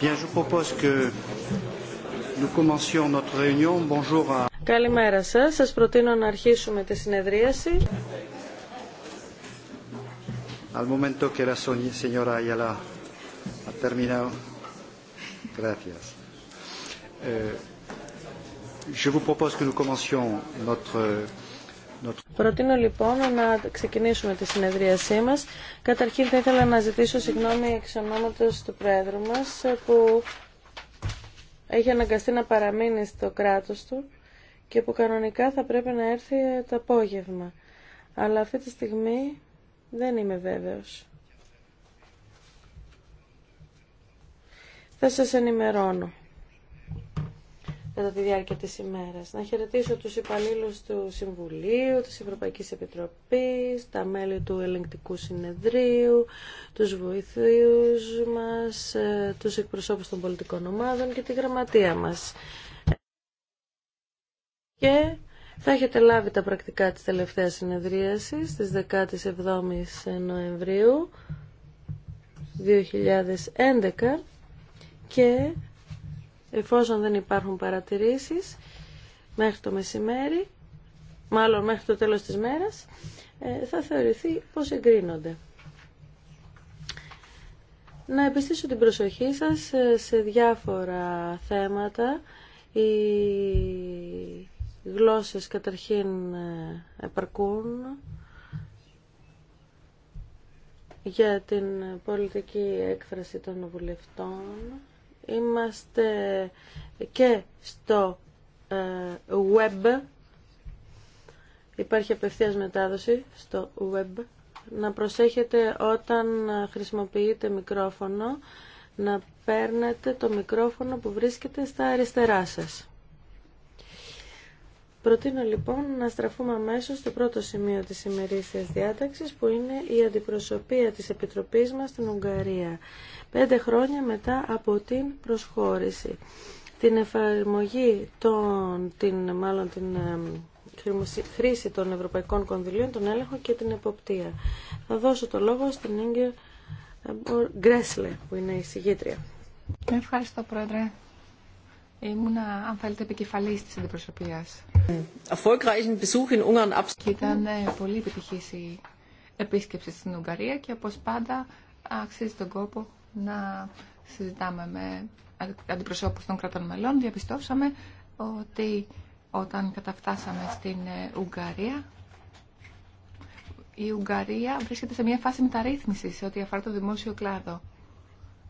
Bien je propose que nous commencions notre réunion. Bonjour à Kalimera sas, sas proteinon archisoume te synedriasis. Al momento que la soñe señora y a la ha terminado. Gracias. Euh je vous propose que nous commencions notre Προτείνω λοιπόν να ξεκινήσουμε τη συνεδρίασή μας. Καταρχήν θα ήθελα να ζητήσω συγγνώμη εξ ονόματος του πρέδρου μας που έχει αναγκαστεί να παραμείνει στο κράτος του και που κανονικά θα πρέπει να έρθει το απόγευμα. Αλλά αυτή τη στιγμή δεν είμαι βέβαιος. Θα σας ενημερώνω κατά τη διάρκεια της ημέρας. Να χαιρετήσω τους υπαλλήλους του Συμβουλίου, της Ευρωπαϊκής Επιτροπής, τα μέλη του Ελεγκτικού Συνεδρίου, τους βοηθούς μας, ε, τους εκπροσώπους των πολιτικών ομάδων και τη γραμματεία μας. Και θα έχετε λάβει τα πρακτικά της τελευταίας συνεδρίασης της 17ης Νοεμβρίου 2011 και Εφόσον δεν υπάρχουν παρατηρήσεις μέχρι το μεσημέρι, μάλλον μέχρι το τέλος της μέρας, ε, θα θεωρηθεί πως εγκρίνονται. Να επιστήσω την προσοχή σας ε, σε διάφορα θέματα. Οι γλώσσες καταρχήν ε, επαρκούν για την πολιτική έκφραση των βουλευτών είμαστε και στο ε, web. Υπάρχει απευθείας μετάδοση στο web. Να προσέχετε όταν χρησιμοποιείτε μικρόφωνο να παίρνετε το μικρόφωνο που βρίσκεται στα αριστερά σας. Προτείνω λοιπόν να στραφούμε αμέσως στο πρώτο σημείο της ημερήσιας διάταξης που είναι η αντιπροσωπεία της Επιτροπής μας στην Ουγγαρία, πέντε χρόνια μετά από την προσχώρηση. Την εφαρμογή των, την, μάλλον την χρήση των ευρωπαϊκών κονδυλίων, τον έλεγχο και την εποπτεία. Θα δώσω το λόγο στην Ίγκερ Γκρέσλε που είναι η συγγήτρια. Ευχαριστώ Πρόεδρε. Ήμουνα, αν θέλετε, επικεφαλή τη αντιπροσωπεία. ήταν ε, πολύ επιτυχή η επίσκεψη στην Ουγγαρία και όπω πάντα αξίζει τον κόπο να συζητάμε με αντιπροσώπους των κρατών μελών. Διαπιστώσαμε ότι όταν καταφτάσαμε στην ε, Ουγγαρία, η Ουγγαρία βρίσκεται σε μια φάση μεταρρύθμισης σε ό,τι αφορά το δημόσιο κλάδο.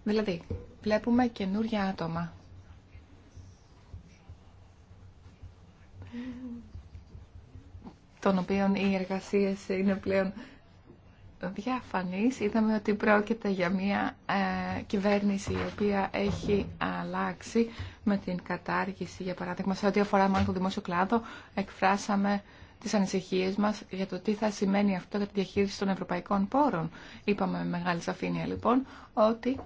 Δηλαδή, βλέπουμε καινούργια άτομα των οποίων οι εργασίε είναι πλέον διαφανείς. Είδαμε ότι πρόκειται για μια ε, κυβέρνηση η οποία έχει αλλάξει με την κατάργηση, για παράδειγμα, σε ό,τι αφορά μόνο το δημόσιο κλάδο, εκφράσαμε τις ανησυχίες μας για το τι θα σημαίνει αυτό για τη διαχείριση των ευρωπαϊκών πόρων. Είπαμε με μεγάλη σαφήνεια λοιπόν ότι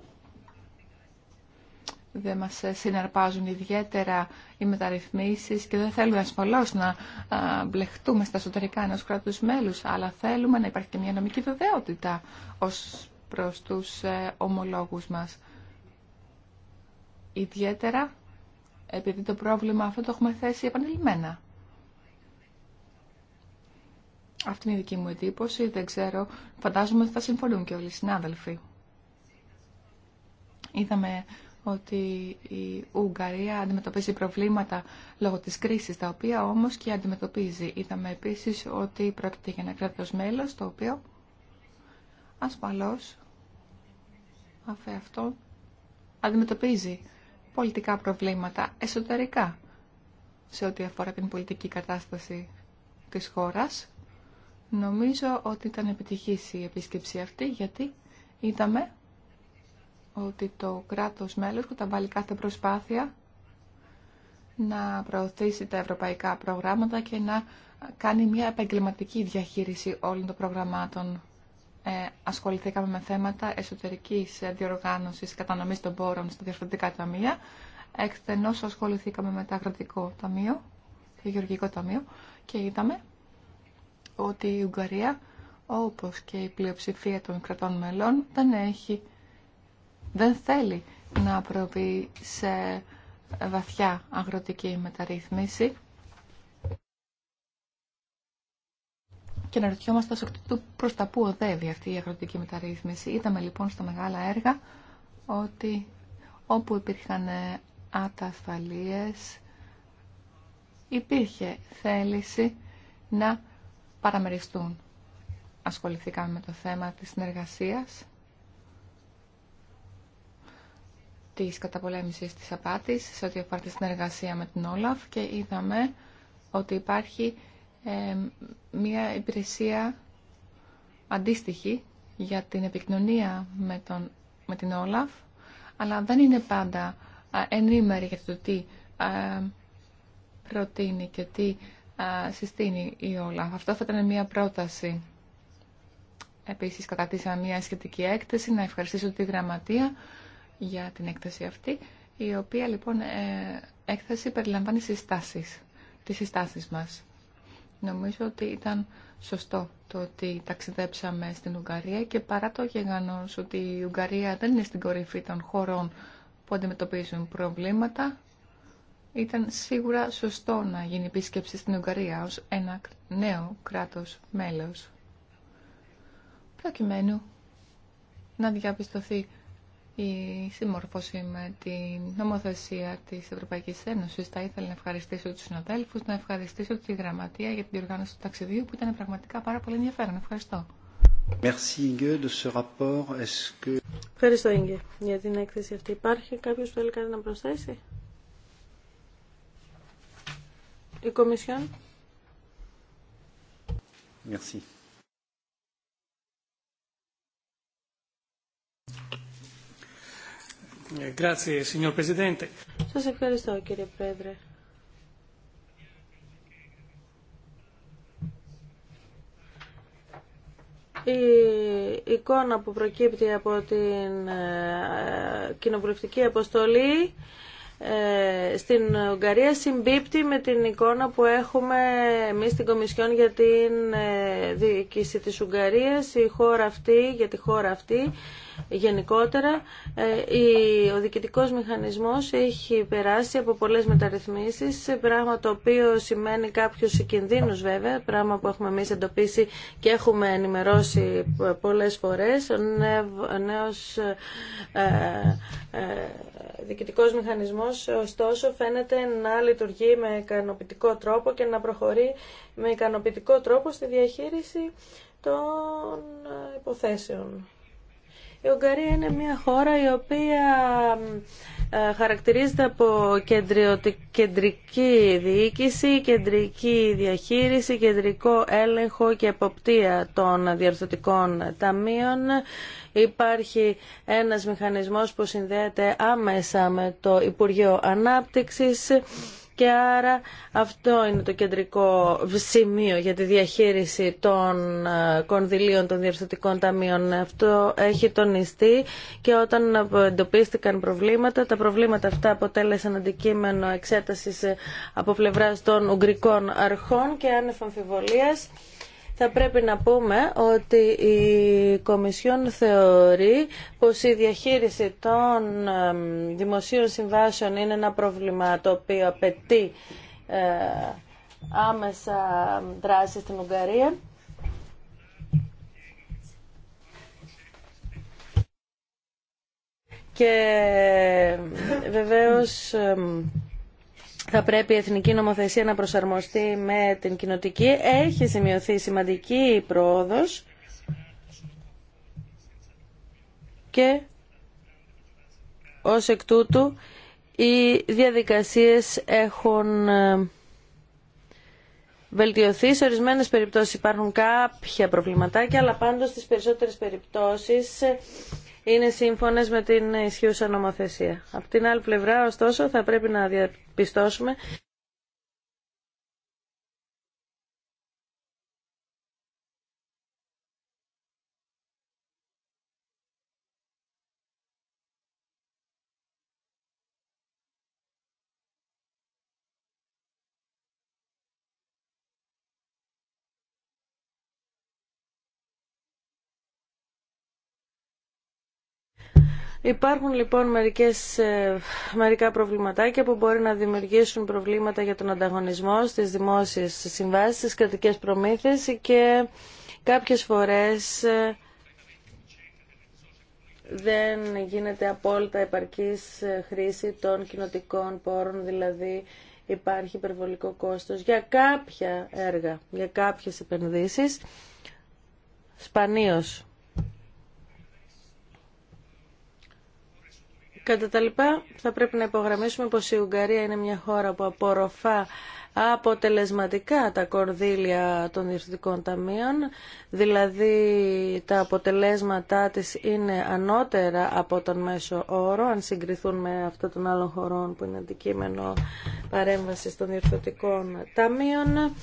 δεν μας συναρπάζουν ιδιαίτερα οι μεταρρυθμίσεις και δεν θέλουμε ασφαλώς να μπλεχτούμε στα εσωτερικά ενός κράτους μέλους, αλλά θέλουμε να υπάρχει και μια νομική βεβαιότητα ως προς τους ε, ομολόγους μας. Ιδιαίτερα επειδή το πρόβλημα αυτό το έχουμε θέσει επανειλημμένα. Αυτή είναι η δική μου εντύπωση, δεν ξέρω, φαντάζομαι ότι θα συμφωνούν και όλοι οι συνάδελφοι. Είδαμε ότι η Ουγγαρία αντιμετωπίζει προβλήματα λόγω της κρίσης, τα οποία όμως και αντιμετωπίζει. Είδαμε επίσης ότι πρόκειται για ένα κράτος μέλος, το οποίο ασφαλώς αφέ αυτό αντιμετωπίζει πολιτικά προβλήματα εσωτερικά σε ό,τι αφορά την πολιτική κατάσταση της χώρας. Νομίζω ότι ήταν επιτυχής η επίσκεψη αυτή, γιατί είδαμε ότι το κράτος μέλος βάλει κάθε προσπάθεια να προωθήσει τα ευρωπαϊκά προγράμματα και να κάνει μια επαγγελματική διαχείριση όλων των προγραμμάτων. Ε, ασχοληθήκαμε με θέματα εσωτερικής ε, διοργάνωσης κατανομής των πόρων στα διαφορετικά ταμεία. Εκτενώς ασχοληθήκαμε με το κρατικό ταμείο, το γεωργικό ταμείο και είδαμε ότι η Ουγγαρία, όπως και η πλειοψηφία των κρατών μελών, δεν έχει δεν θέλει να προβεί σε βαθιά αγροτική μεταρρύθμιση. Και να ρωτιόμαστε προ προς τα που οδεύει αυτή η αγροτική μεταρρύθμιση. Είδαμε λοιπόν στα μεγάλα έργα ότι όπου υπήρχαν ατασφαλίες υπήρχε θέληση να παραμεριστούν. Ασχοληθήκαμε με το θέμα της συνεργασίας τη καταπολέμηση της απάτης σε ό,τι αφορά τη συνεργασία με την Όλαφ και είδαμε ότι υπάρχει ε, μια υπηρεσία αντίστοιχη για την επικοινωνία με, τον, με την Όλαφ αλλά δεν είναι πάντα ε, ενήμερη για το τι ε, προτείνει και τι ε, συστήνει η Όλαφ. Αυτό θα ήταν μια πρόταση. Επίσης κατατίσαμε μια σχετική έκθεση να ευχαριστήσω τη γραμματεία για την έκθεση αυτή, η οποία λοιπόν ε, έκθεση περιλαμβάνει συστάσεις, τις συστάσεις μας. Νομίζω ότι ήταν σωστό το ότι ταξιδέψαμε στην Ουγγαρία και παρά το γεγονός ότι η Ουγγαρία δεν είναι στην κορυφή των χωρών που αντιμετωπίζουν προβλήματα, ήταν σίγουρα σωστό να γίνει επίσκεψη στην Ουγγαρία ως ένα νέο κράτος μέλος. Προκειμένου να διαπιστωθεί η συμμόρφωση με την νομοθεσία της Ευρωπαϊκής Ένωσης. Θα ήθελα να ευχαριστήσω τους συναδέλφους, να ευχαριστήσω τη Γραμματεία για την διοργάνωση του ταξιδίου που ήταν πραγματικά πάρα πολύ ενδιαφέρον. Ευχαριστώ. Ευχαριστώ, Ίγκε, για την έκθεση αυτή. Υπάρχει κάποιος που θέλει κάτι να προσθέσει? Η Κομισιόν. Merci. Ε, Σας ευχαριστώ κύριε Πρόεδρε. Η εικόνα που προκύπτει από την ε, κοινοβουλευτική αποστολή ε, στην Ουγγαρία συμπίπτει με την εικόνα που έχουμε εμείς στην Κομισιόν για την διοίκηση της Ουγγαρίας, η χώρα αυτή, για τη χώρα αυτή γενικότερα ε, ο διοικητικός μηχανισμός έχει περάσει από πολλές μεταρρυθμίσεις, πράγμα το οποίο σημαίνει κάποιους κινδύνους βέβαια, πράγμα που έχουμε εμείς εντοπίσει και έχουμε ενημερώσει πολλές φορές. Ο νέος ε, ε, διοικητικός μηχανισμός ωστόσο φαίνεται να λειτουργεί με ικανοποιητικό τρόπο και να προχωρεί με ικανοποιητικό τρόπο στη διαχείριση των υποθέσεων. Η Ουγγαρία είναι μια χώρα η οποία ε, χαρακτηρίζεται από κεντρική διοίκηση, κεντρική διαχείριση, κεντρικό έλεγχο και εποπτεία των διαρθωτικών ταμείων. Υπάρχει ένας μηχανισμός που συνδέεται άμεσα με το Υπουργείο Ανάπτυξης και άρα αυτό είναι το κεντρικό σημείο για τη διαχείριση των ε, κονδυλίων των διευθυντικών ταμείων. Αυτό έχει τονιστεί και όταν εντοπίστηκαν προβλήματα, τα προβλήματα αυτά αποτέλεσαν αντικείμενο εξέτασης ε, από πλευράς των Ουγγρικών αρχών και άνευ θα πρέπει να πούμε ότι η Κομισιόν θεωρεί πως η διαχείριση των δημοσίων συμβάσεων είναι ένα πρόβλημα το οποίο απαιτεί ε, άμεσα δράση στην Ουγγαρία. Και βεβαίως θα πρέπει η εθνική νομοθεσία να προσαρμοστεί με την κοινοτική. Έχει σημειωθεί σημαντική πρόοδος και ως εκ τούτου οι διαδικασίες έχουν ε, βελτιωθεί. Σε ορισμένες περιπτώσεις υπάρχουν κάποια προβληματάκια, αλλά πάντως στις περισσότερες περιπτώσεις ε, είναι σύμφωνες με την ισχύουσα νομοθεσία. Από την άλλη πλευρά, ωστόσο, θα πρέπει να διαπιστώσουμε Υπάρχουν λοιπόν μερικές, ε, μερικά προβληματάκια που μπορεί να δημιουργήσουν προβλήματα για τον ανταγωνισμό στις δημόσιες συμβάσεις, στις κρατικές προμήθειες και κάποιες φορές ε, δεν γίνεται απόλυτα επαρκής ε, χρήση των κοινοτικών πόρων, δηλαδή υπάρχει υπερβολικό κόστος για κάποια έργα, για κάποιες επενδύσεις, σπανίως. Κατά τα λοιπά, θα πρέπει να υπογραμμίσουμε πως η Ουγγαρία είναι μια χώρα που απορροφά αποτελεσματικά τα κορδίλια των διευθυντικών ταμείων, δηλαδή τα αποτελέσματά της είναι ανώτερα από τον μέσο όρο, αν συγκριθούν με αυτά των άλλων χωρών που είναι αντικείμενο παρέμβασης των διευθυντικών ταμείων.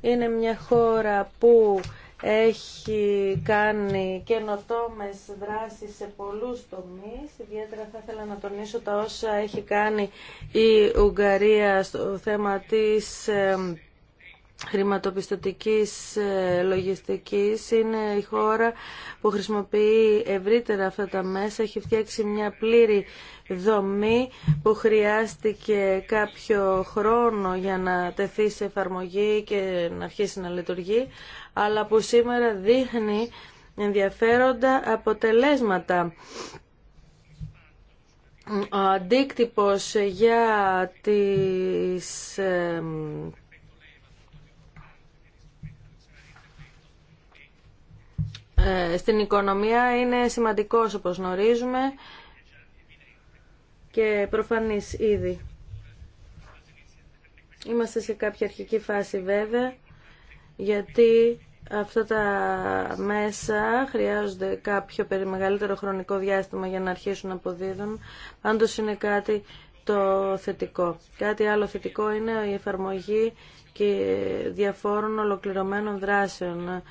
Είναι μια χώρα που έχει κάνει καινοτόμε δράσεις σε πολλούς τομείς. Ιδιαίτερα θα ήθελα να τονίσω τα όσα έχει κάνει η Ουγγαρία στο θέμα της χρηματοπιστωτικής ε, λογιστικής είναι η χώρα που χρησιμοποιεί ευρύτερα αυτά τα μέσα έχει φτιάξει μια πλήρη δομή που χρειάστηκε κάποιο χρόνο για να τεθεί σε εφαρμογή και να αρχίσει να λειτουργεί αλλά που σήμερα δείχνει ενδιαφέροντα αποτελέσματα ο αντίκτυπος για τις ε, Ε, στην οικονομία είναι σημαντικός όπως γνωρίζουμε και προφανής ήδη. Είμαστε σε κάποια αρχική φάση βέβαια γιατί αυτά τα μέσα χρειάζονται κάποιο μεγαλύτερο χρονικό διάστημα για να αρχίσουν να αποδίδουν. Πάντως είναι κάτι το θετικό. Κάτι άλλο θετικό είναι η εφαρμογή και διαφόρων ολοκληρωμένων δράσεων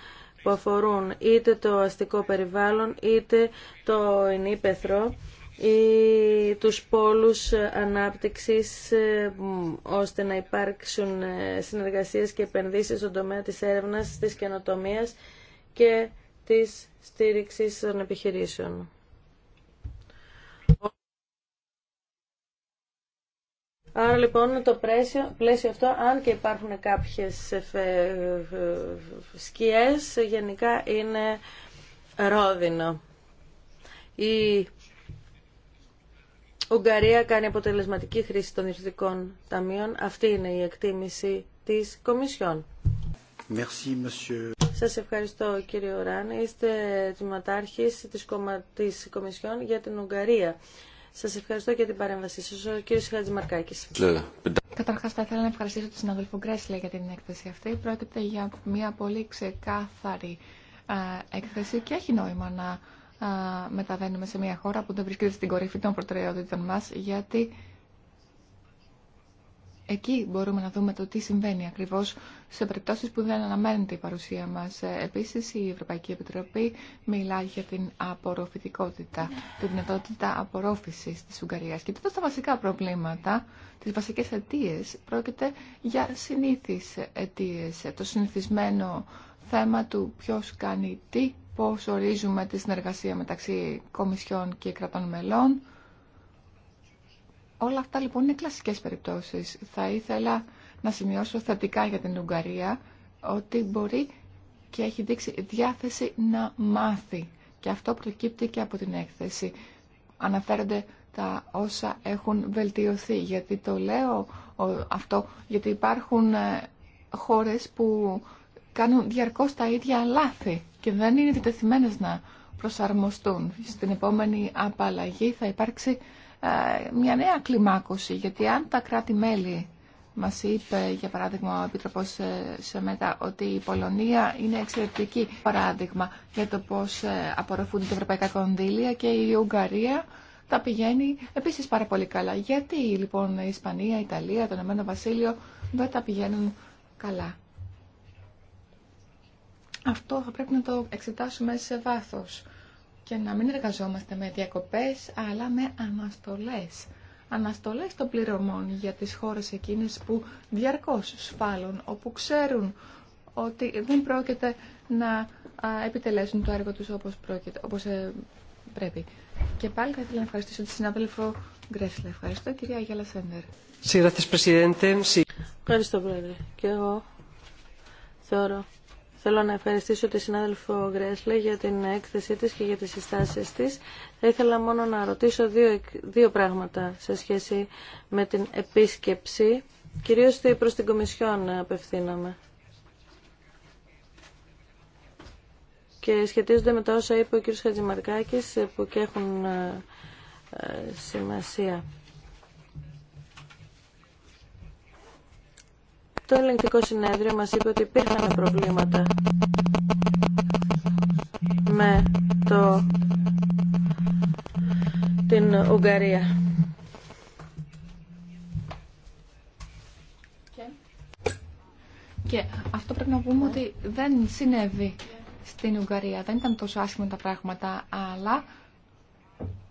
που αφορούν είτε το αστικό περιβάλλον είτε το ενίπεθρο ή τους πόλους ανάπτυξης ε, ώστε να υπάρξουν ε, συνεργασίες και επενδύσεις στον τομέα της έρευνας, της καινοτομίας και της στήριξης των επιχειρήσεων. Άρα λοιπόν το πλαίσιο, αυτό, αν και υπάρχουν κάποιες σκιές, γενικά είναι ρόδινο. Η Ουγγαρία κάνει αποτελεσματική χρήση των ιστορικών ταμείων. Αυτή είναι η εκτίμηση της Κομισιόν. Merci, Σας ευχαριστώ κύριε Οράν. Είστε τμηματάρχης της, της Κομισιόν για την Ουγγαρία. Σας ευχαριστώ για την παρέμβασή σας. Ο κύριος Χατζημαρκάκης. Καταρχάς θα ήθελα να ευχαριστήσω τον συναδελφό Γκρέσλε για την έκθεση αυτή. Πρόκειται για μια πολύ ξεκάθαρη ε, έκθεση και έχει νόημα να ε, μεταβαίνουμε σε μια χώρα που δεν βρίσκεται στην κορυφή των προτεραιότητων μας γιατί Εκεί μπορούμε να δούμε το τι συμβαίνει ακριβώς σε περιπτώσεις που δεν αναμένεται η παρουσία μας. Επίσης, η Ευρωπαϊκή Επιτροπή μιλά για την απορροφητικότητα, τη δυνατότητα απορρόφησης της Ουγγαρίας. Και τότε τα βασικά προβλήματα, τις βασικές αιτίε πρόκειται για συνήθεις αιτίε. Το συνηθισμένο θέμα του ποιο κάνει τι, πώς ορίζουμε τη συνεργασία μεταξύ κομισιών και κρατών μελών, Όλα αυτά λοιπόν είναι κλασικές περιπτώσεις. Θα ήθελα να σημειώσω θετικά για την Ουγγαρία ότι μπορεί και έχει δείξει διάθεση να μάθει. Και αυτό προκύπτει και από την έκθεση. Αναφέρονται τα όσα έχουν βελτιωθεί. Γιατί το λέω αυτό, γιατί υπάρχουν ε, χώρες που κάνουν διαρκώς τα ίδια λάθη και δεν είναι διτεθειμένες να προσαρμοστούν. Στην επόμενη απαλλαγή θα υπάρξει ε, μια νέα κλιμάκωση, γιατί αν τα κράτη-μέλη μας είπε, για παράδειγμα, ο Επίτροπος ε, μετα, ότι η Πολωνία είναι εξαιρετική παράδειγμα για το πώς ε, απορροφούν τα ευρωπαϊκά κονδύλια και η Ουγγαρία τα πηγαίνει επίσης πάρα πολύ καλά. Γιατί λοιπόν η Ισπανία, η Ιταλία, το Ηνωμένο Βασίλειο δεν τα πηγαίνουν καλά. Αυτό θα πρέπει να το εξετάσουμε σε βάθος και να μην εργαζόμαστε με διακοπές αλλά με αναστολές. Αναστολές των πληρωμών για τις χώρες εκείνες που διαρκώς σφάλουν, όπου ξέρουν ότι δεν πρόκειται να επιτελέσουν το έργο τους όπως, πρόκειται, όπως ε, πρέπει. Και πάλι θα ήθελα να ευχαριστήσω τη συνάδελφο Γκρέσλε. Ευχαριστώ κυρία Αγιάλα Σέντερ. Ευχαριστώ πρόεδρε. Και εγώ θεωρώ Θέλω να ευχαριστήσω τη συνάδελφο Γκρέσλε για την έκθεσή της και για τις συστάσεις της. Θα ήθελα μόνο να ρωτήσω δύο, δύο πράγματα σε σχέση με την επίσκεψη. Κυρίως προς την Κομισιόν απευθύνομαι. Και σχετίζονται με τα όσα είπε ο κ. Χατζημαρκάκης που και έχουν ε, ε, σημασία. Το ελεγκτικό συνέδριο μας είπε ότι υπήρχαν προβλήματα με το, την Ουγγαρία. Και αυτό πρέπει να πούμε ότι δεν συνέβη στην Ουγγαρία. Δεν ήταν τόσο άσχημα τα πράγματα, αλλά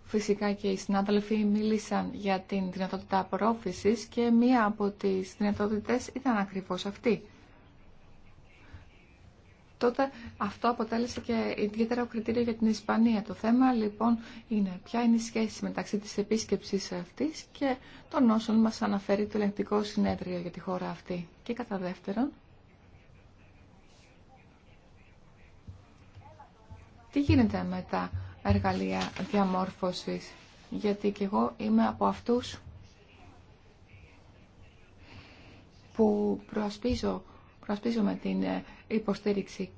Φυσικά και οι συνάδελφοι μίλησαν για την δυνατότητα απορρόφησης και μία από τις δυνατότητες ήταν ακριβώς αυτή. Τότε αυτό αποτέλεσε και ιδιαίτερο κριτήριο για την Ισπανία. Το θέμα λοιπόν είναι ποια είναι η σχέση μεταξύ της επίσκεψης αυτής και των όσων μας αναφέρει το ελεγκτικό συνέδριο για τη χώρα αυτή. Και κατά δεύτερον, τι γίνεται μετά εργαλεία διαμόρφωσης. Γιατί και εγώ είμαι από αυτούς που προασπίζω, προασπίζω την ε, υποστήριξη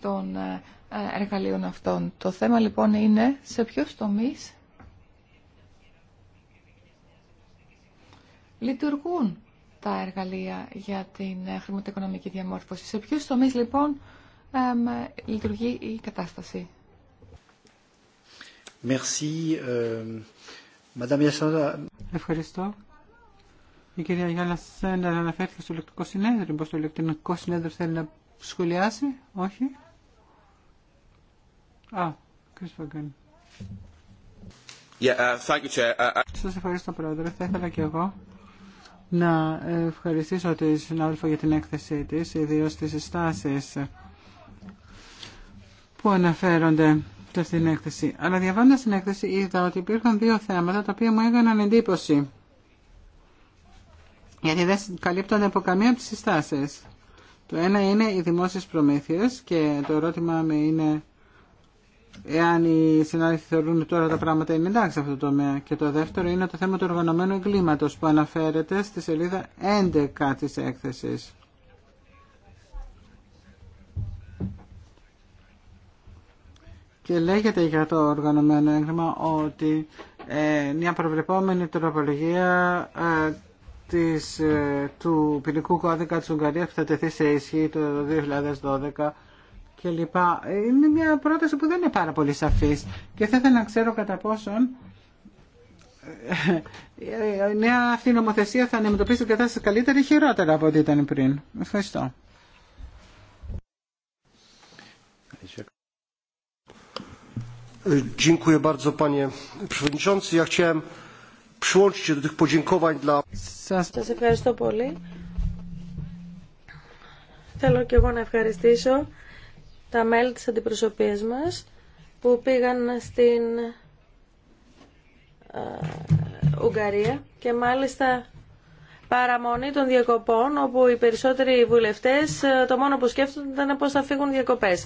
των ε, ε, εργαλείων αυτών. Το θέμα λοιπόν είναι σε ποιους τομείς λειτουργούν τα εργαλεία για την χρηματοοικονομική διαμόρφωση. Σε ποιους τομείς λοιπόν λειτουργεί η κατάσταση. Euh, ευχαριστώ. Η κυρία Γιάννα Σένα αναφέρθηκε στο ηλεκτρικό συνέδριο. Πώς το ηλεκτρικό συνέδριο θέλει να σχολιάσει. Όχι. Α, Chris Vaughan. Uh, uh, uh, Σας ευχαριστώ, Πρόεδρε. Θα ήθελα και εγώ να ευχαριστήσω τη συνάδελφο για την έκθεσή της, ιδίως τις συστάσεις που αναφέρονται στην έκθεση. Αλλά διαβάζοντα την έκθεση είδα ότι υπήρχαν δύο θέματα τα οποία μου έκαναν εντύπωση. Γιατί δεν καλύπτονται από καμία από τι συστάσεις. Το ένα είναι οι δημόσιε προμήθειε και το ερώτημα με είναι εάν οι συνάδελφοι θεωρούν τώρα τα πράγματα είναι εντάξει σε αυτό το τομέα. Και το δεύτερο είναι το θέμα του οργανωμένου εγκλήματο που αναφέρεται στη σελίδα 11 τη έκθεση. και λέγεται για το οργανωμένο έγκλημα ότι μια προβλεπόμενη τροπολογία της, του ποινικού κώδικα της Ουγγαρίας που θα τεθεί σε ισχύ το 2012 και Είναι μια πρόταση που δεν είναι πάρα πολύ σαφής και θα ήθελα να ξέρω κατά πόσον η νέα αυτή νομοθεσία θα αντιμετωπίσει την κατάσταση καλύτερη ή χειρότερα από ό,τι ήταν πριν. Ευχαριστώ. Σας ευχαριστώ πολύ. Θέλω και εγώ να ευχαριστήσω τα μέλη της αντιπροσωπείας μας που πήγαν στην ε, Ουγγαρία και μάλιστα παραμονή των διακοπών όπου οι περισσότεροι βουλευτές ε, το μόνο που σκέφτονται ήταν πώς θα φύγουν διακοπές.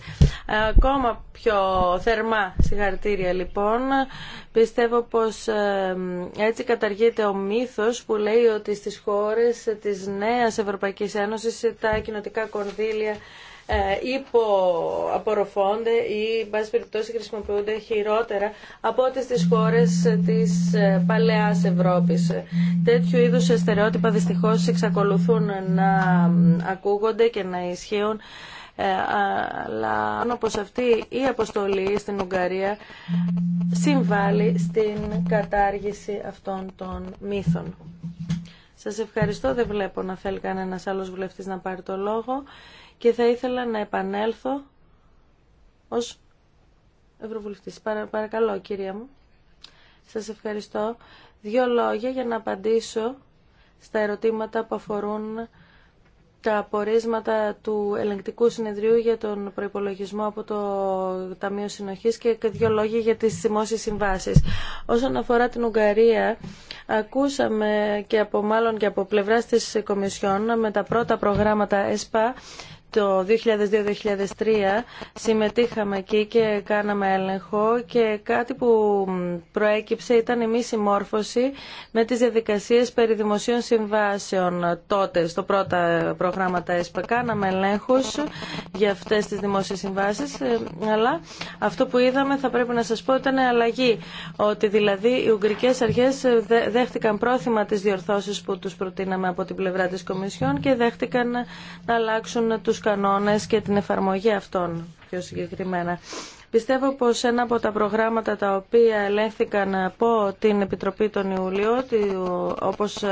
Ε, ακόμα πιο θερμά συγχαρητήρια λοιπόν. Πιστεύω πως ε, έτσι καταργείται ο μύθος που λέει ότι στις χώρες της νέα Ευρωπαϊκή Ένωση, τα κοινοτικά κονδύλια ε, υποαπορροφώνται ή, εν περιπτώσει, χρησιμοποιούνται χειρότερα από ό,τι στις χώρες της ε, παλαιάς Ευρώπης. Τέτοιου είδους στερεότυπα δυστυχώς εξακολουθούν να ακούγονται και να ισχύουν ε, αλλά όπως αυτή η αποστολή στην Ουγγαρία συμβάλλει στην κατάργηση αυτών των μύθων. Σας ευχαριστώ. Δεν βλέπω να θέλει κανένας άλλος βουλευτής να πάρει το λόγο και θα ήθελα να επανέλθω ως Ευρωβουλευτής. Παρα, παρακαλώ, κυρία μου. Σας ευχαριστώ. Δύο λόγια για να απαντήσω στα ερωτήματα που αφορούν τα απορίσματα του ελεγκτικού συνεδρίου για τον προϋπολογισμό από το Ταμείο Συνοχής και δύο λόγια για τις δημόσιες συμβάσεις. Όσον αφορά την Ουγγαρία, ακούσαμε και από μάλλον και από πλευράς της Κομισιόν με τα πρώτα προγράμματα ΕΣΠΑ το 2002-2003 συμμετείχαμε εκεί και κάναμε έλεγχο και κάτι που προέκυψε ήταν η μη συμμόρφωση με τις διαδικασίες περί δημοσίων συμβάσεων τότε στο πρώτα προγράμματα ΕΣΠΑ. Κάναμε ελέγχους για αυτές τις δημόσιες συμβάσεις ε, αλλά αυτό που είδαμε θα πρέπει να σας πω ήταν αλλαγή ότι δηλαδή οι Ουγγρικές αρχές ε, δέχτηκαν πρόθυμα τις διορθώσεις που τους προτείναμε από την πλευρά της Κομισιόν και δέχτηκαν να αλλάξουν τους κανόνες και την εφαρμογή αυτών πιο συγκεκριμένα. Πιστεύω πως ένα από τα προγράμματα τα οποία ελέγχθηκαν από την Επιτροπή τον Ιούλιο, όπως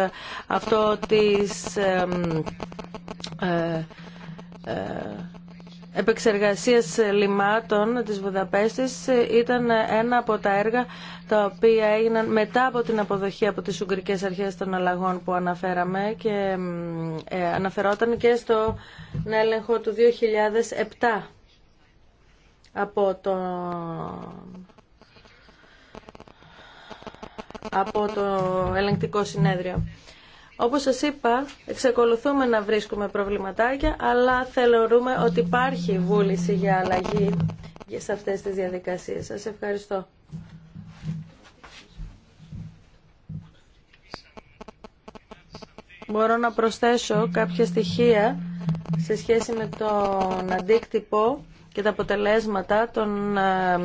αυτό της ε, ε, επεξεργασίας λιμάτων της Βουδαπέστης ήταν ένα από τα έργα τα οποία έγιναν μετά από την αποδοχή από τις Ουγγρικές Αρχές των Αλλαγών που αναφέραμε και ε, αναφερόταν και στον έλεγχο του 2007 από το από το ελεγκτικό συνέδριο. Όπως σας είπα, εξακολουθούμε να βρίσκουμε προβληματάκια, αλλά θεωρούμε ότι υπάρχει βούληση για αλλαγή σε αυτές τις διαδικασίες. Σας ευχαριστώ. Μπορώ να προσθέσω κάποια στοιχεία σε σχέση με τον αντίκτυπο και τα αποτελέσματα των ε,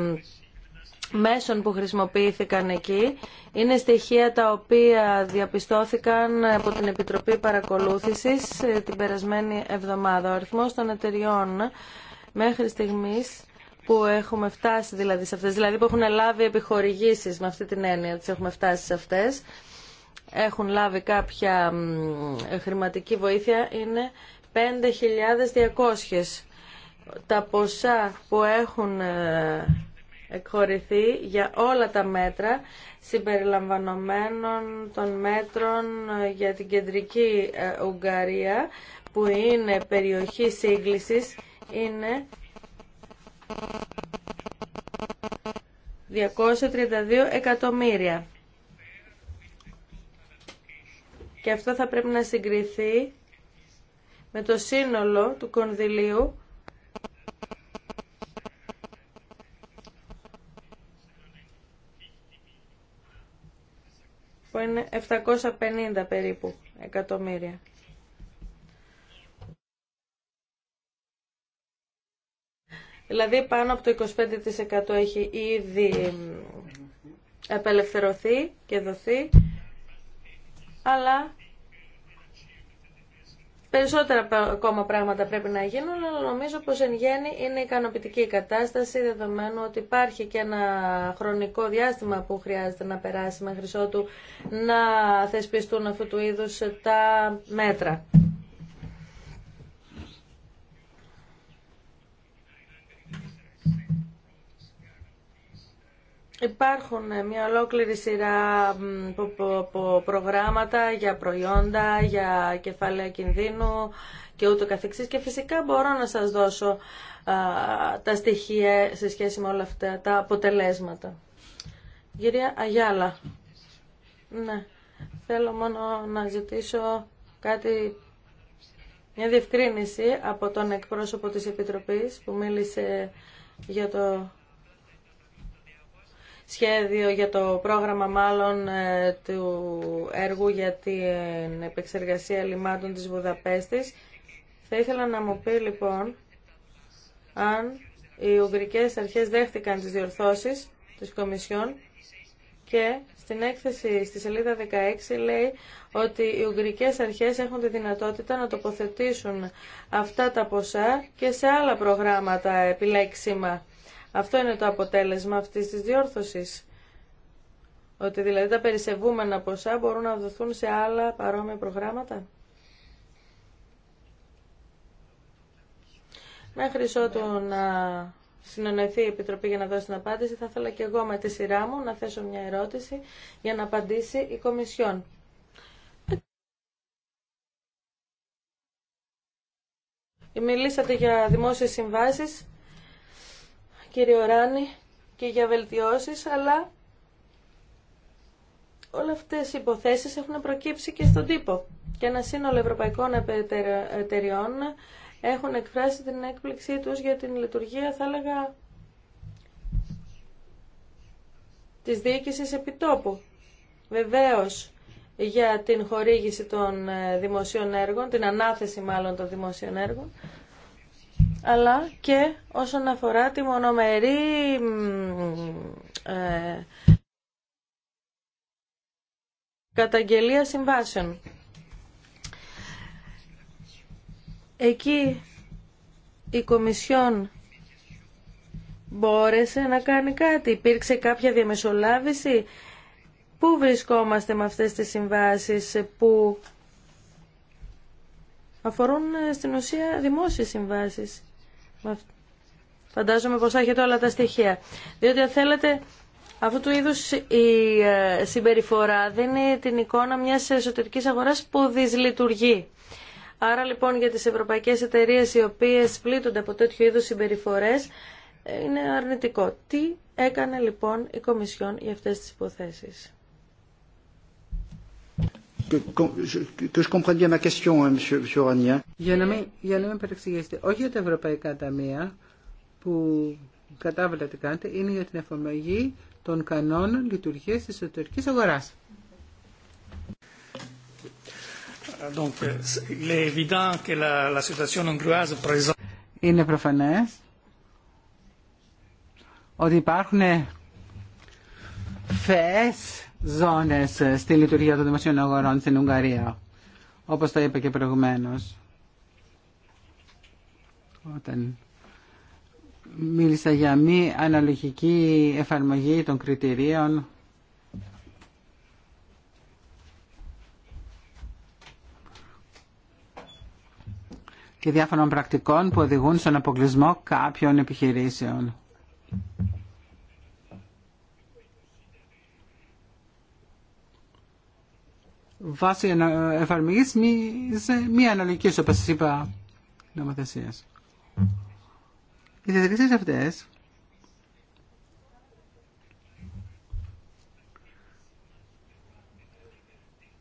μέσων που χρησιμοποιήθηκαν εκεί είναι στοιχεία τα οποία διαπιστώθηκαν από την Επιτροπή Παρακολούθησης ε, την περασμένη εβδομάδα. Ο αριθμός των εταιριών μέχρι στιγμής που έχουμε φτάσει δηλαδή σε αυτές, δηλαδή που έχουν λάβει επιχορηγήσεις με αυτή την έννοια, τις έχουμε φτάσει σε αυτές, έχουν λάβει κάποια χρηματική βοήθεια, είναι 5.200. Τα ποσά που έχουν ε, εκχωρηθεί για όλα τα μέτρα συμπεριλαμβανομένων των μέτρων ε, για την κεντρική ε, Ουγγαρία που είναι περιοχή σύγκλησης είναι 232 εκατομμύρια. Και αυτό θα πρέπει να συγκριθεί με το σύνολο του κονδυλίου που είναι 750 περίπου εκατομμύρια. Δηλαδή πάνω από το 25% έχει ήδη απελευθερωθεί και δοθεί, αλλά Περισσότερα ακόμα πράγματα πρέπει να γίνουν, αλλά νομίζω πως εν γέννη είναι ικανοποιητική η κατάσταση, δεδομένου ότι υπάρχει και ένα χρονικό διάστημα που χρειάζεται να περάσει μέχρι ότου να θεσπιστούν αυτού του είδους τα μέτρα. Υπάρχουν ε, μια ολόκληρη σειρά προγράμματα για προϊόντα, για κεφάλαια κινδύνου και ούτω καθεξής και φυσικά μπορώ να σας δώσω τα στοιχεία σε σχέση με όλα αυτά τα αποτελέσματα. Γυρία Αγιάλα, ναι, θέλω μόνο να ζητήσω κάτι, μια διευκρίνηση από τον εκπρόσωπο της Επιτροπής που μίλησε για το σχέδιο για το πρόγραμμα μάλλον ε, του έργου για την επεξεργασία λιμάτων της Βουδαπέστης. Θα ήθελα να μου πει λοιπόν αν οι Ουγγρικές αρχές δέχτηκαν τις διορθώσεις της Κομισιόν και στην έκθεση στη σελίδα 16 λέει ότι οι Ουγγρικές αρχές έχουν τη δυνατότητα να τοποθετήσουν αυτά τα ποσά και σε άλλα προγράμματα επιλέξιμα. Αυτό είναι το αποτέλεσμα αυτής της διόρθωσης. Ότι δηλαδή τα περισεβούμενα ποσά μπορούν να δοθούν σε άλλα παρόμοια προγράμματα. Μέχρι ότου ναι. να συνονεθεί η Επιτροπή για να δώσει την απάντηση, θα ήθελα και εγώ με τη σειρά μου να θέσω μια ερώτηση για να απαντήσει η Κομισιόν. Μιλήσατε για δημόσιες συμβάσεις κύριο Ράνη και για βελτιώσεις, αλλά όλες αυτές οι υποθέσεις έχουν προκύψει και στον τύπο. Και ένα σύνολο ευρωπαϊκών εταιριών έχουν εκφράσει την έκπληξή τους για την λειτουργία, θα έλεγα, της διοίκησης επιτόπου. Βεβαίως, για την χορήγηση των ε, δημοσίων έργων, την ανάθεση μάλλον των δημοσίων έργων, αλλά και όσον αφορά τη μονομερή ε, καταγγελία συμβάσεων. Εκεί η Κομισιόν μπόρεσε να κάνει κάτι. Υπήρξε κάποια διαμεσολάβηση. Πού βρισκόμαστε με αυτές τις συμβάσεις που αφορούν ε, στην ουσία δημόσιες συμβάσεις. Φαντάζομαι πως έχετε όλα τα στοιχεία. Διότι αν θέλετε αυτού του είδους η ε, συμπεριφορά δίνει την εικόνα μιας εσωτερικής αγοράς που δυσλειτουργεί. Άρα λοιπόν για τις ευρωπαϊκές εταιρείες οι οποίες πλήττονται από τέτοιου είδους συμπεριφορές ε, είναι αρνητικό. Τι έκανε λοιπόν η Κομισιόν για αυτές τις υποθέσεις. Για να μην, για να μην παρεξηγήσετε, όχι για τα ευρωπαϊκά ταμεία που κατάβαλα τι κάνετε, είναι για την εφαρμογή των κανόνων λειτουργίας της εσωτερικής αγοράς. Είναι προφανές ότι υπάρχουν φαιές Ζώνε ε, στη λειτουργία των δημοσίων αγορών στην Ουγγαρία, όπω το είπα και προηγουμένω. Όταν μίλησα για μη αναλογική εφαρμογή των κριτηρίων και διάφορων πρακτικών που οδηγούν στον αποκλεισμό κάποιων επιχειρήσεων. βάση εφαρμογής σε μία αναλογική, όπως είπα, νομοθεσίας. Οι διαδικασίες αυτές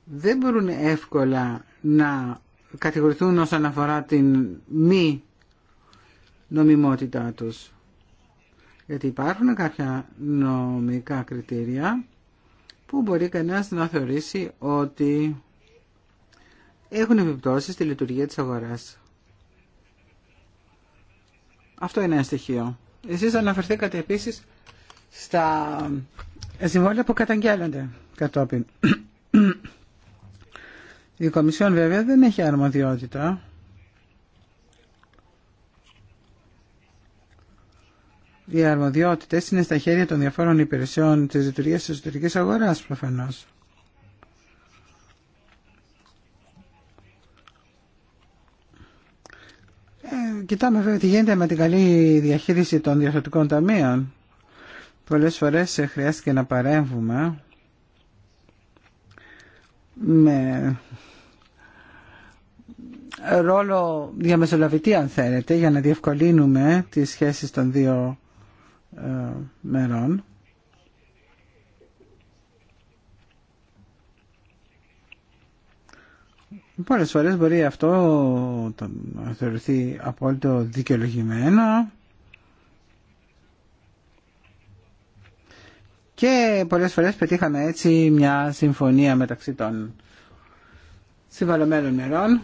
δεν μπορούν εύκολα να κατηγορηθούν όσον αφορά την μη νομιμότητά τους. Γιατί υπάρχουν κάποια νομικά κριτήρια που μπορεί κανένας να θεωρήσει ότι έχουν επιπτώσεις στη λειτουργία της αγοράς. Αυτό είναι ένα στοιχείο. Εσείς αναφερθήκατε επίσης στα συμβόλαια που καταγγέλλονται κατόπιν. Η Κομισιόν βέβαια δεν έχει αρμοδιότητα οι αρμοδιότητες είναι στα χέρια των διαφόρων υπηρεσιών της λειτουργία τη εσωτερική αγοράς προφανώ. Ε, κοιτάμε βέβαια τι γίνεται με την καλή διαχείριση των διαθετικών ταμείων. Πολλέ φορές ε, χρειάστηκε να παρέμβουμε με ρόλο διαμεσολαβητή αν θέλετε για να διευκολύνουμε τις σχέσεις των δύο ε, μερών Πολλές φορές μπορεί αυτό να θεωρηθεί απόλυτο δικαιολογημένο και πολλές φορές πετύχαμε έτσι μια συμφωνία μεταξύ των συμβαλωμένων μερών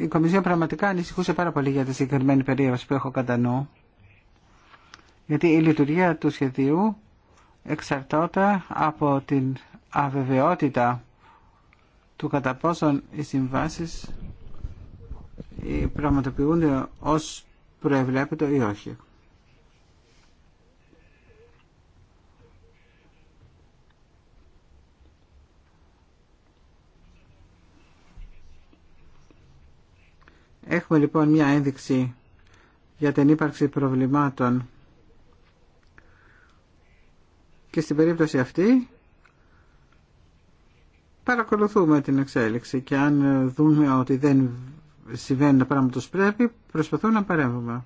η Κομισιόν πραγματικά ανησυχούσε πάρα πολύ για τη συγκεκριμένη περίοδο που έχω κατά νου. Γιατί η λειτουργία του σχεδίου εξαρτώται από την αβεβαιότητα του κατά πόσον οι συμβάσεις πραγματοποιούνται ως προεβλέπεται ή όχι. Έχουμε λοιπόν μια ένδειξη για την ύπαρξη προβλημάτων και στην περίπτωση αυτή παρακολουθούμε την εξέλιξη και αν δούμε ότι δεν συμβαίνουν τα πράγματα που πρέπει προσπαθούμε να παρέμβουμε.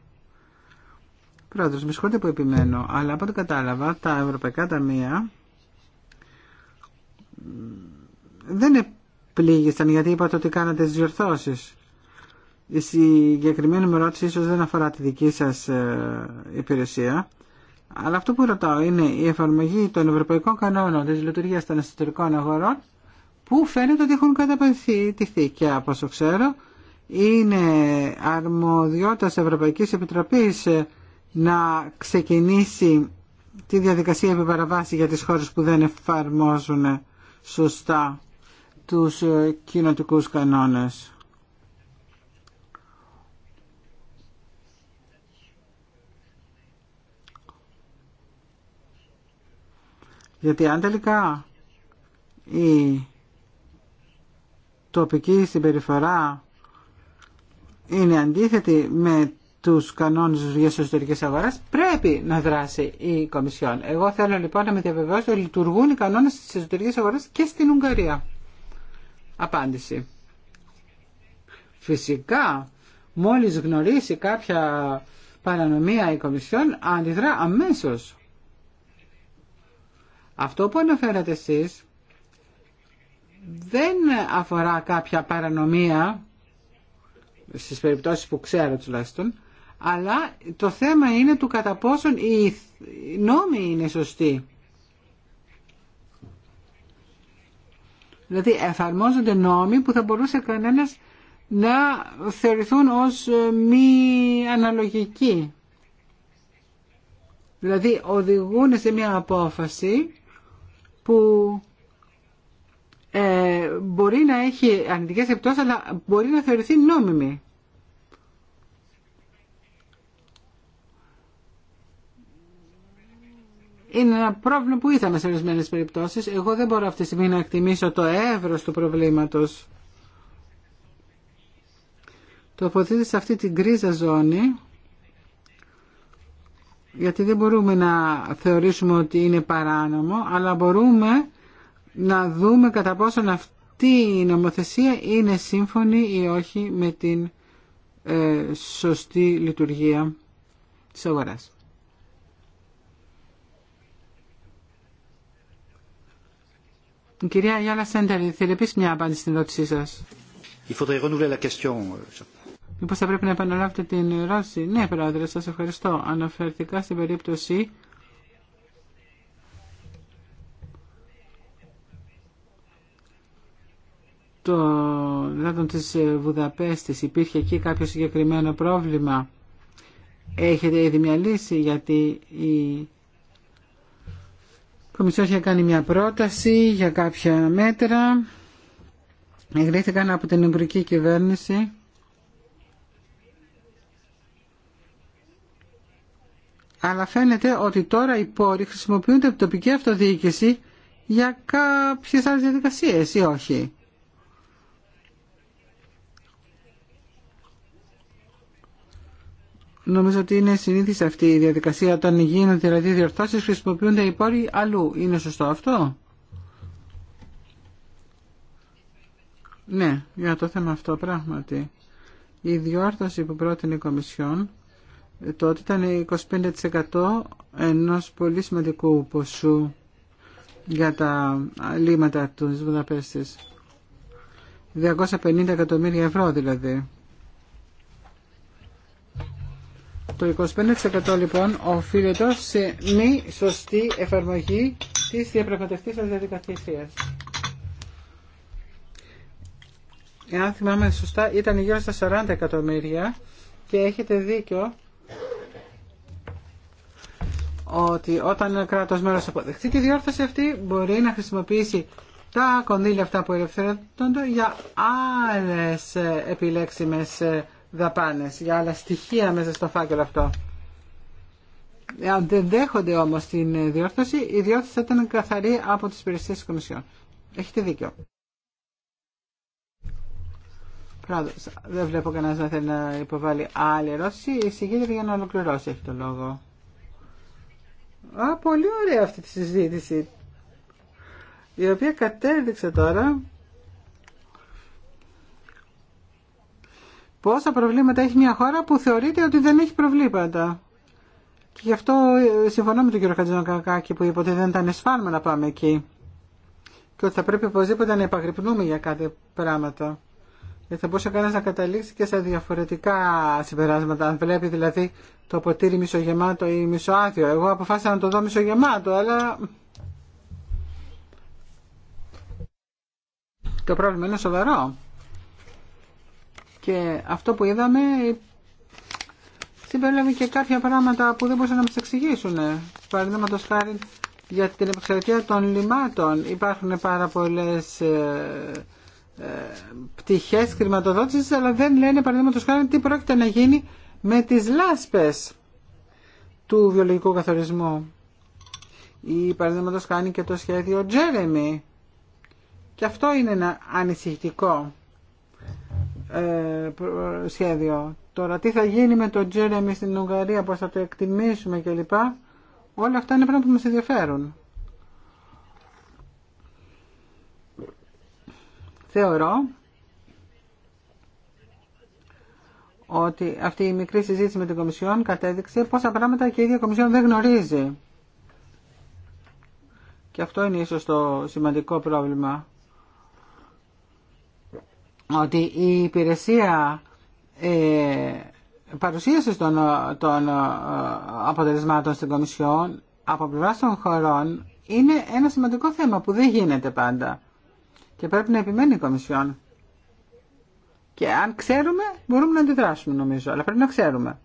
Πρόεδρος, με συγχωρείτε που επιμένω, αλλά από ό,τι κατάλαβα τα ευρωπαϊκά ταμεία δεν επλήγησαν γιατί είπατε ότι κάνατε τις διορθώσεις. Η συγκεκριμένη μου ερώτηση ίσως δεν αφορά τη δική σας ε, υπηρεσία, αλλά αυτό που ρωτάω είναι η εφαρμογή των ευρωπαϊκών κανόνων της λειτουργίας των εσωτερικών αγορών που φαίνεται ότι έχουν καταπατηθεί και από όσο ξέρω είναι αρμοδιότητας Ευρωπαϊκής Επιτροπής ε, να ξεκινήσει τη διαδικασία επιπαραβάση για τις χώρες που δεν εφαρμόζουν σωστά τους ε, κοινοτικούς κανόνες. Γιατί αν τελικά η τοπική συμπεριφορά είναι αντίθετη με τους κανόνες για λειτουργίας αγοράς, πρέπει να δράσει η Κομισιόν. Εγώ θέλω λοιπόν να με διαβεβαιώσετε ότι λειτουργούν οι κανόνες της εσωτερική αγοράς και στην Ουγγαρία. Απάντηση. Φυσικά, μόλις γνωρίσει κάποια παρανομία η Κομισιόν, αντιδρά αμέσως. Αυτό που αναφέρατε εσείς δεν αφορά κάποια παρανομία, στις περιπτώσεις που ξέρω τουλάχιστον, αλλά το θέμα είναι του κατά πόσον οι νόμοι είναι σωστοί. Δηλαδή εφαρμόζονται νόμοι που θα μπορούσε κανένας να θεωρηθούν ως ε, μη αναλογικοί. Δηλαδή οδηγούν σε μια απόφαση που ε, μπορεί να έχει αρνητικές επιπτώσεις αλλά μπορεί να θεωρηθεί νόμιμη. Είναι ένα πρόβλημα που είδαμε σε ορισμένε περιπτώσει. Εγώ δεν μπορώ αυτή τη στιγμή να εκτιμήσω το εύρος του προβλήματος. Το σε αυτή την κρίζα ζώνη γιατί δεν μπορούμε να θεωρήσουμε ότι είναι παράνομο, αλλά μπορούμε να δούμε κατά πόσον αυτή η νομοθεσία είναι σύμφωνη ή όχι με την ε, σωστή λειτουργία της αγοράς. κυρία Γιάλα Σέντερ, θέλει επίσης μια απάντηση στην ερώτησή σας. Il faudrait renouveler la question. Euh, Μήπως θα πρέπει να επαναλάβετε την ερώτηση. Ναι, πρόεδρε, Σα ευχαριστώ. Αναφερθήκα στην περίπτωση το δάτων τη Βουδαπέστης υπήρχε εκεί κάποιο συγκεκριμένο πρόβλημα. Έχετε ήδη μια λύση γιατί η Κομισιόν είχε κάνει μια πρόταση για κάποια μέτρα. Εγκρίθηκαν από την Ουγγρική κυβέρνηση αλλά φαίνεται ότι τώρα οι πόροι χρησιμοποιούνται από την τοπική αυτοδιοίκηση για κάποιες άλλες διαδικασίες ή όχι. Νομίζω ότι είναι συνήθις αυτή η διαδικασία όταν γίνονται δηλαδή διορθώσεις χρησιμοποιούνται οι πόροι αλλού. Είναι σωστό αυτό? Ναι, για το θέμα αυτό πράγματι. Η διόρθωση που πρότεινε η Κομισιόν τότε ήταν 25% ενός πολύ σημαντικού ποσού για τα λίματα του Βουδαπέστης. 250 εκατομμύρια ευρώ δηλαδή. Το 25% λοιπόν οφείλεται σε μη σωστή εφαρμογή της διαπραγματευτής σας διαδικασίας. Εάν θυμάμαι σωστά ήταν γύρω στα 40 εκατομμύρια και έχετε δίκιο ότι όταν ο κράτος μέρος αποδεχτεί τη διόρθωση αυτή μπορεί να χρησιμοποιήσει τα κονδύλια αυτά που ελευθερώνονται για άλλες ε, επιλέξιμες ε, δαπάνες, για άλλα στοιχεία μέσα στο φάκελο αυτό. Αν δεν δέχονται όμως την διόρθωση, η διόρθωση θα ήταν καθαρή από τις υπηρεσίες της Κομισιόν. Έχετε δίκιο. Πράγματι, δεν βλέπω κανένας να θέλει να υποβάλει άλλη ερώτηση. Η για να ολοκληρώσει έχει το λόγο. Α, πολύ ωραία αυτή τη συζήτηση, η οποία κατέληξε τώρα πόσα προβλήματα έχει μια χώρα που θεωρείται ότι δεν έχει προβλήματα. Και γι' αυτό ε, συμφωνώ με τον κύριο Χατζηνοκακάκη που είπε ότι δεν ήταν εσφάλμα να πάμε εκεί. Και ότι θα πρέπει οπωσδήποτε να επαγρυπνούμε για κάτι πράγματα. Ε, θα μπορούσε κανένα να καταλήξει και σε διαφορετικά συμπεράσματα. Αν βλέπει δηλαδή το ποτήρι μισογεμάτο ή μισοάδιο. Εγώ αποφάσισα να το δω μισογεμάτο, αλλά. Το πρόβλημα είναι σοβαρό. Και αυτό που είδαμε συμπεριλάβει και κάποια πράγματα που δεν μπορούσαν να μας εξηγήσουν. Παραδείγματο χάρη για την επεξεργασία των λιμάτων υπάρχουν πάρα πολλές ε, ε, πτυχές χρηματοδότησης αλλά δεν λένε παραδείγματος χάρη τι πρόκειται να γίνει με τις λάσπες του βιολογικού καθορισμού ή παραδείγματος κάνει και το σχέδιο Τζέρεμι και αυτό είναι ένα ανησυχητικό ε, σχέδιο τώρα τι θα γίνει με το Τζέρεμι στην Ουγγαρία πώς θα το εκτιμήσουμε κλπ όλα αυτά είναι πράγματα που μα ενδιαφέρουν Θεωρώ ότι αυτή η μικρή συζήτηση με την Κομισιόν κατέδειξε πόσα πράγματα και η ίδια Κομισιόν δεν γνωρίζει. Και αυτό είναι ίσως το σημαντικό πρόβλημα. Ότι η υπηρεσία ε, παρουσίαση των, των ε, αποτελεσμάτων στην Κομισιόν από πλευρά των χωρών είναι ένα σημαντικό θέμα που δεν γίνεται πάντα. Και πρέπει να επιμένει η Κομισιόν. Και αν ξέρουμε, μπορούμε να αντιδράσουμε νομίζω, αλλά πρέπει να ξέρουμε.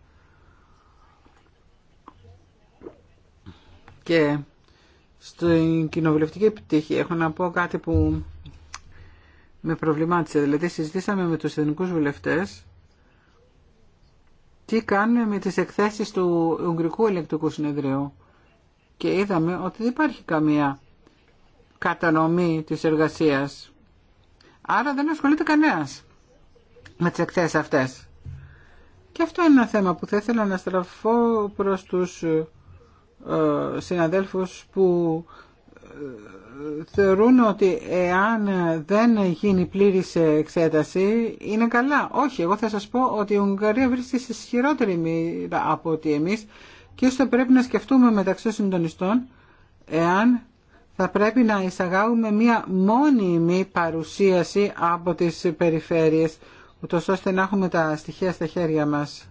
Και στην κοινοβουλευτική επιτύχη έχω να πω κάτι που με προβλημάτισε. Δηλαδή συζητήσαμε με τους εθνικούς βουλευτές τι κάνουμε με τις εκθέσεις του Ουγγρικού Ελεκτικού Συνεδρίου. Και είδαμε ότι δεν υπάρχει καμία κατανομή της εργασίας. Άρα δεν ασχολείται κανένας με τις εκθέσεις αυτές. Και αυτό είναι ένα θέμα που θα ήθελα να στραφώ προς τους ε, συναδέλφους που ε, θεωρούν ότι εάν δεν γίνει πλήρης εξέταση είναι καλά. Όχι, εγώ θα σας πω ότι η Ουγγαρία βρίσκεται σε ισχυρότερη μοίρα από ότι εμείς και ίσως πρέπει να σκεφτούμε μεταξύ των συντονιστών εάν θα πρέπει να εισαγάγουμε μία μόνιμη παρουσίαση από τις περιφέρειες, ούτως ώστε να έχουμε τα στοιχεία στα χέρια μας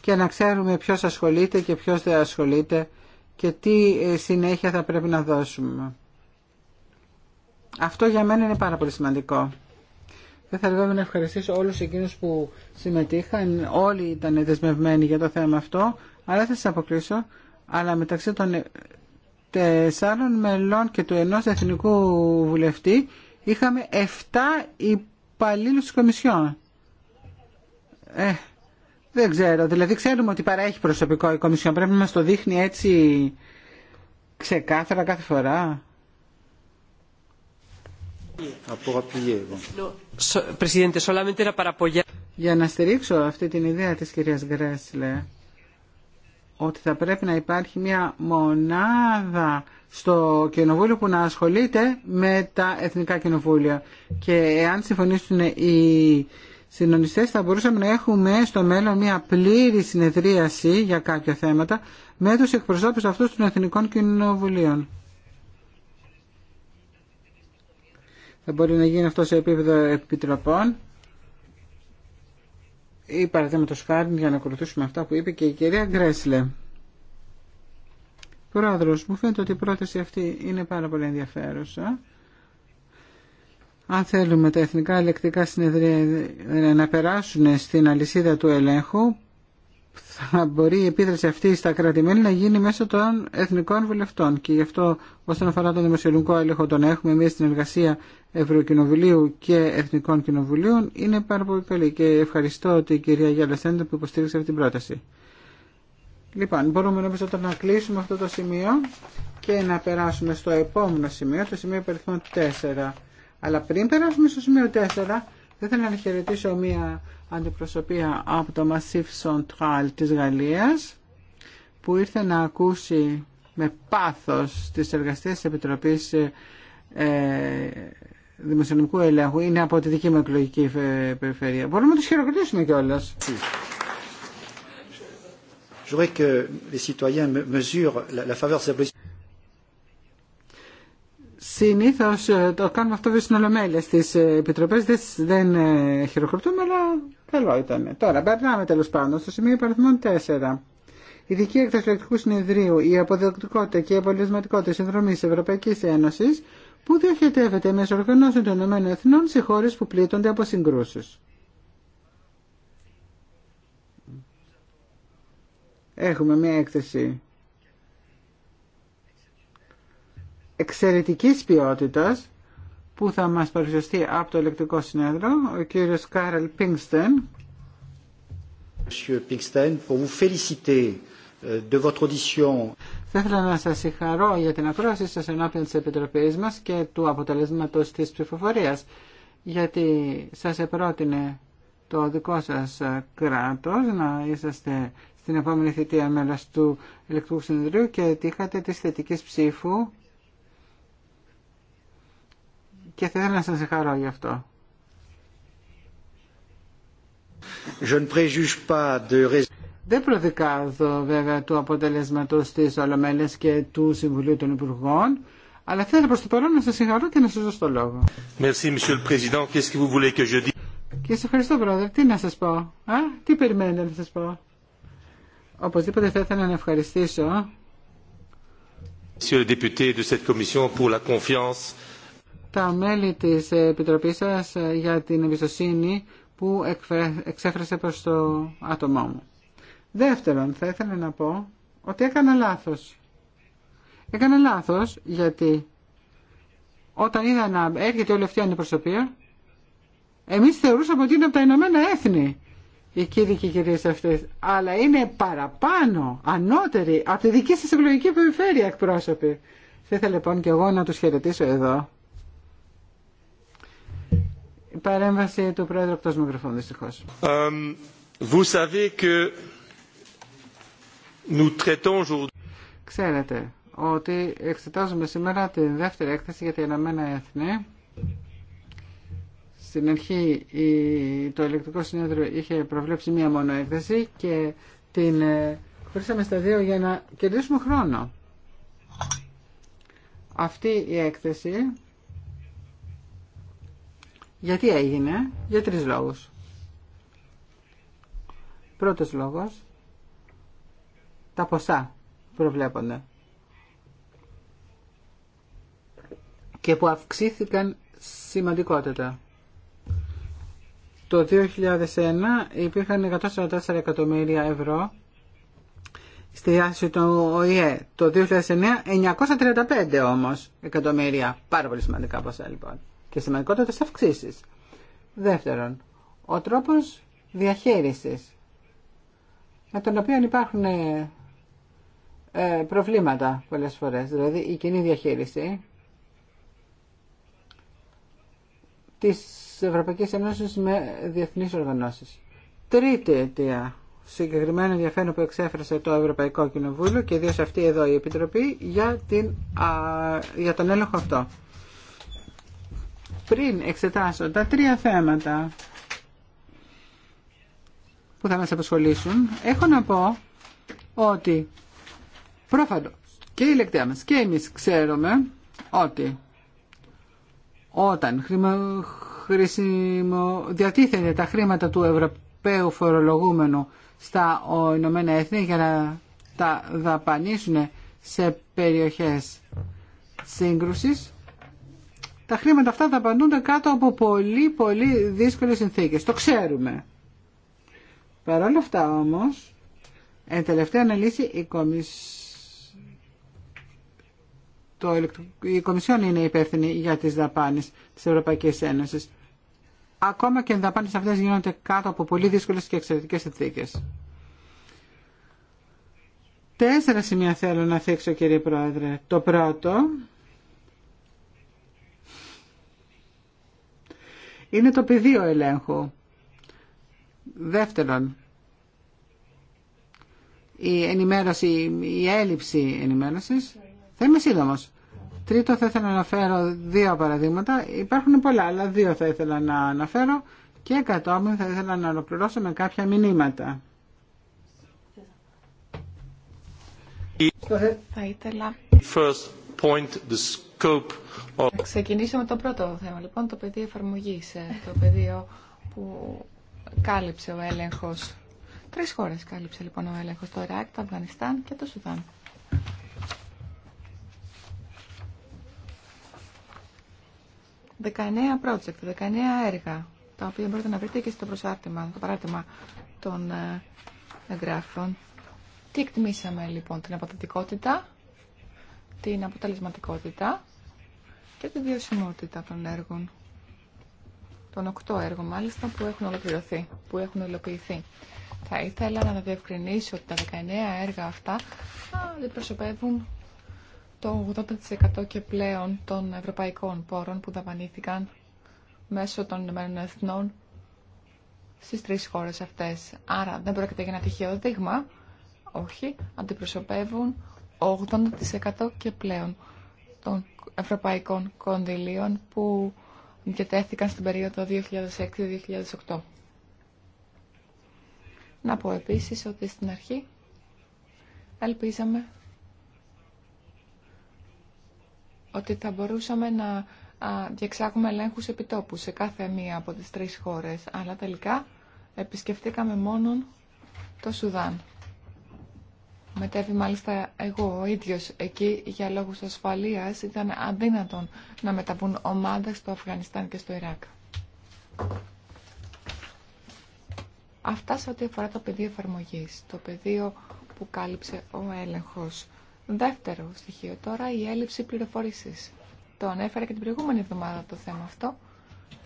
και να ξέρουμε ποιος ασχολείται και ποιος δεν ασχολείται και τι ε, συνέχεια θα πρέπει να δώσουμε. Αυτό για μένα είναι πάρα πολύ σημαντικό. Δεν θα ήθελα να ευχαριστήσω όλους εκείνους που συμμετείχαν, όλοι ήταν δεσμευμένοι για το θέμα αυτό, αλλά θα σας αποκλείσω, αλλά μεταξύ των τεσσάρων μελών και του ενός εθνικού βουλευτή είχαμε 7 υπαλλήλους της Κομισιόν. Ε, δεν ξέρω, δηλαδή ξέρουμε ότι παρέχει προσωπικό η Κομισιόν, πρέπει να μας το δείχνει έτσι ξεκάθαρα κάθε φορά. Για να στηρίξω αυτή την ιδέα της κυρίας Γκρέσλε ότι θα πρέπει να υπάρχει μια μονάδα στο κοινοβούλιο που να ασχολείται με τα εθνικά κοινοβούλια. Και εάν συμφωνήσουν οι συνονιστές θα μπορούσαμε να έχουμε στο μέλλον μια πλήρη συνεδρίαση για κάποια θέματα με τους εκπροσώπους αυτούς των εθνικών κοινοβουλίων. Θα μπορεί να γίνει αυτό σε επίπεδο επιτροπών ή παραδείγματο χάρη για να ακολουθήσουμε αυτά που είπε και η κυρία Γκρέσλε. Πρόεδρο, μου φαίνεται ότι η πρόταση αυτή είναι πάρα πολύ ενδιαφέρουσα. Αν θέλουμε τα εθνικά ελεκτικά συνεδρία να περάσουν στην αλυσίδα του ελέγχου, θα μπορεί η επίδραση αυτή στα κρατημένη να γίνει μέσω των εθνικών βουλευτών. Και γι' αυτό, όσον αφορά τον δημοσιονομικό έλεγχο, τον έχουμε εμεί στην εργασία Ευρωκοινοβουλίου και Εθνικών Κοινοβουλίων, είναι πάρα πολύ καλή. Και ευχαριστώ την κυρία Γιάννα Σέντερ που υποστήριξε αυτή την πρόταση. Λοιπόν, μπορούμε νομίζω τώρα να κλείσουμε αυτό το σημείο και να περάσουμε στο επόμενο σημείο, το σημείο περίπου 4. Αλλά πριν περάσουμε στο σημείο 4, θα ήθελα να χαιρετήσω μία αντιπροσωπεία από το Massif Central της Γαλλίας που ήρθε να ακούσει με πάθος τις εργαστές της Επιτροπής ε, Δημοσιονομικού Ελέγχου. Είναι από τη δική μου εκλογική ε, περιφέρεια. Μπορούμε να τους χειροκροτήσουμε κιόλας. Συνήθως ε, το κάνουμε αυτό στην Ολομέλεια της ε, επιτροπές, δεν ε, χειροκροτούμε, αλλά καλό ήταν. Τώρα περνάμε τέλος πάντων στο σημείο παραθμών 4. Ειδική έκταση ελεκτικού συνεδρίου, η αποδεκτικότητα και η αποτελεσματικότητα συνδρομή Ευρωπαϊκή Ένωση που διοχετεύεται μέσω οργανώσεων των ΗΕ σε χώρε που πλήττονται από συγκρούσει. Έχουμε μια έκθεση εξαιρετικής ποιότητας που θα μας παρουσιαστεί από το ηλεκτρικό συνέδριο, ο κύριος Κάρελ Πίνγκστεν. Euh, θα ήθελα να σας συγχαρώ για την ακρόαση σας ενώπιον της Επιτροπής μας και του αποτελέσματος της ψηφοφορίας, γιατί σας επρότεινε το δικό σας ε, κράτος να είσαστε στην επόμενη θητεία μέλος του Ελεκτρικού συνεδρίου και τύχατε της θετικής ψήφου και θέλω να σας χαρώ γι' αυτό. Je ne pas de... Δεν προδικάζω βέβαια του αποτελέσματος της Ολομέλειας και του Συμβουλίου των Υπουργών, αλλά θέλω προς το παρόν να σας συγχαρώ και να σας δώσω το λόγο. Merci, Monsieur le Président. Qu'est-ce que vous voulez que je dise? Και σας ευχαριστώ, πρόεδρε. Τι να σας πω, α? τι περιμένετε να σας πω. Οπωσδήποτε θα ήθελα να ευχαριστήσω. Monsieur le député de cette commission pour la confiance τα μέλη της Επιτροπής σας για την εμπιστοσύνη που εξέφρασε προς το άτομό μου. Δεύτερον, θα ήθελα να πω ότι έκανα λάθος. Έκανα λάθος γιατί όταν είδα να έρχεται όλη αυτή η αντιπροσωπεία, εμείς θεωρούσαμε ότι είναι από τα Ηνωμένα Έθνη οι κύριοι και οι κυρίες αυτές, αλλά είναι παραπάνω, ανώτεροι, από τη δική σας εκλογική περιφέρεια εκπρόσωποι. Θα ήθελα λοιπόν και εγώ να τους χαιρετήσω εδώ παρέμβαση του Πρόεδρου εκτός μικροφώνου, δυστυχώς. vous Ξέρετε ότι εξετάζουμε σήμερα τη δεύτερη έκθεση για τα Ηνωμένα Έθνη. Στην αρχή το ηλεκτρικό συνέδριο είχε προβλέψει μία μόνο έκθεση και την χωρίσαμε ε, στα δύο για να κερδίσουμε χρόνο. Αυτή η έκθεση γιατί έγινε, για τρεις λόγους. Πρώτος λόγος, τα ποσά προβλέπονται και που αυξήθηκαν σημαντικότητα. Το 2001 υπήρχαν 144 εκατομμύρια ευρώ στη διάθεση του ΟΗΕ. Το 2009 935 όμως εκατομμύρια. Πάρα πολύ σημαντικά ποσά λοιπόν και σημαντικότητας αυξήσεις. Δεύτερον, ο τρόπος διαχείρισης με τον οποίο υπάρχουν ε, ε, προβλήματα πολλές φορές, δηλαδή η κοινή διαχείριση της Ευρωπαϊκής Ένωσης με διεθνείς οργανώσεις. Τρίτη αιτία συγκεκριμένο ενδιαφέρον που εξέφρασε το Ευρωπαϊκό Κοινοβούλιο και ιδίως αυτή εδώ η Επιτροπή για, την, για τον έλεγχο αυτό πριν εξετάσω τα τρία θέματα που θα μας απασχολήσουν, έχω να πω ότι πρόφατο και η λεκτέα μας και εμείς ξέρουμε ότι όταν χρησιμο... διατίθενται τα χρήματα του Ευρωπαίου φορολογούμενου στα Ηνωμένα Έθνη για να τα δαπανίσουν σε περιοχές σύγκρουσης τα χρήματα αυτά δαπανούνται κάτω από πολύ πολύ δύσκολες συνθήκες. Το ξέρουμε. Παρ' όλα αυτά όμως, εν τελευταία αναλύση η, Κομισ... το... η Κομισιόν είναι υπεύθυνη για τις δαπάνες της Ευρωπαϊκής Ένωσης. Ακόμα και οι δαπάνες αυτές γίνονται κάτω από πολύ δύσκολες και εξαιρετικές συνθήκες. Τέσσερα σημεία θέλω να θέξω κύριε Πρόεδρε. Το πρώτο είναι το πεδίο ελέγχου. Δεύτερον, η ενημέρωση, η έλλειψη ενημέρωσης. Θα είμαι σύντομο. Τρίτο, θα ήθελα να αναφέρω δύο παραδείγματα. Υπάρχουν πολλά, αλλά δύο θα ήθελα να αναφέρω και κατόπιν θα ήθελα να ολοκληρώσω με κάποια μηνύματα. Θα ήθελα First point, Ξεκινήσαμε Ξεκινήσω με το πρώτο θέμα, λοιπόν, το πεδίο εφαρμογής, ε, το πεδίο που κάλυψε ο έλεγχος. Τρεις χώρες κάλυψε λοιπόν ο έλεγχος, το Ιράκ, το Αφγανιστάν και το Σουδάν. Δεκαεννέα project, δεκαεννέα έργα, τα οποία μπορείτε να βρείτε και στο προσάρτημα, το παράρτημα των ε, εγγράφων. Τι εκτιμήσαμε λοιπόν, την αποδοτικότητα, την αποτελεσματικότητα, και τη βιωσιμότητα των έργων. Των οκτώ έργων μάλιστα που έχουν ολοκληρωθεί, που έχουν υλοποιηθεί. Θα ήθελα να διευκρινίσω ότι τα 19 έργα αυτά αντιπροσωπεύουν το 80% και πλέον των ευρωπαϊκών πόρων που δαπανήθηκαν μέσω των Ηνωμένων Εθνών στις τρεις χώρες αυτές. Άρα δεν πρόκειται για ένα τυχαίο δείγμα, όχι, αντιπροσωπεύουν 80% και πλέον των ευρωπαϊκών κονδυλίων που διατέθηκαν στην περίοδο 2006-2008. Να πω επίσης ότι στην αρχή ελπίζαμε ότι θα μπορούσαμε να διεξάγουμε ελέγχους επιτόπου σε κάθε μία από τις τρεις χώρες, αλλά τελικά επισκεφτήκαμε μόνον το Σουδάν Μετέβη μάλιστα εγώ ο ίδιος εκεί για λόγους ασφαλείας ήταν αδύνατον να μεταβούν ομάδες στο Αφγανιστάν και στο Ιράκ. Αυτά σε ό,τι αφορά το πεδίο εφαρμογή, το πεδίο που κάλυψε ο έλεγχος. Δεύτερο στοιχείο τώρα, η έλλειψη πληροφόρησης. Το ανέφερα και την προηγούμενη εβδομάδα το θέμα αυτό,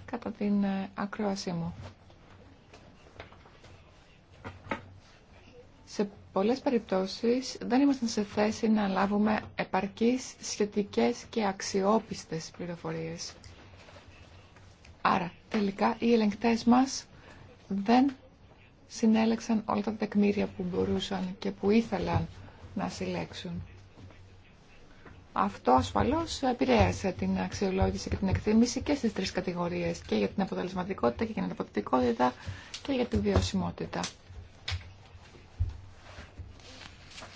κατά την ε, ακρόασή μου. Σε πολλές περιπτώσεις δεν ήμασταν σε θέση να λάβουμε επαρκείς σχετικές και αξιόπιστες πληροφορίες. Άρα, τελικά, οι ελεγκτές μας δεν συνέλεξαν όλα τα τεκμήρια που μπορούσαν και που ήθελαν να συλλέξουν. Αυτό ασφαλώς επηρέασε την αξιολόγηση και την εκτίμηση και στις τρεις κατηγορίες, και για την αποτελεσματικότητα και για την αποτελεσματικότητα και για τη βιωσιμότητα.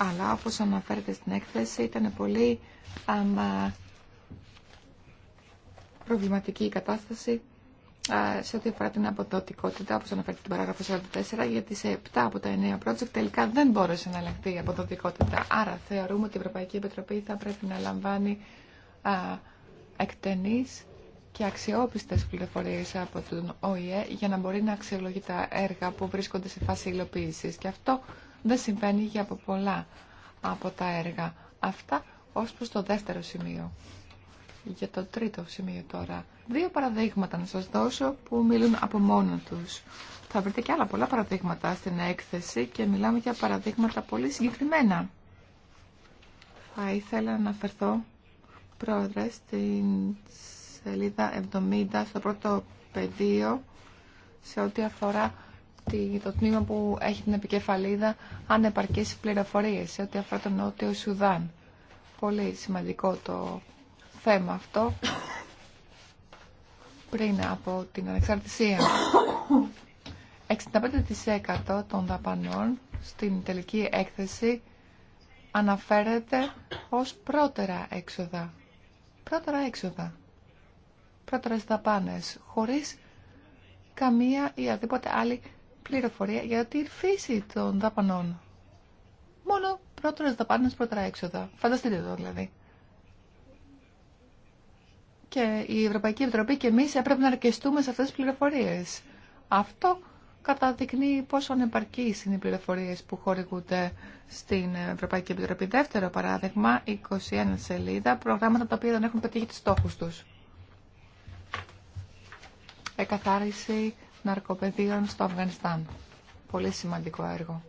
αλλά όπως αναφέρεται στην έκθεση ήταν πολύ προβληματική η κατάσταση σε ό,τι αφορά την αποδοτικότητα, όπως αναφέρεται την παράγραφο 44, γιατί σε 7 από τα 9 project τελικά δεν μπόρεσε να ελεγχθεί η αποδοτικότητα. Άρα θεωρούμε ότι η Ευρωπαϊκή Επιτροπή θα πρέπει να λαμβάνει α, εκτενείς και αξιόπιστες πληροφορίες από τον ΟΗΕ για να μπορεί να αξιολογεί τα έργα που βρίσκονται σε φάση υλοποίησης. Και αυτό δεν συμβαίνει για από πολλά από τα έργα. Αυτά ως προς το δεύτερο σημείο. Για το τρίτο σημείο τώρα. Δύο παραδείγματα να σας δώσω που μιλούν από μόνο τους. Θα βρείτε και άλλα πολλά παραδείγματα στην έκθεση και μιλάμε για παραδείγματα πολύ συγκεκριμένα. Θα ήθελα να φερθώ πρόεδρε, στην σελίδα 70, στο πρώτο πεδίο, σε ό,τι αφορά το τμήμα που έχει την επικεφαλίδα άνεπαρκές πληροφορίες σε ό,τι αφορά τον Νότιο Σουδάν. Πολύ σημαντικό το θέμα αυτό πριν από την ανεξαρτησία. 65% των δαπανών στην τελική έκθεση αναφέρεται ως πρώτερα έξοδα. Πρώτερα έξοδα. Πρώτερες δαπάνες, χωρίς καμία ή αδίποτε άλλη πληροφορία για τη φύση των δαπανών. Μόνο πρώτερες δαπάνες, πρώτερα έξοδα. Φανταστείτε το δηλαδή. Και η Ευρωπαϊκή Επιτροπή και εμείς έπρεπε να αρκεστούμε σε αυτές τις πληροφορίες. Αυτό καταδεικνύει πόσο ανεπαρκείς είναι οι πληροφορίες που χορηγούνται στην Ευρωπαϊκή Επιτροπή. Δεύτερο παράδειγμα, 21 σελίδα, προγράμματα τα οποία δεν έχουν πετύχει τους στόχους τους. Εκαθάριση Ναρκοπαιδείων στο Αφγανιστάν. Πολύ σημαντικό έργο.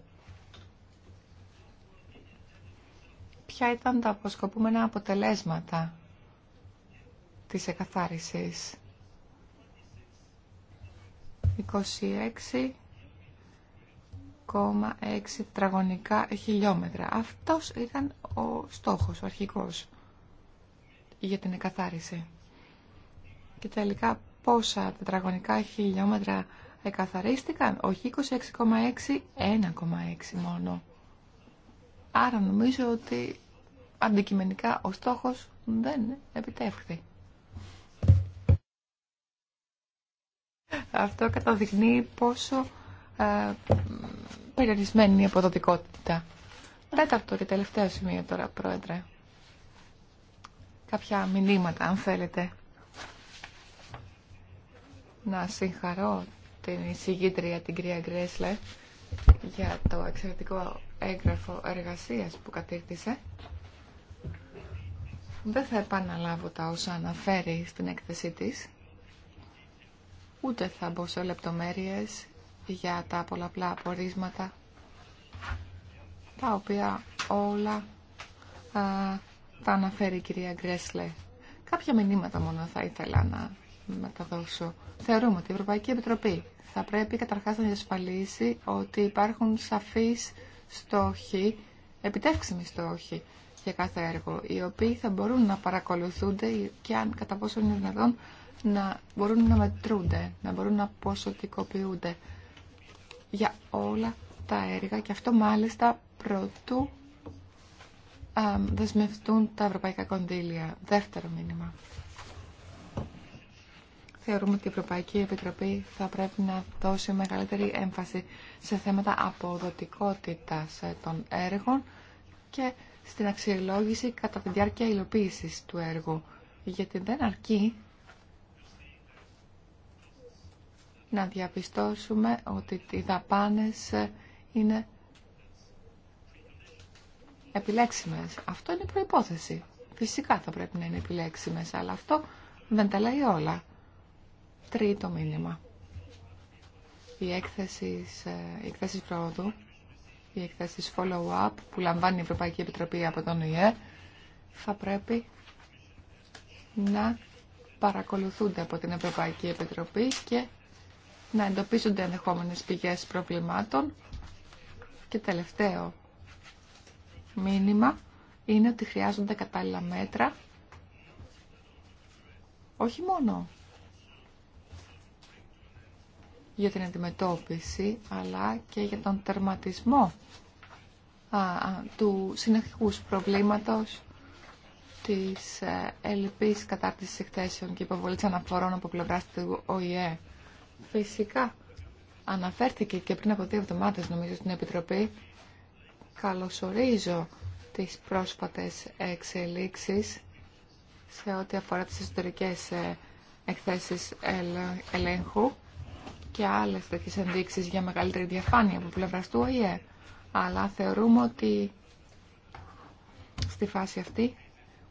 Ποια ήταν τα αποσκοπούμενα αποτελέσματα της εκαθάρισης. 26,6 τραγωνικά χιλιόμετρα. Αυτός ήταν ο στόχος, ο αρχικός για την εκαθάριση. Και τελικά πόσα τετραγωνικά χιλιόμετρα εκαθαρίστηκαν, όχι 26,6, 1,6 μόνο. Άρα νομίζω ότι αντικειμενικά ο στόχος δεν επιτεύχθη. Αυτό καταδεικνύει πόσο ε, περιορισμένη είναι η αποδοτικότητα. Τέταρτο και τελευταίο σημείο τώρα, Πρόεδρε. Κάποια μηνύματα, αν θέλετε να συγχαρώ την εισηγήτρια την κυρία Γκρέσλε για το εξαιρετικό έγγραφο εργασίας που κατήρτισε. Δεν θα επαναλάβω τα όσα αναφέρει στην έκθεσή της, ούτε θα μπω σε λεπτομέρειες για τα πολλαπλά απορίσματα, τα οποία όλα α, τα αναφέρει η κυρία Γκρέσλε. Κάποια μηνύματα μόνο θα ήθελα να να Θεωρούμε ότι η Ευρωπαϊκή Επιτροπή θα πρέπει καταρχάς να διασφαλίσει ότι υπάρχουν σαφείς στόχοι, επιτεύξιμοι στόχοι για κάθε έργο, οι οποίοι θα μπορούν να παρακολουθούνται και αν κατά πόσο είναι δυνατόν να μπορούν να μετρούνται, να μπορούν να ποσοτικοποιούνται για όλα τα έργα και αυτό μάλιστα προτού δεσμευτούν τα ευρωπαϊκά κονδύλια. Δεύτερο μήνυμα θεωρούμε ότι η Ευρωπαϊκή Επιτροπή θα πρέπει να δώσει μεγαλύτερη έμφαση σε θέματα αποδοτικότητας των έργων και στην αξιολόγηση κατά τη διάρκεια υλοποίησης του έργου. Γιατί δεν αρκεί να διαπιστώσουμε ότι οι δαπάνες είναι επιλέξιμες. Αυτό είναι προϋπόθεση. Φυσικά θα πρέπει να είναι επιλέξιμες, αλλά αυτό δεν τα λέει όλα. Τρίτο μήνυμα. Η έκθεση, ε, η πρόοδου, η έκθεση follow-up που λαμβάνει η Ευρωπαϊκή Επιτροπή από τον ΙΕ, θα πρέπει να παρακολουθούνται από την Ευρωπαϊκή Επιτροπή και να εντοπίζονται ενδεχόμενε πηγές προβλημάτων. Και τελευταίο μήνυμα είναι ότι χρειάζονται κατάλληλα μέτρα όχι μόνο για την αντιμετώπιση αλλά και για τον τερματισμό του συνεχικούς προβλήματος της ε, ελπής κατάρτισης εκθέσεων και υποβολής αναφορών από πλευρά του ΟΗΕ. Φυσικά, αναφέρθηκε και πριν από δύο εβδομάδες νομίζω στην Επιτροπή, καλωσορίζω τις πρόσφατες εξελίξεις σε ό,τι αφορά τις ιστορικές ε, εκθέσεις ελέγχου και άλλε τέτοιε ενδείξει για μεγαλύτερη διαφάνεια από πλευρά του ΟΗΕ. Αλλά θεωρούμε ότι στη φάση αυτή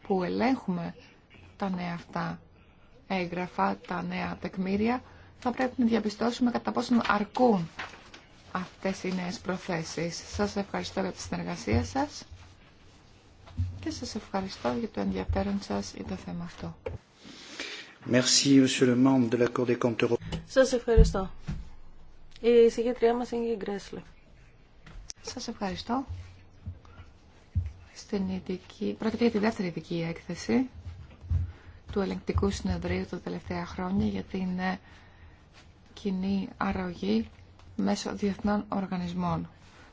που ελέγχουμε τα νέα αυτά έγγραφα, τα νέα τεκμήρια, θα πρέπει να διαπιστώσουμε κατά πόσο αρκούν αυτές οι νέες προθέσεις. Σας ευχαριστώ για τη συνεργασία σας και σας ευχαριστώ για το ενδιαφέρον σας για το θέμα αυτό. Σας ευχαριστώ. Η συγκεκριά μας είναι η Γκρέσλε. Σας ευχαριστώ. Στην ειδική... Πρόκειται για τη δεύτερη ειδική έκθεση του ελεγκτικού συνεδρίου τα τελευταία χρόνια για την ε, κοινή αρρωγή μέσω διεθνών οργανισμών.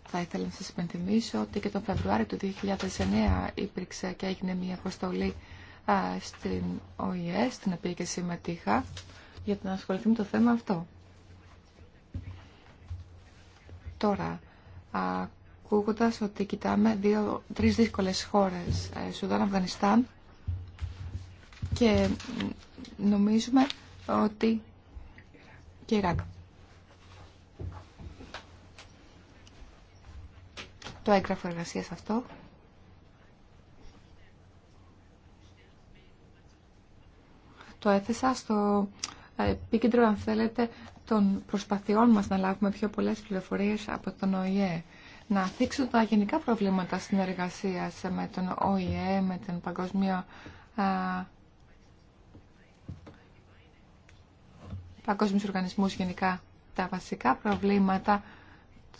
Θα ήθελα να σας υπενθυμίσω ότι και τον Φεβρουάριο του 2009 υπήρξε και έγινε μια αποστολή ε, στην ΟΗΕ, στην οποία και συμμετείχα για να ασχοληθεί με το θέμα αυτό. Τώρα, ακούγοντα ότι κοιτάμε δύο, τρεις δύσκολες χώρες, ε, Σουδάν, Αφγανιστάν και νομίζουμε ότι και Ιράκ. Το έγγραφο εργασία αυτό το έθεσα στο ε, επίκεντρο, αν θέλετε, των προσπαθειών μας να λάβουμε πιο πολλές πληροφορίες από τον ΟΗΕ. Να θίξω τα γενικά προβλήματα συνεργασίας με τον ΟΗΕ, με τον Παγκοσμία παγκόσμιους οργανισμούς γενικά τα βασικά προβλήματα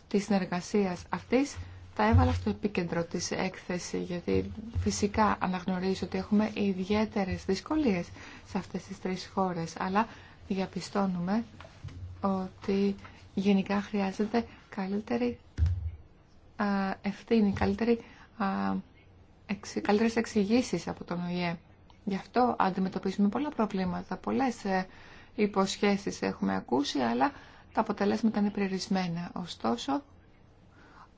της συνεργασίας αυτής τα έβαλα στο επίκεντρο της έκθεση γιατί φυσικά αναγνωρίζω ότι έχουμε ιδιαίτερες δυσκολίες σε αυτές τις τρεις χώρες αλλά διαπιστώνουμε ότι γενικά χρειάζεται καλύτερη ευθύνη, καλύτερη, καλύτερες εξηγήσεις από τον ΟΗΕ. Γι' αυτό αντιμετωπίζουμε πολλά προβλήματα, πολλές ε, υποσχέσεις έχουμε ακούσει, αλλά τα αποτελέσματα είναι περιορισμένα. Ωστόσο,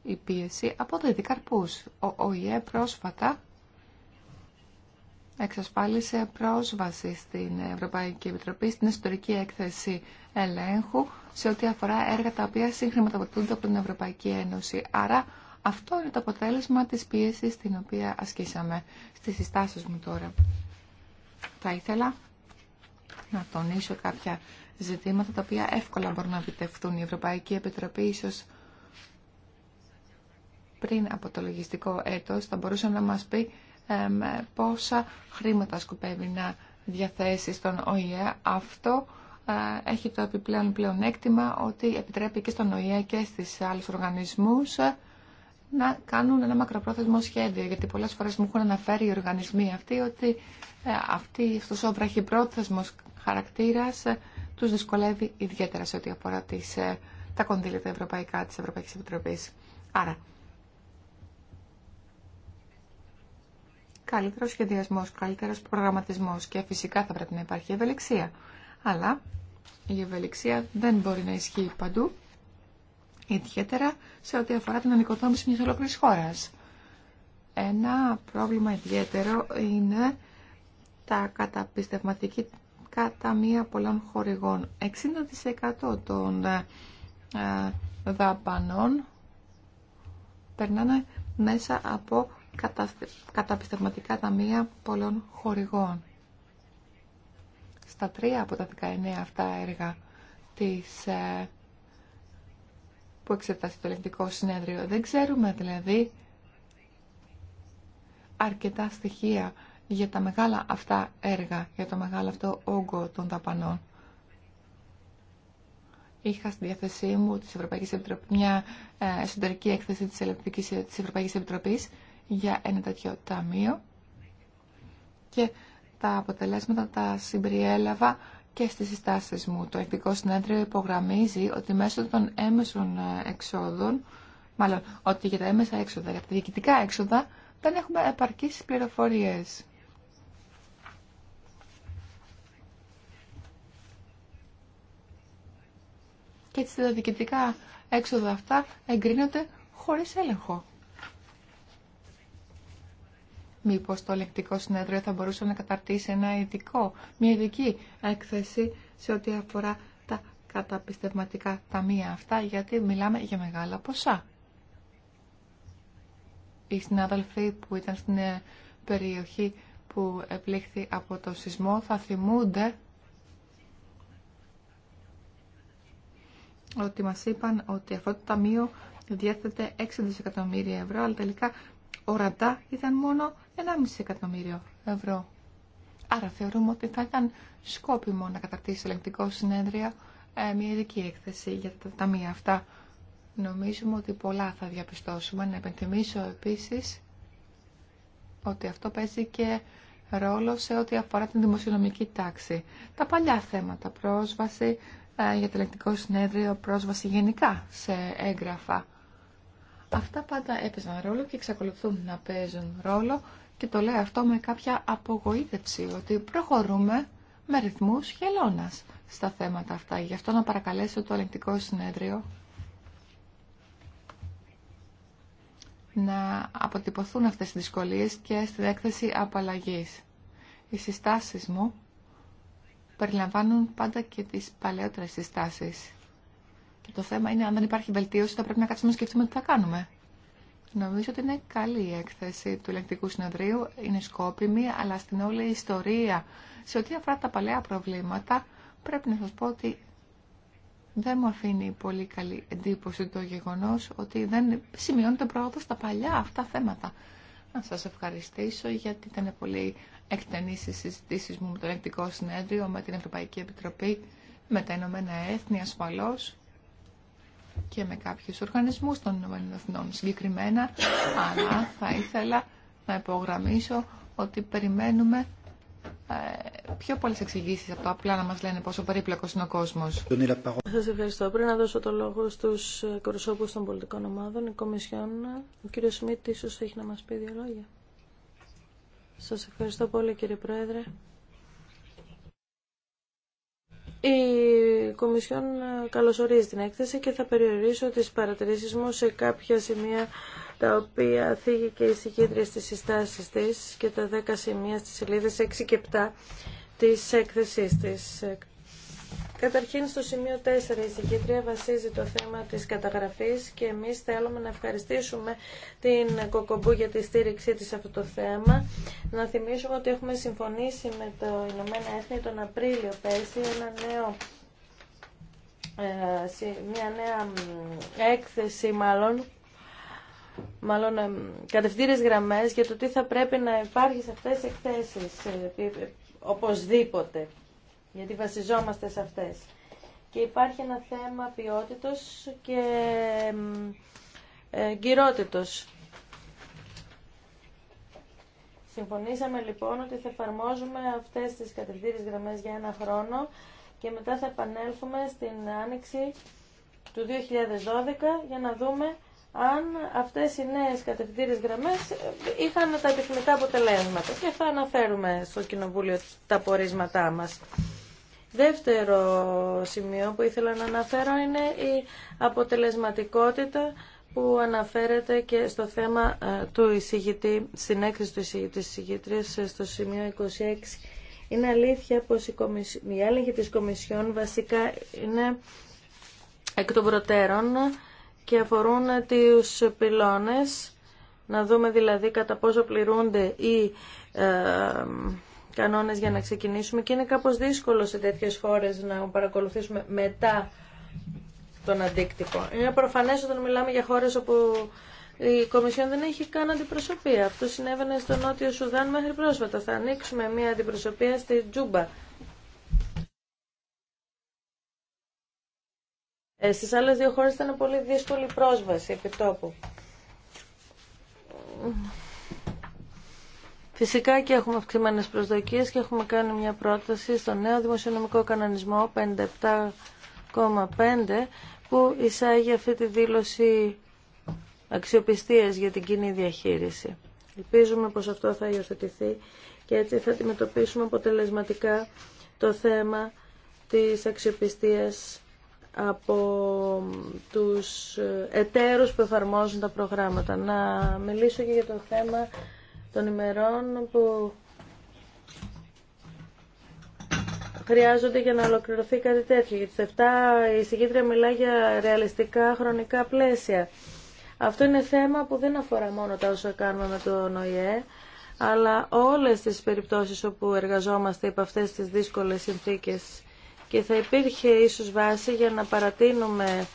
η πίεση αποδίδει καρπούς. Ο ΟΗΕ πρόσφατα εξασφάλισε πρόσβαση στην Ευρωπαϊκή Επιτροπή στην ιστορική έκθεση ελέγχου σε ό,τι αφορά έργα τα οποία συγχρηματοδοτούνται από την Ευρωπαϊκή Ένωση. Άρα αυτό είναι το αποτέλεσμα της πίεσης την οποία ασκήσαμε στις συστάσεις μου τώρα. Θα ήθελα να τονίσω κάποια ζητήματα τα οποία εύκολα μπορούν να επιτευχθούν. Η Ευρωπαϊκή Επιτροπή ίσως πριν από το λογιστικό έτος θα μπορούσε να μας πει πόσα χρήματα σκοπεύει να διαθέσει στον ΟΗΕ. Αυτό ε, έχει το επιπλέον πλεονέκτημα ότι επιτρέπει και στον ΟΗΕ και στις άλλους οργανισμούς ε, να κάνουν ένα μακροπρόθεσμο σχέδιο, γιατί πολλές φορές μου έχουν αναφέρει οι οργανισμοί αυτοί ότι ε, αυτοί ο βραχυπρόθεσμος χαρακτήρας τους δυσκολεύει ιδιαίτερα σε ό,τι αφορά τα κονδύλια ευρωπαϊκά της Ευρωπαϊκής Επιτροπής. Άρα, καλύτερο σχεδιασμό, καλύτερο προγραμματισμό και φυσικά θα πρέπει να υπάρχει ευελιξία. Αλλά η ευελιξία δεν μπορεί να ισχύει παντού, ιδιαίτερα σε ό,τι αφορά την ανοικοδόμηση μια ολόκληρη χώρα. Ένα πρόβλημα ιδιαίτερο είναι τα καταπιστευματική μία πολλών χορηγών. 60% των ε, δαπανών περνάνε μέσα από καταπιστευματικά ταμεία πολλών χορηγών. Στα τρία από τα 19 αυτά έργα της, ε, που εξετάσει το ελεγκτικό συνέδριο. Δεν ξέρουμε δηλαδή αρκετά στοιχεία για τα μεγάλα αυτά έργα, για το μεγάλο αυτό όγκο των ταπανών. Είχα στη διάθεσή μου της Ευρωπαϊκής Επιτροπής μια ε, εσωτερική έκθεση της, της Ευρωπαϊκής Επιτροπής για ένα τέτοιο ταμείο και τα αποτελέσματα τα συμπεριέλαβα και στις συστάσεις μου. Το Εθνικό Συνέδριο υπογραμμίζει ότι μέσω των έμεσων ε, εξόδων, μάλλον ότι για τα έμεσα έξοδα, για τα διοικητικά έξοδα, δεν έχουμε επαρκείς πληροφορίες. Και έτσι τα διοικητικά έξοδα αυτά εγκρίνονται χωρίς έλεγχο. Μήπω το λεκτικό συνέδριο θα μπορούσε να καταρτήσει ένα ειδικό, μια ειδική έκθεση σε ό,τι αφορά τα καταπιστευματικά ταμεία αυτά, γιατί μιλάμε για μεγάλα ποσά. Οι συνάδελφοι που ήταν στην ε, περιοχή που επλήχθη από το σεισμό θα θυμούνται ότι μας είπαν ότι αυτό το ταμείο διέθετε 6 δισεκατομμύρια ευρώ, αλλά τελικά ορατά ήταν μόνο 1,5 εκατομμύριο ευρώ. Άρα θεωρούμε ότι θα ήταν σκόπιμο να καταρτήσει ελεγκτικό συνέδριο ε, μια ειδική έκθεση για τα ταμεία αυτά. Νομίζουμε ότι πολλά θα διαπιστώσουμε. Να επενθυμίσω επίσης ότι αυτό παίζει και ρόλο σε ό,τι αφορά την δημοσιονομική τάξη. Τα παλιά θέματα, πρόσβαση ε, για το ελεγκτικό συνέδριο, πρόσβαση γενικά σε έγγραφα Αυτά πάντα έπαιζαν ρόλο και εξακολουθούν να παίζουν ρόλο και το λέω αυτό με κάποια απογοήτευση ότι προχωρούμε με ρυθμούς χελώνας στα θέματα αυτά. Γι' αυτό να παρακαλέσω το ελεγκτικό συνέδριο να αποτυπωθούν αυτές οι δυσκολίες και στην έκθεση απαλλαγής. Οι συστάσεις μου περιλαμβάνουν πάντα και τις παλαιότερες συστάσεις το θέμα είναι αν δεν υπάρχει βελτίωση θα πρέπει να κάτσουμε να σκεφτούμε τι θα κάνουμε. Νομίζω ότι είναι καλή η έκθεση του ελεγκτικού συνεδρίου, είναι σκόπιμη, αλλά στην όλη ιστορία, σε ό,τι αφορά τα παλαιά προβλήματα, πρέπει να σα πω ότι δεν μου αφήνει πολύ καλή εντύπωση το γεγονό ότι δεν σημειώνεται πρόοδο στα παλιά αυτά θέματα. Να σα ευχαριστήσω γιατί ήταν πολύ εκτενή οι συζήτησή μου με το ελεγκτικό συνέδριο, με την Ευρωπαϊκή Επιτροπή, με τα Ηνωμένα Έθνη ασφαλώ και με κάποιους οργανισμούς των ΗΠΑ συγκεκριμένα, αλλά θα ήθελα να υπογραμμίσω ότι περιμένουμε ε, πιο πολλέ εξηγήσει από το απλά να μα λένε πόσο περίπλοκο είναι ο κόσμο. Σα ευχαριστώ. Πριν να δώσω το λόγο στου εκπροσώπου των πολιτικών ομάδων, η Κομισιόν, ο κύριο Σμίτ, ίσω έχει να μα πει δύο λόγια. Σα ευχαριστώ πολύ, κύριε Πρόεδρε. Η Κομισιόν καλωσορίζει την έκθεση και θα περιορίσω τις παρατηρήσεις μου σε κάποια σημεία τα οποία θίγει και η συγκίτρια στις συστάσεις της και τα 10 σημεία στις σελίδες 6 και 7 της έκθεσής της. Καταρχήν στο σημείο 4 η βασίζει το θέμα της καταγραφής και εμείς θέλουμε να ευχαριστήσουμε την Κοκομπού για τη στήριξή της σε αυτό το θέμα. Να θυμίσουμε ότι έχουμε συμφωνήσει με το Ηνωμένα Έθνη τον Απρίλιο πέρσι ένα νέο ε, μια νέα έκθεση μάλλον μάλλον ε, κατευθύνες γραμμές για το τι θα πρέπει να υπάρχει σε αυτές τις εκθέσεις ε, οπωσδήποτε γιατί βασιζόμαστε σε αυτές. Και υπάρχει ένα θέμα ποιότητος και ε, κυρότητος. Συμφωνήσαμε λοιπόν ότι θα εφαρμόζουμε αυτές τις κατευθύντες γραμμές για ένα χρόνο και μετά θα επανέλθουμε στην άνοιξη του 2012 για να δούμε αν αυτές οι νέες κατευθύντες γραμμές είχαν τα τεχνικά αποτελέσματα και θα αναφέρουμε στο Κοινοβούλιο τα πορίσματά μας. Δεύτερο σημείο που ήθελα να αναφέρω είναι η αποτελεσματικότητα που αναφέρεται και στο θέμα ε, του εισηγητή, στην έκθεση του εισηγητή ε, στο σημείο 26. Είναι αλήθεια πως η, Κομισι... η της Κομισιόν βασικά είναι εκ των προτέρων και αφορούν τους πυλώνες, να δούμε δηλαδή κατά πόσο πληρούνται οι ε, κανόνες για να ξεκινήσουμε και είναι κάπως δύσκολο σε τέτοιες χώρες να παρακολουθήσουμε μετά τον αντίκτυπο. Είναι προφανές όταν μιλάμε για χώρες όπου η Κομισιόν δεν έχει καν αντιπροσωπεία. Αυτό συνέβαινε στο Νότιο Σουδάν μέχρι πρόσφατα. Θα ανοίξουμε μια αντιπροσωπεία στη Τζούμπα. Ε, στις άλλες δύο χώρε ήταν πολύ δύσκολη πρόσβαση επί Φυσικά και έχουμε αυξημένες προσδοκίες και έχουμε κάνει μια πρόταση στο νέο δημοσιονομικό κανονισμό 57,5 που εισάγει αυτή τη δήλωση αξιοπιστίας για την κοινή διαχείριση. Ελπίζουμε πως αυτό θα υιοθετηθεί και έτσι θα αντιμετωπίσουμε αποτελεσματικά το θέμα της αξιοπιστίας από τους εταίρους που εφαρμόζουν τα προγράμματα. Να μιλήσω και για το θέμα των ημερών που χρειάζονται για να ολοκληρωθεί κάτι τέτοιο. Γιατί σε 7 η συγκίτρια μιλά για ρεαλιστικά χρονικά πλαίσια. Αυτό είναι θέμα που δεν αφορά μόνο τα όσα κάνουμε με το ΝΟΙΕ, αλλά όλες τις περιπτώσεις όπου εργαζόμαστε υπό αυτές τις δύσκολες συνθήκες και θα υπήρχε ίσως βάση για να παρατείνουμε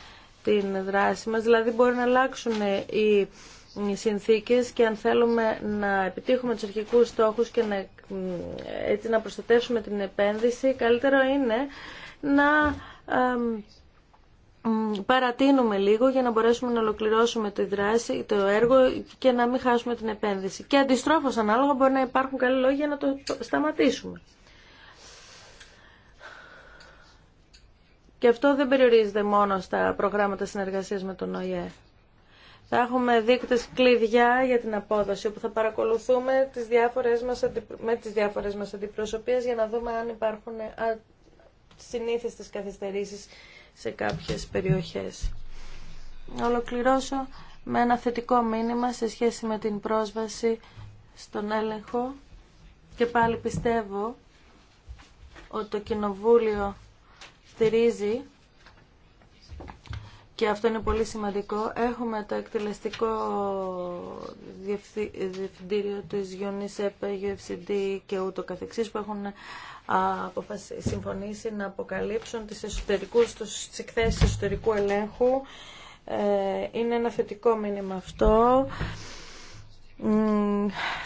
την δράση μας, δηλαδή μπορεί να αλλάξουν οι συνθήκες και αν θέλουμε να επιτύχουμε τους αρχικούς στόχους και να, έτσι να προστατεύσουμε την επένδυση, καλύτερο είναι να παρατείνουμε λίγο για να μπορέσουμε να ολοκληρώσουμε τη δράση, το έργο και να μην χάσουμε την επένδυση. Και αντιστρόφως ανάλογα μπορεί να υπάρχουν καλοί λόγοι για να το σταματήσουμε. Και αυτό δεν περιορίζεται μόνο στα προγράμματα συνεργασίας με τον ΟΗΕ. Θα έχουμε δείκτες κλειδιά για την απόδοση, όπου θα παρακολουθούμε τις διάφορες μας, με τις διάφορες μας αντιπροσωπείες για να δούμε αν υπάρχουν συνήθιστες καθυστερήσεις σε κάποιες περιοχές. Να ολοκληρώσω με ένα θετικό μήνυμα σε σχέση με την πρόσβαση στον έλεγχο και πάλι πιστεύω ότι το Κοινοβούλιο στηρίζει και αυτό είναι πολύ σημαντικό. Έχουμε το εκτελεστικό διευθυντήριο της UNICEF, UFCD και ούτω καθεξής που έχουν συμφωνήσει να αποκαλύψουν τις, εσωτερικούς, τις εκθέσεις εσωτερικού ελέγχου. Ε, είναι ένα θετικό μήνυμα αυτό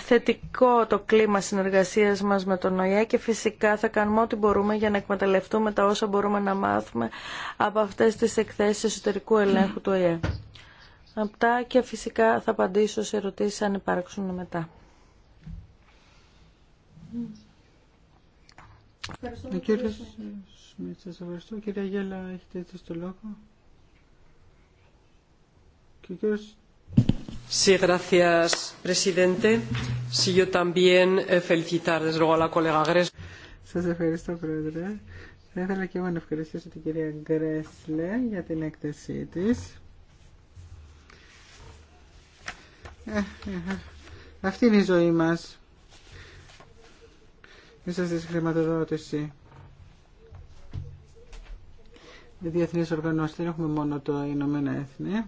θετικό το κλίμα συνεργασίας μας με τον ΟΗΕ και φυσικά θα κάνουμε ό,τι μπορούμε για να εκμεταλλευτούμε τα όσα μπορούμε να μάθουμε από αυτές τις εκθέσεις εσωτερικού ελέγχου του ΟΗΕ. Αυτά και φυσικά θα απαντήσω σε ερωτήσεις αν υπάρξουν μετά. Ε, ευχαριστώ, Κύριε Κυρία Γέλα, έχετε έτσι το λόγο. Και Σα presidente. Sí, yo también eh, felicitar, desde luego, a la colega Σας ευχαριστώ, Πρόεδρε. Θα ήθελα και εγώ να ευχαριστήσω την κυρία Γκρέσλε για την έκθεσή της. Ε, ε, ε, αυτή είναι η ζωή μας. Μέσα στη χρηματοδότηση. Οι διεθνείς οργανώσεις δεν έχουμε μόνο το Ηνωμένα Έθνη.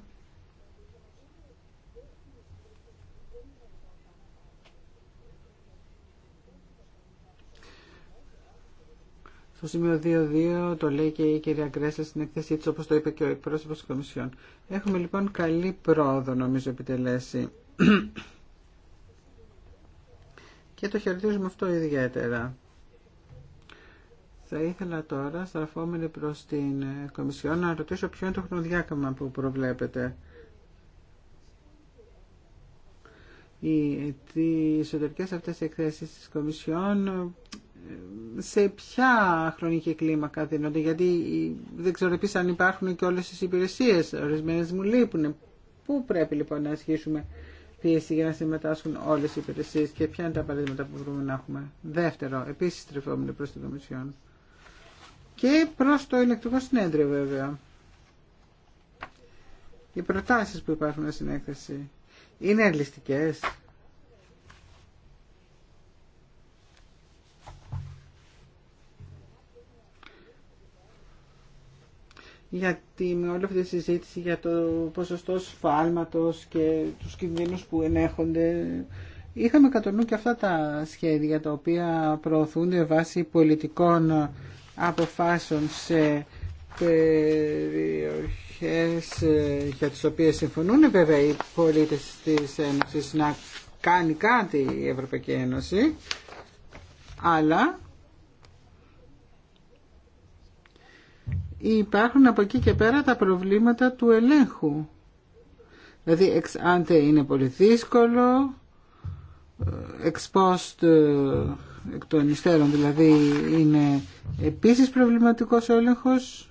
Στο σημείο 2.2 το λέει και η κυρία Γκρέσλε στην εκθεσή τη, όπω το είπε και ο εκπρόσωπο τη Κομισιόν. Έχουμε λοιπόν καλή πρόοδο, νομίζω, επιτελέσει. και το χαιρετίζουμε αυτό ιδιαίτερα. Θα ήθελα τώρα, στραφόμενοι προς την Κομισιόν, να ρωτήσω ποιο είναι το χρονοδιάκαμα που προβλέπετε. Οι, οι εσωτερικές αυτές εκθέσεις της Κομισιόν σε ποια χρονική κλίμακα δίνονται, γιατί δεν ξέρω επίσης αν υπάρχουν και όλες τις υπηρεσίες, Ορισμένε μου λείπουν. Πού πρέπει λοιπόν να ασχίσουμε πίεση για να συμμετάσχουν όλες οι υπηρεσίες και ποια είναι τα παραδείγματα που μπορούμε να έχουμε. Δεύτερο, επίσης τρεφόμουν προς την Κομισιόν. Και προς το ηλεκτρικό συνέδριο βέβαια. Οι προτάσεις που υπάρχουν στην έκθεση είναι ελιστικές γιατί με όλη αυτή τη συζήτηση για το ποσοστό σφάλματος και τους κινδύνους που ενέχονται είχαμε κατά και αυτά τα σχέδια τα οποία προωθούνται βάσει πολιτικών αποφάσεων σε περιοχές ε, για τις οποίες συμφωνούν βέβαια οι πολίτες της Ένωσης να κάνει κάτι η Ευρωπαϊκή Ένωση αλλά υπάρχουν από εκεί και πέρα τα προβλήματα του ελέγχου. Δηλαδή εξ είναι πολύ δύσκολο, ε, εξ post ε, εκ των υστέρων δηλαδή είναι επίσης προβληματικός ο έλεγχος.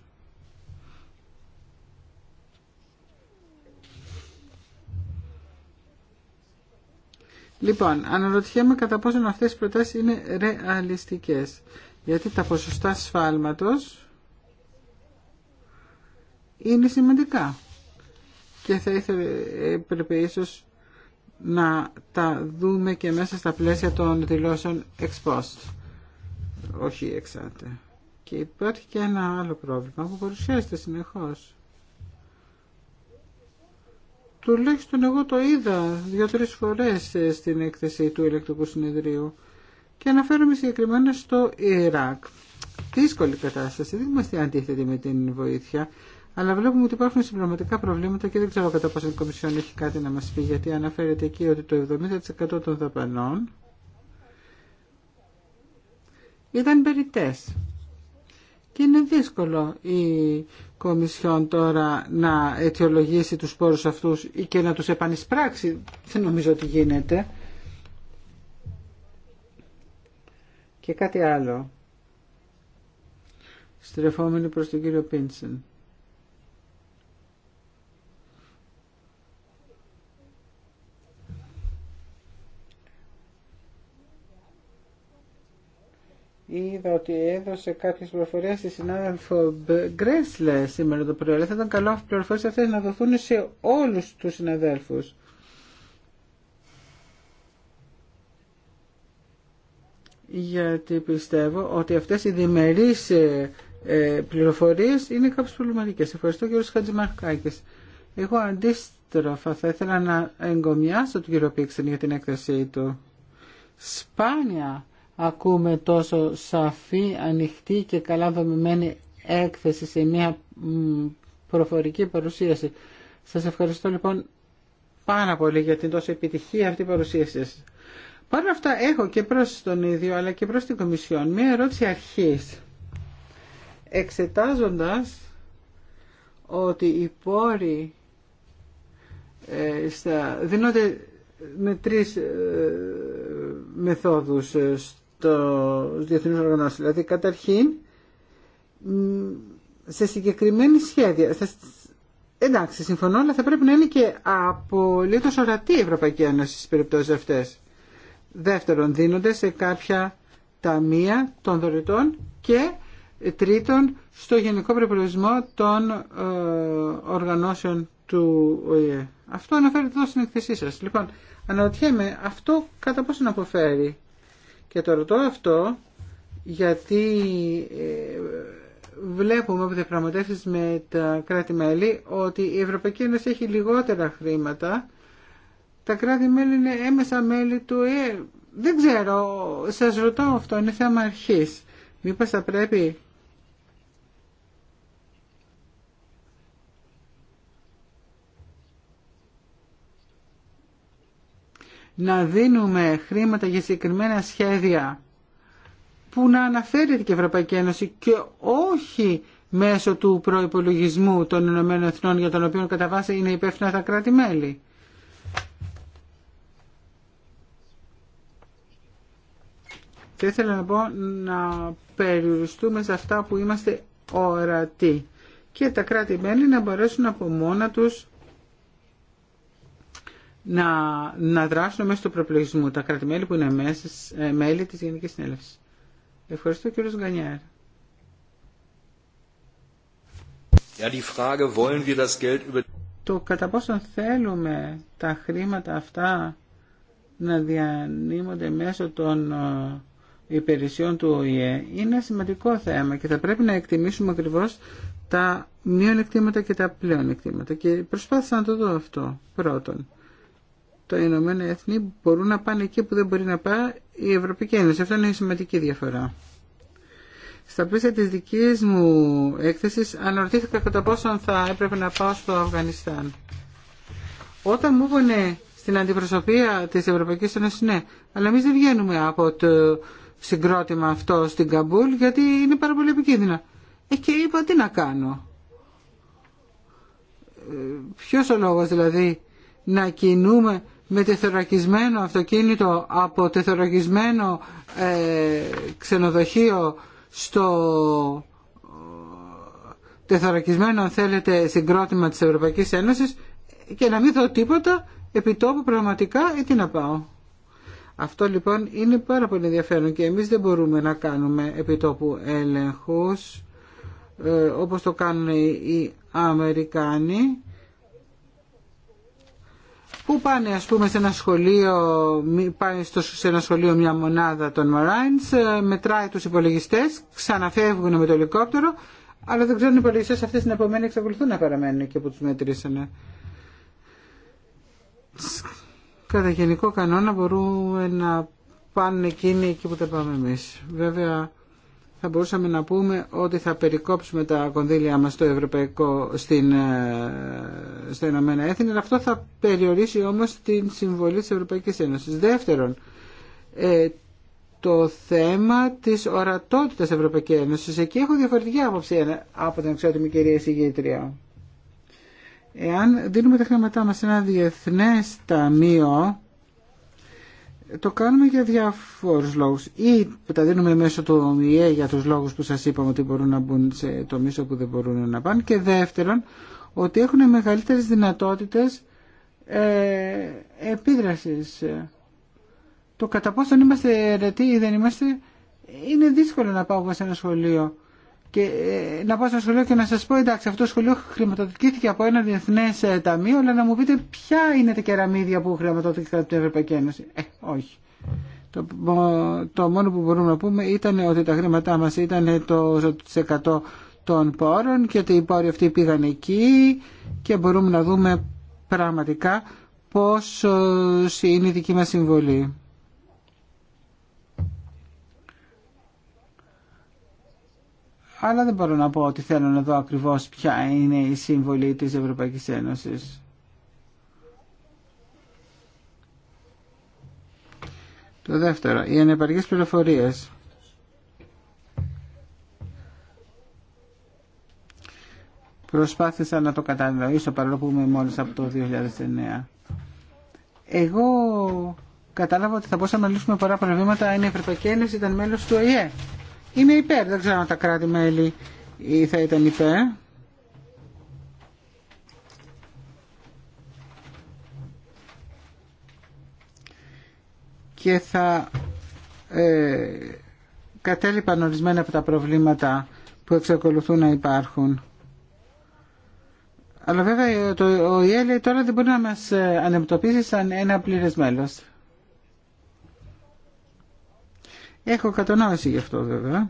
Λοιπόν, αναρωτιέμαι κατά πόσον αυτές οι προτάσεις είναι ρεαλιστικές. Γιατί τα ποσοστά σφάλματος είναι σημαντικά και θα ήθελε έπρεπε ίσως να τα δούμε και μέσα στα πλαίσια των δηλώσεων ex όχι εξάτε και υπάρχει και ένα άλλο πρόβλημα που παρουσιάζεται συνεχώς τουλάχιστον εγώ το είδα δύο-τρεις φορές ε, στην έκθεση του ηλεκτρικού συνεδρίου και αναφέρομαι συγκεκριμένα στο Ιράκ δύσκολη κατάσταση δεν είμαστε αντίθετοι με την βοήθεια αλλά βλέπουμε ότι υπάρχουν συμπληρωματικά προβλήματα και δεν ξέρω κατά πόσο η Κομισιόν έχει κάτι να μας πει, γιατί αναφέρεται εκεί ότι το 70% των δαπανών ήταν περιτές. Και είναι δύσκολο η Κομισιόν τώρα να αιτιολογήσει τους πόρους αυτούς ή και να τους επανεισπράξει. Δεν νομίζω ότι γίνεται. Και κάτι άλλο. Στρεφόμενοι προς τον κύριο Πίνσεν. είδα ότι έδωσε κάποιε πληροφορίε στη συνάδελφο Γκρέσλε σήμερα το πρωί. Θα ήταν καλό πληροφορίε αυτέ να δοθούν σε όλου του συναδέλφου. γιατί πιστεύω ότι αυτέ οι διμερείς ε, ε, πληροφορίε είναι κάποιε προβληματικέ. Ευχαριστώ κύριο Χατζημαρκάκη. Εγώ αντίστροφα θα ήθελα να εγκομιάσω τον κύριο Πίξεν για την έκθεσή του. Σπάνια ακούμε τόσο σαφή, ανοιχτή και καλά δομημένη έκθεση σε μια προφορική παρουσίαση. Σας ευχαριστώ λοιπόν πάρα πολύ για την τόσο επιτυχία αυτή παρουσίαση σας. Παρ' αυτά έχω και προς τον ίδιο αλλά και προς την Κομισιόν μία ερώτηση αρχής. Εξετάζοντας ότι οι πόροι ε, δίνονται με τρεις ε, μεθόδους ε, το διεθνούς οργανώσεις. Δηλαδή καταρχήν σε συγκεκριμένη σχέδια. Εντάξει, συμφωνώ, αλλά θα πρέπει να είναι και απολύτως ορατή η Ευρωπαϊκή Ένωση στις περιπτώσεις αυτές. Δεύτερον, δίνονται σε κάποια ταμεία των δωρητών και τρίτον στο γενικό προπολογισμό των ε, οργανώσεων του ΟΗΕ. Αυτό αναφέρεται εδώ στην εκθεσή σας. Λοιπόν, αναρωτιέμαι αυτό κατά πόσο να αποφέρει και το ρωτώ αυτό γιατί ε, βλέπουμε από διαπραγματεύσεις με τα κράτη-μέλη ότι η Ευρωπαϊκή Ένωση έχει λιγότερα χρήματα. Τα κράτη-μέλη είναι έμεσα μέλη του ΕΕ. Δεν ξέρω, σας ρωτώ αυτό, είναι θέμα αρχής. Μήπως θα πρέπει να δίνουμε χρήματα για συγκεκριμένα σχέδια που να αναφέρεται και η Ευρωπαϊκή Ένωση και όχι μέσω του προϋπολογισμού των Ηνωμένων Εθνών για τον οποίο κατά βάση είναι υπεύθυνα τα κράτη-μέλη. Και ήθελα να πω να περιοριστούμε σε αυτά που είμαστε ορατοί και τα κράτη-μέλη να μπορέσουν από μόνα τους να, να δράσουν μέσα του τα κρατημέλη που είναι μέσα, ε, μέλη της Γενικής Συνέλευσης. Ευχαριστώ κύριος Γκανιέρ. Ja, die Frage, wollen Το κατά πόσο θέλουμε τα χρήματα αυτά να διανύμονται μέσω των ε, υπηρεσιών του ΟΗΕ είναι σημαντικό θέμα και θα πρέπει να εκτιμήσουμε ακριβώς τα μειονεκτήματα και τα πλέον Και προσπάθησα να το δω αυτό πρώτον το Ηνωμένα Έθνη μπορούν να πάνε εκεί που δεν μπορεί να πάει η Ευρωπαϊκή Ένωση. Αυτό είναι η σημαντική διαφορά. Στα πλαίσια της δικής μου έκθεσης αναρωτήθηκα κατά πόσο θα έπρεπε να πάω στο Αφγανιστάν. Όταν μου είπανε στην αντιπροσωπεία της Ευρωπαϊκής Ένωσης, ναι, αλλά εμεί δεν βγαίνουμε από το συγκρότημα αυτό στην Καμπούλ γιατί είναι πάρα πολύ επικίνδυνα. Ε, και είπα τι να κάνω. Ε, ποιος ο λόγος δηλαδή να κινούμε με τεθωρακισμένο αυτοκίνητο από τεθωρακισμένο ε, ξενοδοχείο στο ε, τεθωρακισμένο αν θέλετε συγκρότημα της Ευρωπαϊκής Ένωσης και να μην δω τίποτα επιτόπου πραγματικά ή τι να πάω. Αυτό λοιπόν είναι πάρα πολύ ενδιαφέρον και εμείς δεν μπορούμε να κάνουμε επιτόπου τόπου έλεγχους ε, όπως το κάνουν οι Αμερικάνοι που πάνε ας πούμε σε ένα σχολείο, πάνε στο, σε ένα σχολείο μια μονάδα των Marines, ε, μετράει τους υπολογιστές, ξαναφεύγουν με το ελικόπτερο, αλλά δεν ξέρουν οι υπολογιστές αυτές την επομένη εξακολουθούν να παραμένουν και που τους μετρήσανε. Κατά γενικό κανόνα μπορούμε να πάνε εκείνοι εκεί που τα πάμε εμείς. Βέβαια θα μπορούσαμε να πούμε ότι θα περικόψουμε τα κονδύλια μας στο Ευρωπαϊκό, στην, ε, στα Ηνωμένα Έθνη, αλλά αυτό θα περιορίσει όμως την συμβολή της Ευρωπαϊκής Ένωσης. Δεύτερον, ε, το θέμα της ορατότητας Ευρωπαϊκής Ένωσης. Εκεί έχω διαφορετική άποψη ε, από την εξώτιμη κυρία εισηγήτρια. Εάν δίνουμε τα χρήματά μας σε ένα διεθνές ταμείο, το κάνουμε για διάφορους λόγους. Ή τα δίνουμε μέσω του ΟΜΙΕ για τους λόγους που σας είπαμε ότι μπορούν να μπουν σε το μίσο που δεν μπορούν να πάνε. Και δεύτερον, ότι έχουν μεγαλύτερες δυνατότητες ε, επίδρασης. Το κατά πόσον είμαστε αιρετοί ή δεν είμαστε, είναι δύσκολο να πάω σε ένα σχολείο και ε, να πάω στο σχολείο και να σας πω εντάξει αυτό το σχολείο χρηματοδοτήθηκε από ένα διεθνές ε, ταμείο αλλά να μου πείτε ποια είναι τα κεραμίδια που χρηματοδοτήθηκαν από την Ευρωπαϊκή Ένωση. Ε, όχι. Το, μόνο που μπορούμε να πούμε ήταν ότι τα χρήματά μας ήταν το 100% των πόρων και ότι οι πόροι αυτοί πήγαν εκεί και μπορούμε να δούμε πραγματικά πόσο είναι η δική μας συμβολή. αλλά δεν μπορώ να πω ότι θέλω να δω ακριβώς ποια είναι η σύμβολη της Ευρωπαϊκής Ένωσης. Το δεύτερο, οι ανεπαρκές πληροφορίες. Προσπάθησα να το κατανοήσω παρόλο που είμαι μόλις από το 2009. Εγώ κατάλαβα ότι θα μπορούσαμε να λύσουμε πολλά προβλήματα αν η Ευρωπαϊκή Ένωση ήταν μέλος του ΟΗΕ είναι υπέρ. Δεν ξέρω αν τα κράτη-μέλη θα ήταν υπέρ. Και θα ε, κατέληπαν ορισμένα από τα προβλήματα που εξακολουθούν να υπάρχουν. Αλλά βέβαια το ο τώρα δεν μπορεί να μας ε, αντιμετωπίσει σαν ένα πλήρες μέλος. Έχω κατανόηση γι' αυτό βέβαια.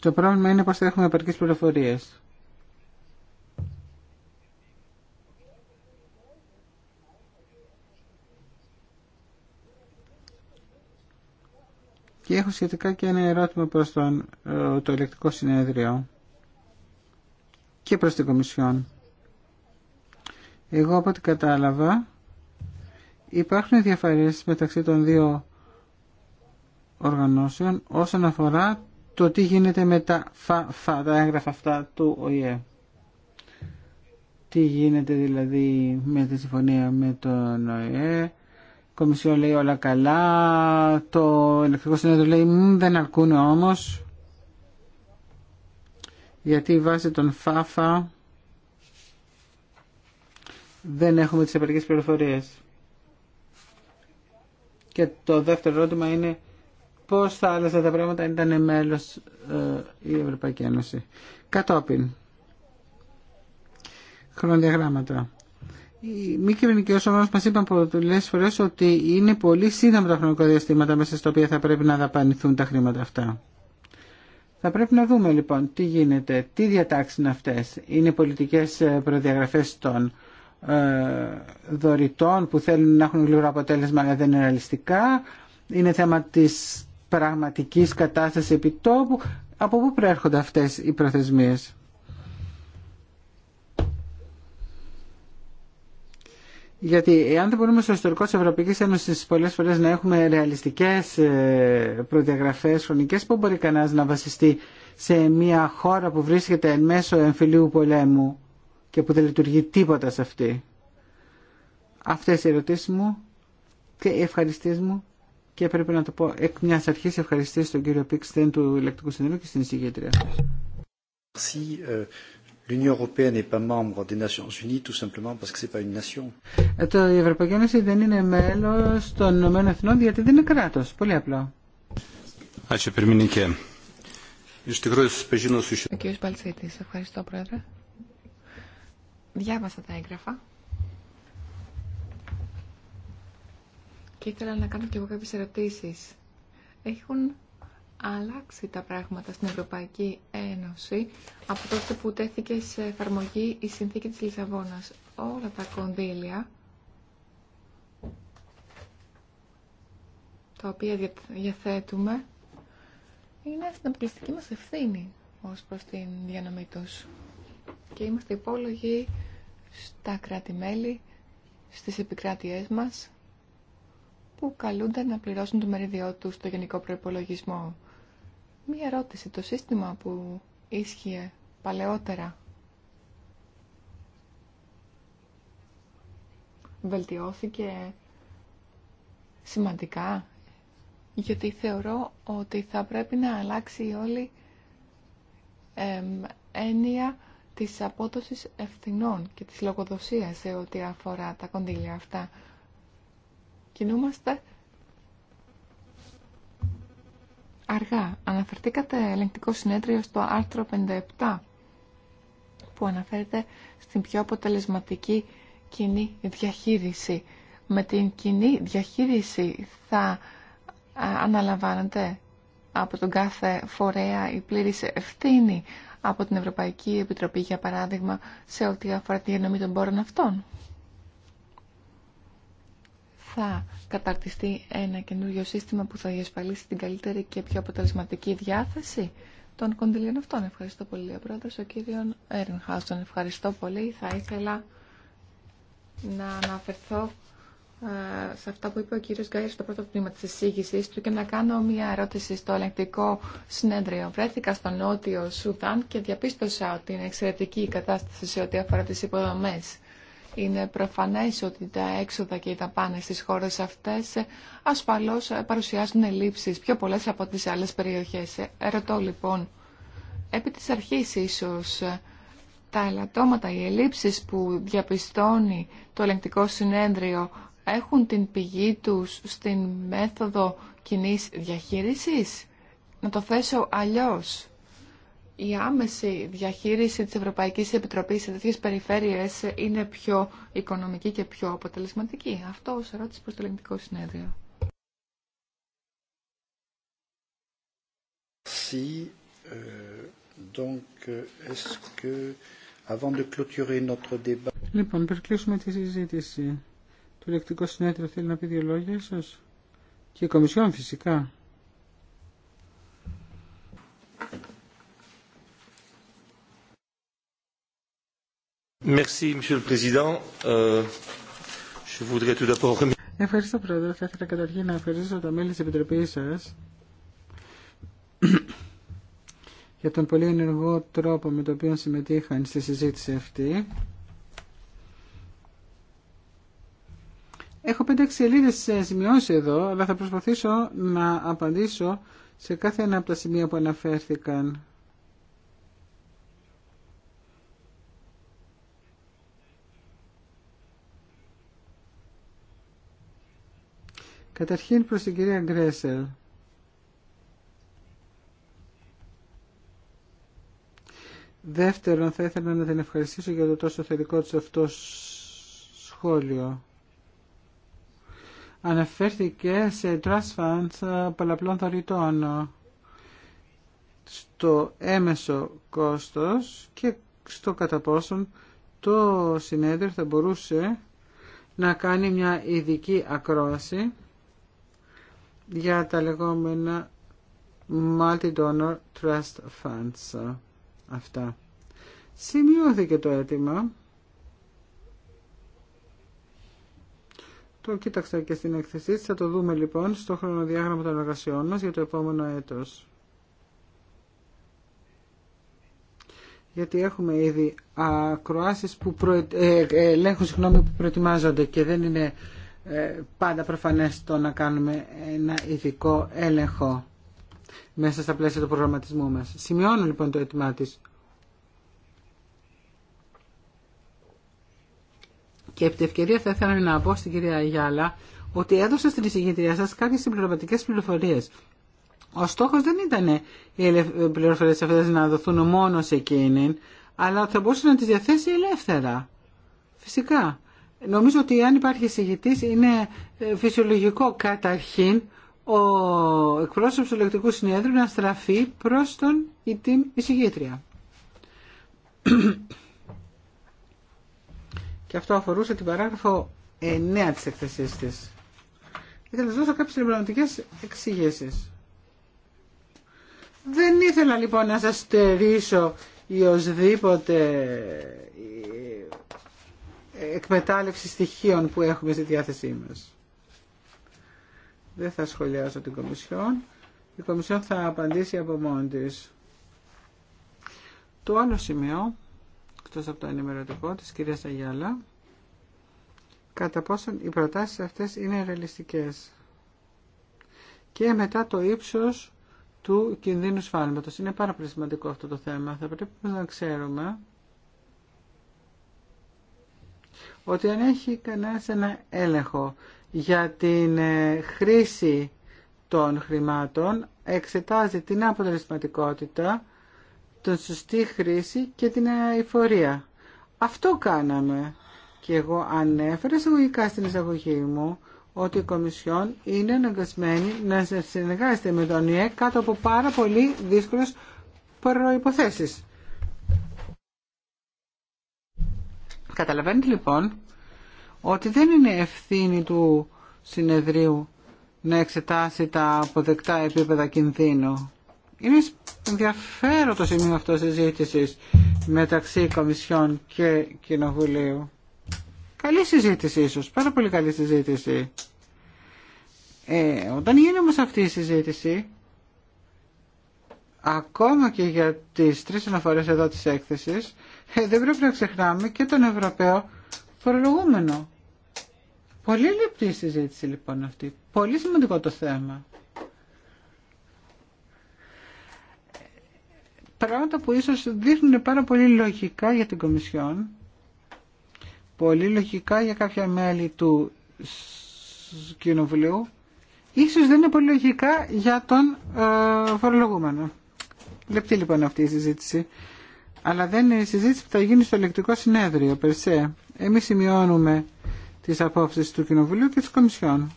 Το πρόβλημα είναι πως θα έχουμε επαρκείς πληροφορίες. Και έχω σχετικά και ένα ερώτημα προς τον, ε, το ηλεκτρικό συνέδριο και προς την Κομισιόν. Εγώ από ό,τι κατάλαβα Υπάρχουν διαφορές μεταξύ των δύο οργανώσεων όσον αφορά το τι γίνεται με τα, φα, φα, τα έγγραφα αυτά του ΟΗΕ. Τι γίνεται δηλαδή με τη συμφωνία με τον ΟΗΕ. Η Κομισιόν λέει όλα καλά. Το ηλεκτρικό συνέδριο λέει δεν αρκούν όμως. Γιατί βάσει των ΦΑΦΑ δεν έχουμε τις επαρκές πληροφορίες. Και το δεύτερο ερώτημα είναι πώς θα άλλαζαν τα πράγματα αν ήταν μέλος ε, η Ευρωπαϊκή Ένωση. Κατόπιν, χρονοδιαγράμματα. Οι μη κυβερνικοί μας μα είπαν πολλέ φορέ ότι είναι πολύ σύντομα τα χρονικά διαστήματα μέσα στα οποία θα πρέπει να δαπανηθούν τα χρήματα αυτά. Θα πρέπει να δούμε λοιπόν τι γίνεται, τι διατάξει είναι αυτέ. Είναι πολιτικέ ε, προδιαγραφέ των ε, δωρητών που θέλουν να έχουν γλυκό αποτέλεσμα αλλά δεν είναι ρεαλιστικά. Είναι θέμα της πραγματικής κατάστασης επιτόπου. Από πού προέρχονται αυτές οι προθεσμίες. Γιατί εάν δεν μπορούμε στο ιστορικό της Ευρωπαϊκής Ένωσης πολλές φορές να έχουμε ρεαλιστικές ε, προδιαγραφέ χρονικές πού μπορεί κανένας να βασιστεί σε μια χώρα που βρίσκεται εν μέσω εμφυλίου πολέμου και που δεν λειτουργεί τίποτα σε αυτή. Αυτές οι ερωτήσεις μου και οι ευχαριστίες μου και πρέπει να το πω εκ μιας αρχής ευχαριστίες στον κύριο Πίξτεν του Ελεκτικού Συνέδρου και στην εισηγήτρια. Το η Ευρωπαϊκή Ένωση δεν είναι μέλος των Ηνωμένων Εθνών γιατί δεν είναι κράτος. Πολύ απλό. Ο κύριος Παλτσίτης, ευχαριστώ πρόεδρε. Διάβασα τα έγγραφα και ήθελα να κάνω και εγώ κάποιες ερωτήσεις. Έχουν αλλάξει τα πράγματα στην Ευρωπαϊκή Ένωση από τότε που τέθηκε σε εφαρμογή η συνθήκη της Λισαβόνας. Όλα τα κονδύλια τα οποία διαθέτουμε είναι στην αποκλειστική μας ευθύνη ως προς την διανομή τους. Και είμαστε υπόλογοι στα κράτη-μέλη, στις επικράτειές μας, που καλούνται να πληρώσουν το μεριδιό τους στο γενικό προϋπολογισμό. Μία ερώτηση, το σύστημα που ίσχυε παλαιότερα βελτιώθηκε σημαντικά, γιατί θεωρώ ότι θα πρέπει να αλλάξει όλη έννοια της απόδοσης ευθυνών και της λογοδοσίας σε ό,τι αφορά τα κονδύλια αυτά. Κινούμαστε αργά. Αναφερθήκατε ελεγκτικό συνέδριο στο άρθρο 57 που αναφέρεται στην πιο αποτελεσματική κοινή διαχείριση. Με την κοινή διαχείριση θα ε, αναλαμβάνετε από τον κάθε φορέα η πλήρης ευθύνη από την Ευρωπαϊκή Επιτροπή, για παράδειγμα, σε ό,τι αφορά τη διανομή των πόρων αυτών. Θα καταρτιστεί ένα καινούριο σύστημα που θα διασφαλίσει την καλύτερη και πιο αποτελεσματική διάθεση των κοντιλίων αυτών. Ευχαριστώ πολύ, ο πρόεδρος, ο κύριο Έρνχάουστον. Ευχαριστώ πολύ. Θα ήθελα να αναφερθώ ε, σε αυτά που είπε ο κύριος Γκάιρ στο πρώτο τμήμα της εισήγησής του και να κάνω μια ερώτηση στο ελεγκτικό συνέδριο. Βρέθηκα στο νότιο Σουδάν και διαπίστωσα ότι είναι εξαιρετική η κατάσταση σε ό,τι αφορά τις υποδομές. Είναι προφανές ότι τα έξοδα και οι δαπάνες στις χώρες αυτές ασφαλώς παρουσιάζουν ελλείψεις, πιο πολλές από τις άλλες περιοχές. Ε, ερωτώ λοιπόν, επί της αρχής ίσως τα ελαττώματα, οι ελλείψεις που διαπιστώνει το ελεγκτικό συνέδριο έχουν την πηγή τους στην μέθοδο κοινή διαχείρισης. Να το θέσω αλλιώς. Η άμεση διαχείριση της Ευρωπαϊκής Επιτροπής σε τέτοιες περιφέρειες είναι πιο οικονομική και πιο αποτελεσματική. Αυτό ως ερώτηση προς το Ελληνικό Συνέδριο. Euh, donc, est Λοιπόν, πριν κλείσουμε τη συζήτηση, το ηλεκτρικό συνέδριο θέλει να πει δύο λόγια ίσως. Και η Κομισιόν φυσικά. Merci, Monsieur le Président. Euh, je voudrais tout d'abord Ευχαριστώ, Πρόεδρε. Θα ήθελα καταρχήν να ευχαριστήσω τα μέλη της Επιτροπής σας για τον πολύ ενεργό τρόπο με τον οποίο συμμετείχαν στη συζήτηση αυτή. εχω πεντε σελίδε σημειώσει εδώ, αλλά θα προσπαθήσω να απαντήσω σε κάθε ένα από τα σημεία που αναφέρθηκαν. Καταρχήν προς την κυρία Γκρέσελ. Δεύτερον, θα ήθελα να την ευχαριστήσω για το τόσο θετικό της αυτό σχόλιο αναφέρθηκε σε trust funds πολλαπλών δωρητών στο έμεσο κόστος και στο κατά πόσον το συνέδριο θα μπορούσε να κάνει μια ειδική ακρόαση για τα λεγόμενα multi-donor trust funds αυτά. Σημειώθηκε το αίτημα Το κοίταξα και στην έκθεσή Θα το δούμε λοιπόν στο χρονοδιάγραμμα των εργασιών μας για το επόμενο έτος. γιατί έχουμε ήδη ακροάσεις που προε... Ε, ελέγχουν συγγνώμη, που προετοιμάζονται και δεν είναι ε, πάντα προφανές το να κάνουμε ένα ειδικό έλεγχο μέσα στα πλαίσια του προγραμματισμού μας. Σημειώνω λοιπόν το αίτημά της Και επί ευκαιρία θα ήθελα να πω στην κυρία Γιάλα ότι έδωσα στην εισηγήτριά σα κάποιε συμπληρωματικές πληροφορίε. Ο στόχο δεν ήταν οι πληροφορίε αυτές να δοθούν μόνο σε εκείνη, αλλά θα μπορούσε να τι διαθέσει ελεύθερα. Φυσικά. Νομίζω ότι αν υπάρχει εισηγητή, είναι ε, φυσιολογικό καταρχήν ο εκπρόσωπος του ηλεκτρικού συνέδρου να στραφεί προς τον ή την εισηγήτρια. Και αυτό αφορούσε την παράγραφο 9 της εκθεσής της. Ήθελα να σας δώσω κάποιες λεπτομερωτικές εξηγήσεις. Δεν ήθελα λοιπόν να σας στερήσω ή οσδήποτε ε, εκμετάλλευση στοιχείων που έχουμε στη διάθεσή μας. Δεν θα σχολιάσω την Κομισιόν. Η Κομισιόν θα απαντήσει από μόνη της. Το άλλο σημείο εκτός από το ενημερωτικό της κυρίας Αγιάλα, κατά πόσον οι προτάσεις αυτές είναι ρεαλιστικές. Και μετά το ύψος του κινδύνου σφάλματος. Είναι πάρα πολύ σημαντικό αυτό το θέμα. Θα πρέπει να ξέρουμε ότι αν έχει κανένας ένα έλεγχο για την ε, χρήση των χρημάτων, εξετάζει την αποτελεσματικότητα την σωστή χρήση και την αηφορία. Αυτό κάναμε. Και εγώ ανέφερα εισαγωγικά στην εισαγωγή μου ότι η Κομισιόν είναι αναγκασμένη να συνεργάζεται με τον ΙΕ κάτω από πάρα πολύ δύσκολες προϋποθέσεις. Καταλαβαίνετε λοιπόν ότι δεν είναι ευθύνη του συνεδρίου να εξετάσει τα αποδεκτά επίπεδα κινδύνου. Είναι ενδιαφέρον το σημείο αυτό συζήτηση μεταξύ Κομισιόν και Κοινοβουλίου. Καλή συζήτηση ίσως, πάρα πολύ καλή συζήτηση. Ε, όταν γίνει όμως αυτή η συζήτηση, ακόμα και για τις τρεις αναφορές εδώ της έκθεσης, ε, δεν πρέπει να ξεχνάμε και τον Ευρωπαίο φορολογούμενο. Πολύ λεπτή η συζήτηση λοιπόν αυτή. Πολύ σημαντικό το θέμα. πράγματα που ίσως δείχνουν πάρα πολύ λογικά για την Κομισιόν, πολύ λογικά για κάποια μέλη του Κοινοβουλίου, ίσως δεν είναι πολύ λογικά για τον ε, φορολογούμενο. Λεπτή λοιπόν αυτή η συζήτηση. Αλλά δεν είναι η συζήτηση που θα γίνει στο ελεκτικό συνέδριο, περσέ. Εμείς σημειώνουμε τις απόψεις του Κοινοβουλίου και της Κομισιόν.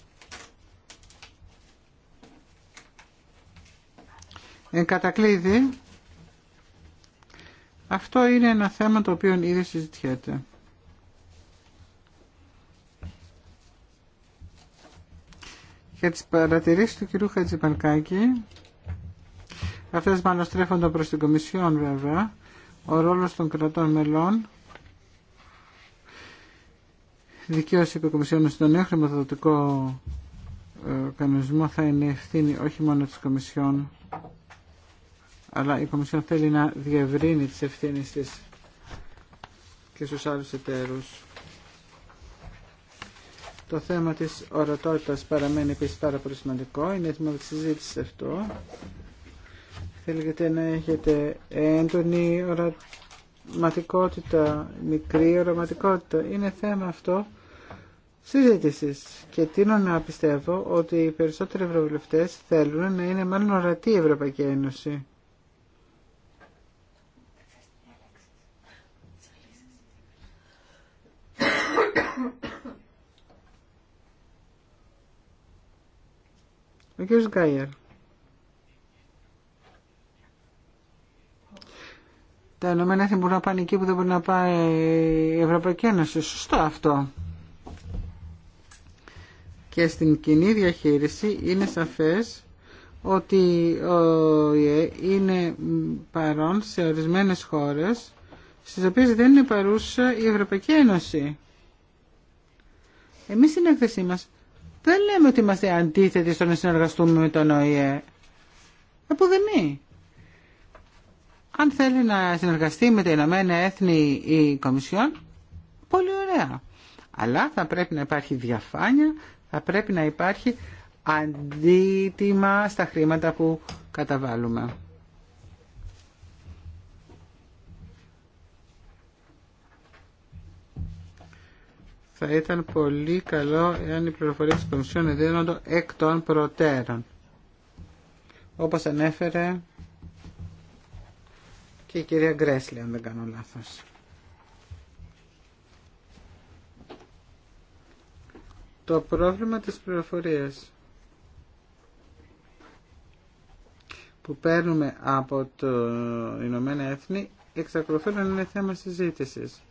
Εν κατακλείδη, αυτό είναι ένα θέμα το οποίο ήδη συζητιέται. Για τις παρατηρήσεις του κυρίου Χατζηπαλκάκη, αυτές μάλλον στρέφονται προς την Κομισιόν βέβαια, ο ρόλος των κρατών μελών, δικαίωση και Κομισιόν στον νέο χρηματοδοτικό ε, κανονισμό θα είναι ευθύνη όχι μόνο της Κομισιόν αλλά η Κομισιόν θέλει να διευρύνει τις ευθύνες της και στους άλλους εταίρους. Το θέμα της ορατότητας παραμένει επίσης πάρα πολύ σημαντικό. Είναι έτοιμο τη συζήτηση αυτό. Θέλετε να έχετε έντονη οραματικότητα, μικρή οραματικότητα. Είναι θέμα αυτό συζήτηση. Και τίνω να πιστεύω ότι οι περισσότεροι ευρωβουλευτέ θέλουν να είναι μάλλον ορατή η Ευρωπαϊκή Ένωση. Ο κ. Γκάιερ. Τα Ηνωμένα Έθνη μπορούν να πάνε εκεί που δεν μπορεί να πάει η Ευρωπαϊκή Ένωση. Σωστό αυτό. Και στην κοινή διαχείριση είναι σαφές ότι είναι παρόν σε ορισμένες χώρες στις οποίες δεν είναι παρούσα η Ευρωπαϊκή Ένωση. Εμείς στην έκθεσή μας δεν λέμε ότι είμαστε αντίθετοι στο να συνεργαστούμε με τον ΟΗΕ. Επουδενή. Αν θέλει να συνεργαστεί με την Ηνωμένα Έθνη ή Κομισιόν, πολύ ωραία. Αλλά θα πρέπει να υπάρχει διαφάνεια, θα πρέπει να υπάρχει αντίτιμα στα χρήματα που καταβάλουμε. θα ήταν πολύ καλό εάν οι πληροφορίε τη Κομισιόν δίνονται εκ των προτέρων. Όπως ανέφερε και η κυρία Γκρέσλι, αν δεν κάνω λάθο. Το πρόβλημα της πληροφορίας που παίρνουμε από το Ηνωμένα Έθνη εξακολουθεί να είναι θέμα συζήτησης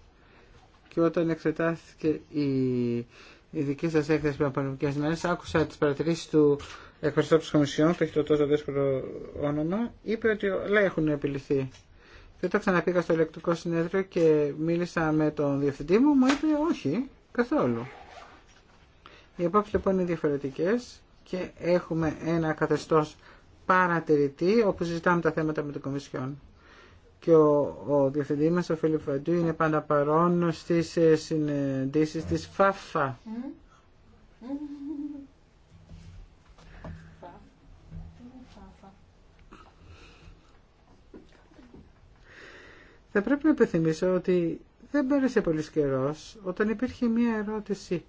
και όταν εξετάστηκε η, η δική σα έκθεση πριν από μερικέ μέρες, άκουσα τι παρατηρήσει του εκπροσώπου της Κομισιόν, που έχει το τόσο δύσκολο όνομα, είπε ότι όλα έχουν επιληθεί. Και το ξαναπήγα στο ηλεκτρικό συνέδριο και μίλησα με τον διευθυντή μου, μου είπε όχι, καθόλου. Οι απόψει λοιπόν είναι διαφορετικές και έχουμε ένα καθεστώ παρατηρητή όπου συζητάμε τα θέματα με την Κομισιόν και ο, ο διευθυντή μας ο Φίλιπ Φαντού είναι πάντα παρόν στις ε, συνεντήσεις της ΦΑΦΑ. Θα πρέπει να επιθυμίσω ότι δεν πέρασε πολύ καιρό όταν υπήρχε μία ερώτηση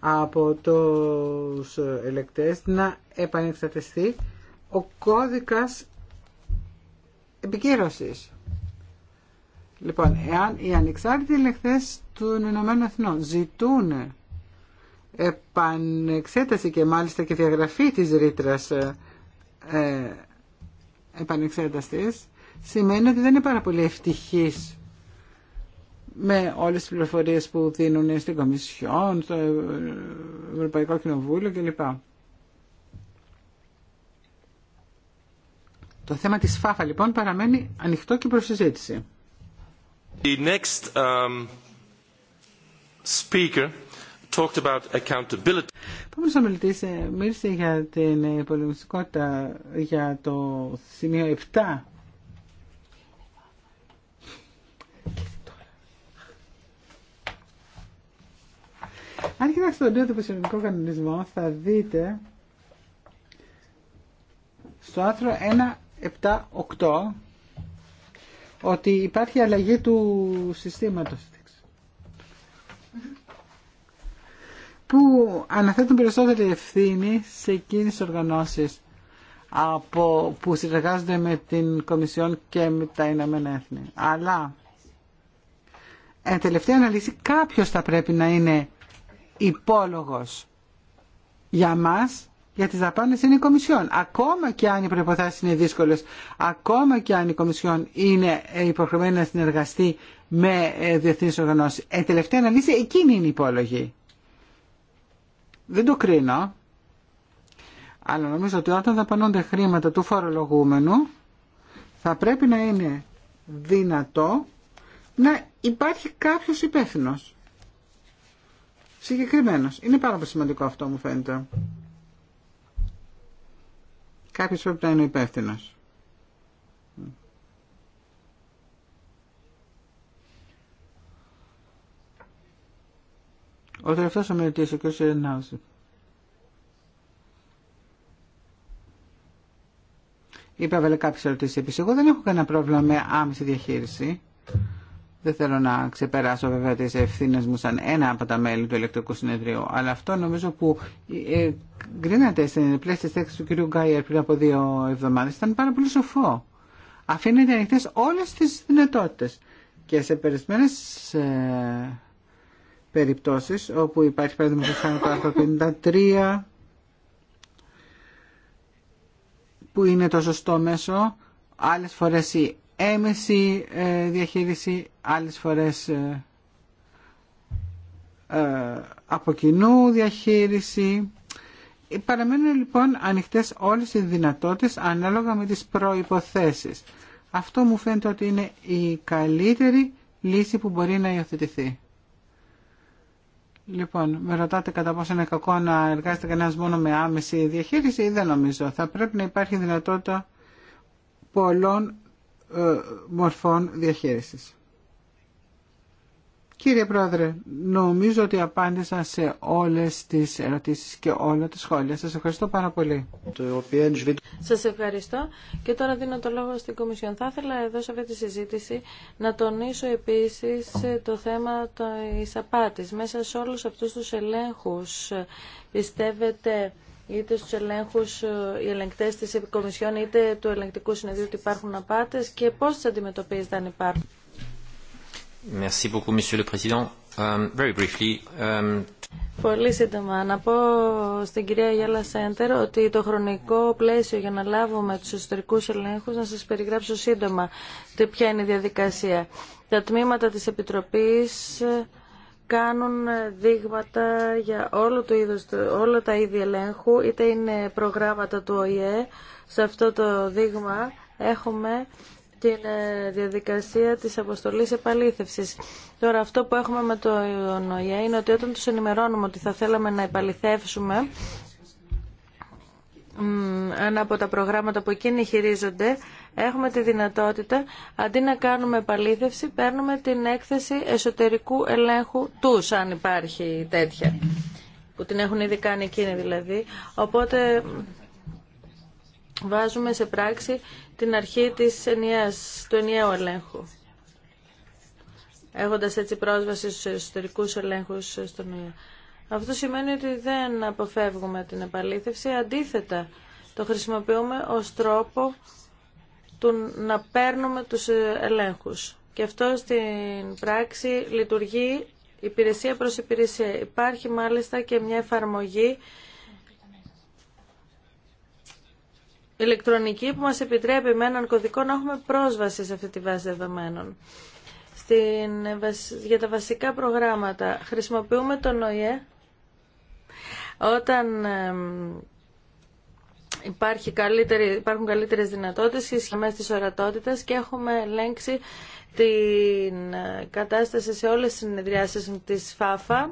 από τους ελεκτές να επανεξατεστεί ο κώδικας επικύρωσης. Λοιπόν, εάν οι ανεξάρτητοι ελεγχθές των Ηνωμένων Εθνών ζητούν επανεξέταση και μάλιστα και διαγραφή της ρήτρα ε, ε σημαίνει ότι δεν είναι πάρα πολύ ευτυχής με όλες τις πληροφορίες που δίνουν στην Κομισιόν, στο Ευρωπαϊκό Κοινοβούλιο κλπ. Το θέμα της ΦΑΦΑ λοιπόν παραμένει ανοιχτό και προσυζήτηση. The next um, speaker talked about accountability. Επόμενος ομιλητής ε, μίλησε για την υπολογιστικότητα για το σημείο 7 Αν κοιτάξετε τον νέο δημοσιονομικό κανονισμό θα δείτε στο άρθρο 1.7.8 ότι υπάρχει αλλαγή του συστήματος που αναθέτουν περισσότερη ευθύνη σε εκείνες οργανώσεις από, που συνεργάζονται με την Κομισιόν και με τα Ηνωμένα Έθνη. Αλλά, εν τελευταία αναλύση, κάποιος θα πρέπει να είναι υπόλογος για μας για τις δαπάνες είναι η Κομισιόν. Ακόμα και αν οι προϋποθέσεις είναι δύσκολες, ακόμα και αν η Κομισιόν είναι υποχρεωμένη να συνεργαστεί με ε, διεθνείς οργανώσεις. Ε, τελευταία αναλύση εκείνη είναι υπόλογη. Δεν το κρίνω. Αλλά νομίζω ότι όταν δαπανούνται χρήματα του φορολογούμενου θα πρέπει να είναι δυνατό να υπάρχει κάποιος υπεύθυνο. Συγκεκριμένος. Είναι πάρα πολύ σημαντικό αυτό μου φαίνεται. Κάποιος πρέπει να είναι υπεύθυνο. Ο τελευταίος ομιλητής, ο κ. Νάουζη. Είπα βέβαια κάποιες ερωτήσεις επίσης. Εγώ δεν έχω κανένα πρόβλημα με άμεση διαχείριση. Δεν θέλω να ξεπεράσω βέβαια τις ευθύνες μου σαν ένα από τα μέλη του ηλεκτρικού συνεδρίου, αλλά αυτό νομίζω που γκρίνατε ε, ε, στην πλαίσια τη του κ. Γκάιερ πριν από δύο εβδομάδες ήταν πάρα πολύ σοφό. Αφήνεται ανοιχτέ όλες τις δυνατότητες και σε περισσότερες ε, περιπτώσεις όπου υπάρχει παράδειγμα το άρθρο 53 που είναι το σωστό μέσο, άλλε φορέ η έμεση ε, διαχείριση, άλλες φορές ε, ε, από κοινού διαχείριση. Παραμένουν λοιπόν ανοιχτές όλες οι δυνατότητες ανάλογα με τις προϋποθέσεις. Αυτό μου φαίνεται ότι είναι η καλύτερη λύση που μπορεί να υιοθετηθεί. Λοιπόν, με ρωτάτε κατά πόσο είναι κακό να εργάζεται κανένα μόνο με άμεση διαχείριση ή δεν νομίζω. Θα πρέπει να υπάρχει δυνατότητα πολλών ε, μορφών διαχείρισης. Κύριε Πρόεδρε, νομίζω ότι απάντησα σε όλες τις ερωτήσεις και όλα τα σχόλια. Σας ευχαριστώ πάρα πολύ. Σας ευχαριστώ και τώρα δίνω το λόγο στην Κομισιόν. Θα ήθελα εδώ σε αυτή τη συζήτηση να τονίσω επίσης το θέμα της απάτης. Μέσα σε όλους αυτούς τους ελέγχους πιστεύετε είτε στους ελέγχους, ε, οι ελεγκτές της Επικομισιόν, είτε του ελεγκτικού συνεδρίου ότι υπάρχουν απάτες και πώς τις αντιμετωπίζετε αν υπάρχουν. Merci beaucoup, Monsieur le Président. Um, very briefly, um... Πολύ σύντομα. Να πω στην κυρία Γιάλα Σέντερ ότι το χρονικό πλαίσιο για να λάβουμε τους εσωτερικούς ελέγχους να σας περιγράψω σύντομα ποια είναι η διαδικασία. Τα τμήματα της Επιτροπής κάνουν ε, δείγματα για όλο το είδος, όλα τα είδη ελέγχου, είτε είναι προγράμματα του ΟΗΕ. Σε αυτό το δείγμα έχουμε την ε, διαδικασία της αποστολής επαλήθευσης. Τώρα αυτό που έχουμε με το ΟΗΕ είναι ότι όταν τους ενημερώνουμε ότι θα θέλαμε να επαληθεύσουμε ένα από τα προγράμματα που εκείνοι χειρίζονται, Έχουμε τη δυνατότητα, αντί να κάνουμε επαλήθευση, παίρνουμε την έκθεση εσωτερικού ελέγχου του αν υπάρχει τέτοια, που την έχουν ήδη κάνει εκείνοι δηλαδή. Οπότε βάζουμε σε πράξη την αρχή της ενιαίας, του ενιαίου ελέγχου έχοντας έτσι πρόσβαση στους εσωτερικούς ελέγχους στον Αυτό σημαίνει ότι δεν αποφεύγουμε την επαλήθευση, αντίθετα το χρησιμοποιούμε ως τρόπο του να παίρνουμε τους ε, ελέγχους. Και αυτό στην πράξη λειτουργεί υπηρεσία προς υπηρεσία. Υπάρχει μάλιστα και μια εφαρμογή ηλεκτρονική που μας επιτρέπει με έναν κωδικό να έχουμε πρόσβαση σε αυτή τη βάση δεδομένων. Στην, ε, για τα βασικά προγράμματα χρησιμοποιούμε τον ΟΗΕ όταν ε, Υπάρχει καλύτερη, υπάρχουν καλύτερες δυνατότητες, με της ορατότητας και έχουμε ελέγξει την ε, κατάσταση σε όλες τις συνεδριάσεις της ΦΑΦΑ.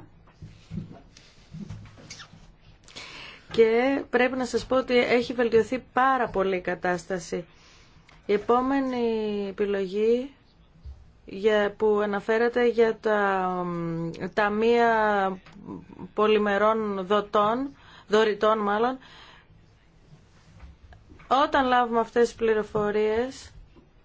Και πρέπει να σας πω ότι έχει βελτιωθεί πάρα πολύ η κατάσταση. Η επόμενη επιλογή για, που αναφέρατε για τα ταμεία πολυμερών δοτών, δωρητών μάλλον, όταν λάβουμε αυτές τις πληροφορίες,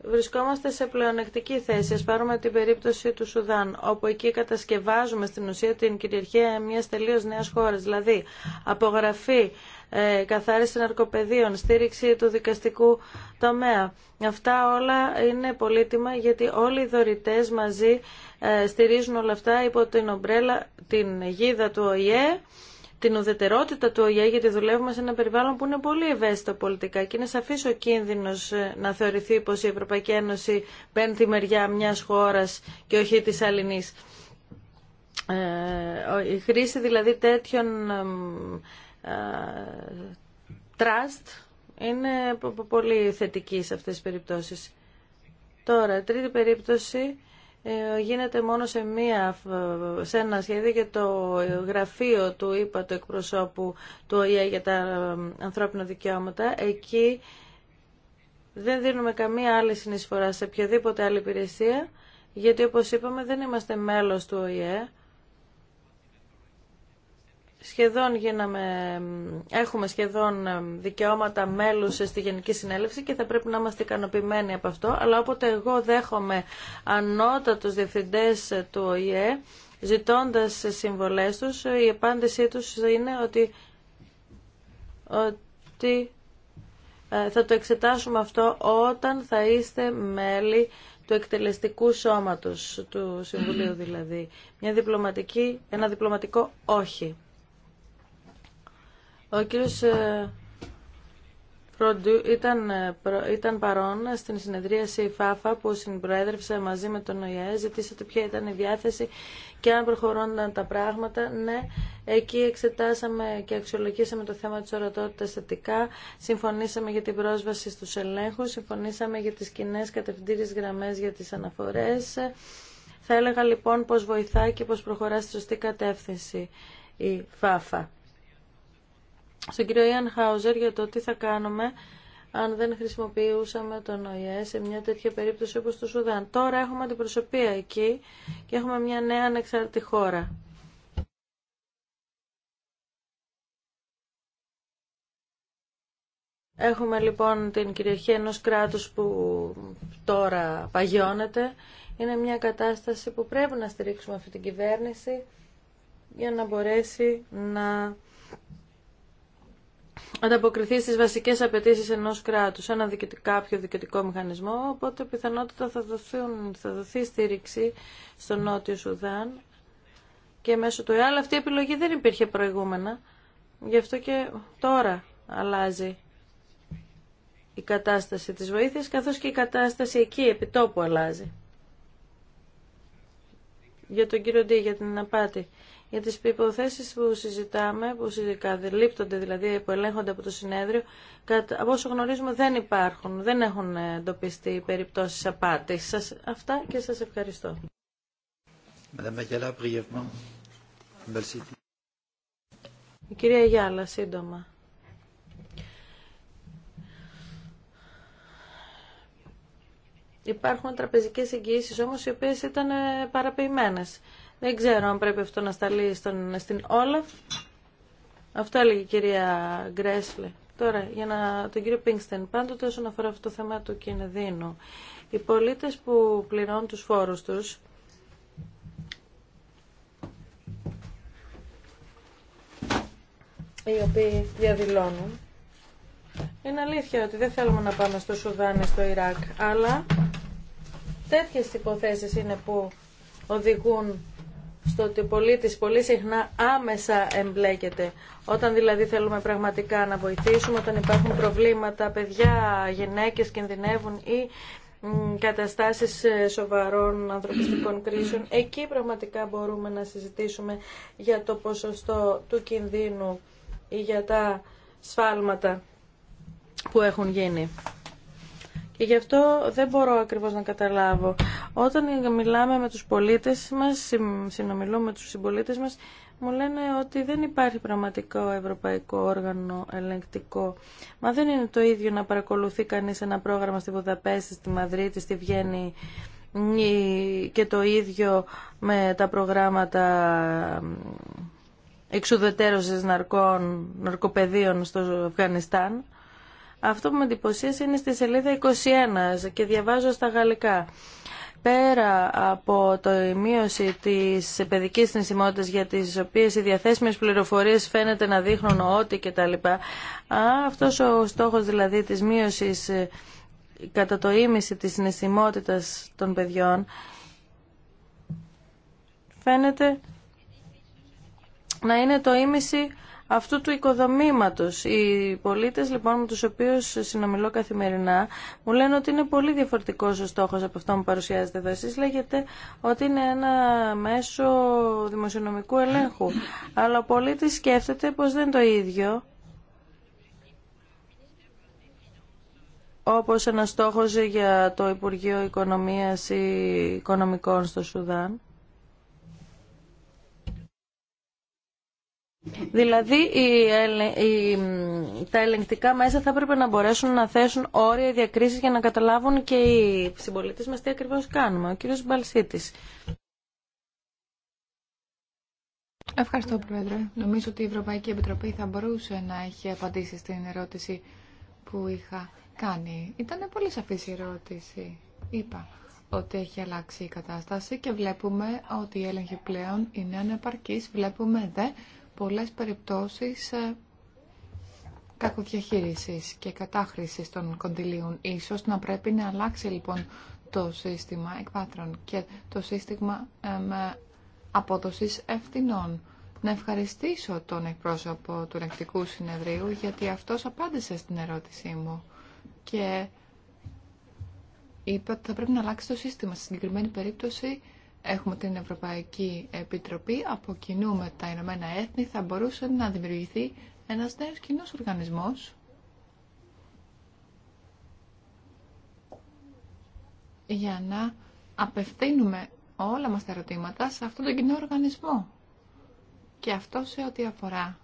βρισκόμαστε σε πλεονεκτική θέση. Ας πάρουμε την περίπτωση του Σουδάν, όπου εκεί κατασκευάζουμε στην ουσία την κυριαρχία μιας τελείως νέας χώρας, δηλαδή απογραφή, ε, καθάριση ναρκοπαιδίων, στήριξη του δικαστικού τομέα. Αυτά όλα είναι πολύτιμα γιατί όλοι οι δωρητές μαζί ε, στηρίζουν όλα αυτά υπό την ομπρέλα, την γίδα του ΟΗΕ την ουδετερότητα του ΟΙΑ, γιατί δουλεύουμε σε ένα περιβάλλον που είναι πολύ ευαίσθητο πολιτικά και είναι σαφή ο κίνδυνο να θεωρηθεί πω η Ευρωπαϊκή Ένωση παίρνει τη μεριά μια χώρα και όχι της αλληνής. Ε, η χρήση δηλαδή τέτοιων τραστ ε, είναι πολύ θετική σε αυτές τις περιπτώσεις. Τώρα, τρίτη περίπτωση ε, γίνεται μόνο σε, μία, ε, σε ένα σχέδιο και το γραφείο του ΙΠΑ, εκπροσώπου του ΟΗΕ για τα ε, ανθρώπινα δικαιώματα. Εκεί δεν δίνουμε καμία άλλη συνεισφορά σε οποιαδήποτε άλλη υπηρεσία, γιατί όπως είπαμε δεν είμαστε μέλος του ΟΗΕ σχεδόν γίναμε, έχουμε σχεδόν δικαιώματα μέλους στη Γενική Συνέλευση και θα πρέπει να είμαστε ικανοποιημένοι από αυτό, αλλά όποτε εγώ δέχομαι ανώτατους διευθυντές του ΟΗΕ, ζητώντας συμβολές τους, η απάντησή τους είναι ότι, ότι ε, θα το εξετάσουμε αυτό όταν θα είστε μέλη του εκτελεστικού σώματος, του Συμβουλίου δηλαδή. Μια διπλωματική, ένα διπλωματικό όχι. Ο κύριος ε, ήταν, ε, ήταν παρόν στην συνεδρίαση ΦΑΦΑ που συμπροέδρευσε μαζί με τον ΟΗΕ. Ζητήσατε ποια ήταν η διάθεση και αν προχωρώνταν τα πράγματα. Ναι, εκεί εξετάσαμε και αξιολογήσαμε το θέμα της ορατότητας θετικά. Συμφωνήσαμε για την πρόσβαση στους ελέγχους. Συμφωνήσαμε για τις κοινέ κατευθυντήριες γραμμές για τις αναφορές. Θα έλεγα λοιπόν πως βοηθάει και πως προχωρά στη σωστή κατεύθυνση η ΦΑΦΑ στον κύριο Ιαν Χάουζερ για το τι θα κάνουμε αν δεν χρησιμοποιούσαμε τον ΟΗΕ σε μια τέτοια περίπτωση όπως το Σουδάν. Τώρα έχουμε αντιπροσωπεία εκεί και έχουμε μια νέα ανεξάρτητη χώρα. Έχουμε λοιπόν την κυριαρχία ενός κράτους που τώρα παγιώνεται. Είναι μια κατάσταση που πρέπει να στηρίξουμε αυτή την κυβέρνηση για να μπορέσει να ανταποκριθεί στις βασικές απαιτήσεις ενός κράτους, ένα κάποιο δικαιωτικό μηχανισμό, οπότε πιθανότητα θα, δοθούν, θα δοθεί στήριξη στο Νότιο Σουδάν και μέσω του ΕΑΛ. Αυτή η επιλογή δεν υπήρχε προηγούμενα, γι' αυτό και τώρα αλλάζει η κατάσταση της βοήθειας, καθώς και η κατάσταση εκεί επί τόπου, αλλάζει. Για τον κύριο Ντί, για την απάτη για τις υποθέσεις που συζητάμε, που λείπτονται δηλαδή, που ελέγχονται από το συνέδριο, κατά, από όσο γνωρίζουμε δεν υπάρχουν, δεν έχουν εντοπιστεί περιπτώσεις απάτης. Σας, αυτά και σας ευχαριστώ. Η κυρία Γιάλα, σύντομα. Υπάρχουν τραπεζικές εγγυήσεις όμως οι οποίες ήταν παραποιημένες. Δεν ξέρω αν πρέπει αυτό να σταλεί στον, στην Όλαφ. Αυτό έλεγε η κυρία Γκρέσλε. Τώρα, για να, τον κύριο Πίνγκστεν, πάντοτε όσον αφορά αυτό το θέμα του κινδύνου, οι πολίτες που πληρώνουν τους φόρους τους, οι οποίοι διαδηλώνουν, είναι αλήθεια ότι δεν θέλουμε να πάμε στο Σουδάν στο Ιράκ, αλλά τέτοιες υποθέσεις είναι που οδηγούν στο ότι ο πολίτης πολύ συχνά άμεσα εμπλέκεται. Όταν δηλαδή θέλουμε πραγματικά να βοηθήσουμε, όταν υπάρχουν προβλήματα, παιδιά, γυναίκες κινδυνεύουν ή καταστάσεις ε, σοβαρών ανθρωπιστικών κρίσεων, εκεί πραγματικά μπορούμε να συζητήσουμε για το ποσοστό του κινδύνου ή για τα σφάλματα που έχουν γίνει. Και γι' αυτό δεν μπορώ ακριβώς να καταλάβω. Όταν μιλάμε με τους πολίτες μας, συνομιλούμε με τους συμπολίτες μας, μου λένε ότι δεν υπάρχει πραγματικό ευρωπαϊκό όργανο ελεγκτικό. Μα δεν είναι το ίδιο να παρακολουθεί κανείς ένα πρόγραμμα στη Βουδαπέστη, στη Μαδρίτη, στη Βιέννη και το ίδιο με τα προγράμματα εξουδετέρωσης ναρκών, ναρκοπεδίων στο Αφγανιστάν. Αυτό που με εντυπωσίασε είναι στη σελίδα 21 και διαβάζω στα γαλλικά πέρα από το μείωση της παιδικής θνησιμότητας για τις οποίες οι διαθέσιμες πληροφορίες φαίνεται να δείχνουν ότι κτλ. Αυτός ο στόχος δηλαδή της μείωσης ε, κατά το ίμιση της θνησιμότητας των παιδιών φαίνεται να είναι το ίμιση αυτού του οικοδομήματος. Οι πολίτες λοιπόν με τους οποίους συνομιλώ καθημερινά μου λένε ότι είναι πολύ διαφορετικός ο στόχος από αυτό που παρουσιάζεται εδώ. Εσείς λέγεται ότι είναι ένα μέσο δημοσιονομικού ελέγχου. Αλλά ο πολίτης σκέφτεται πως δεν το ίδιο. όπως ένα στόχος για το Υπουργείο Οικονομίας ή Οικονομικών στο Σουδάν. Δηλαδή τα ελεγκτικά μέσα θα έπρεπε να μπορέσουν να θέσουν όρια διακρίσεις για να καταλάβουν και οι συμπολίτες μας τι ακριβώς κάνουμε. Ο κύριος Μπαλσίτης. Ευχαριστώ Πρόεδρε. Νομίζω ότι η Ευρωπαϊκή Επιτροπή θα μπορούσε να έχει απαντήσει στην ερώτηση που είχα κάνει. Ήταν πολύ σαφή η ερώτηση. Είπα ότι έχει αλλάξει η κατάσταση και βλέπουμε ότι η έλεγχη πλέον είναι ανεπαρκείς. Βλέπουμε δε πολλές περιπτώσεις ε, κακοδιαχείρισης και κατάχρησης των κοντιλίων. Ίσως να πρέπει να αλλάξει λοιπόν το σύστημα εκπάτρων και το σύστημα ε, με απόδοσης ευθυνών. Να ευχαριστήσω τον εκπρόσωπο του Ρεκτικού Συνεδρίου γιατί αυτός απάντησε στην ερώτησή μου και είπε ότι θα πρέπει να αλλάξει το σύστημα. Στην συγκεκριμένη περίπτωση έχουμε την Ευρωπαϊκή Επιτροπή, από κοινού με τα Ηνωμένα Έθνη, θα μπορούσε να δημιουργηθεί ένας νέος κοινός οργανισμός για να απευθύνουμε όλα μας τα ερωτήματα σε αυτόν τον κοινό οργανισμό. Και αυτό σε ό,τι αφορά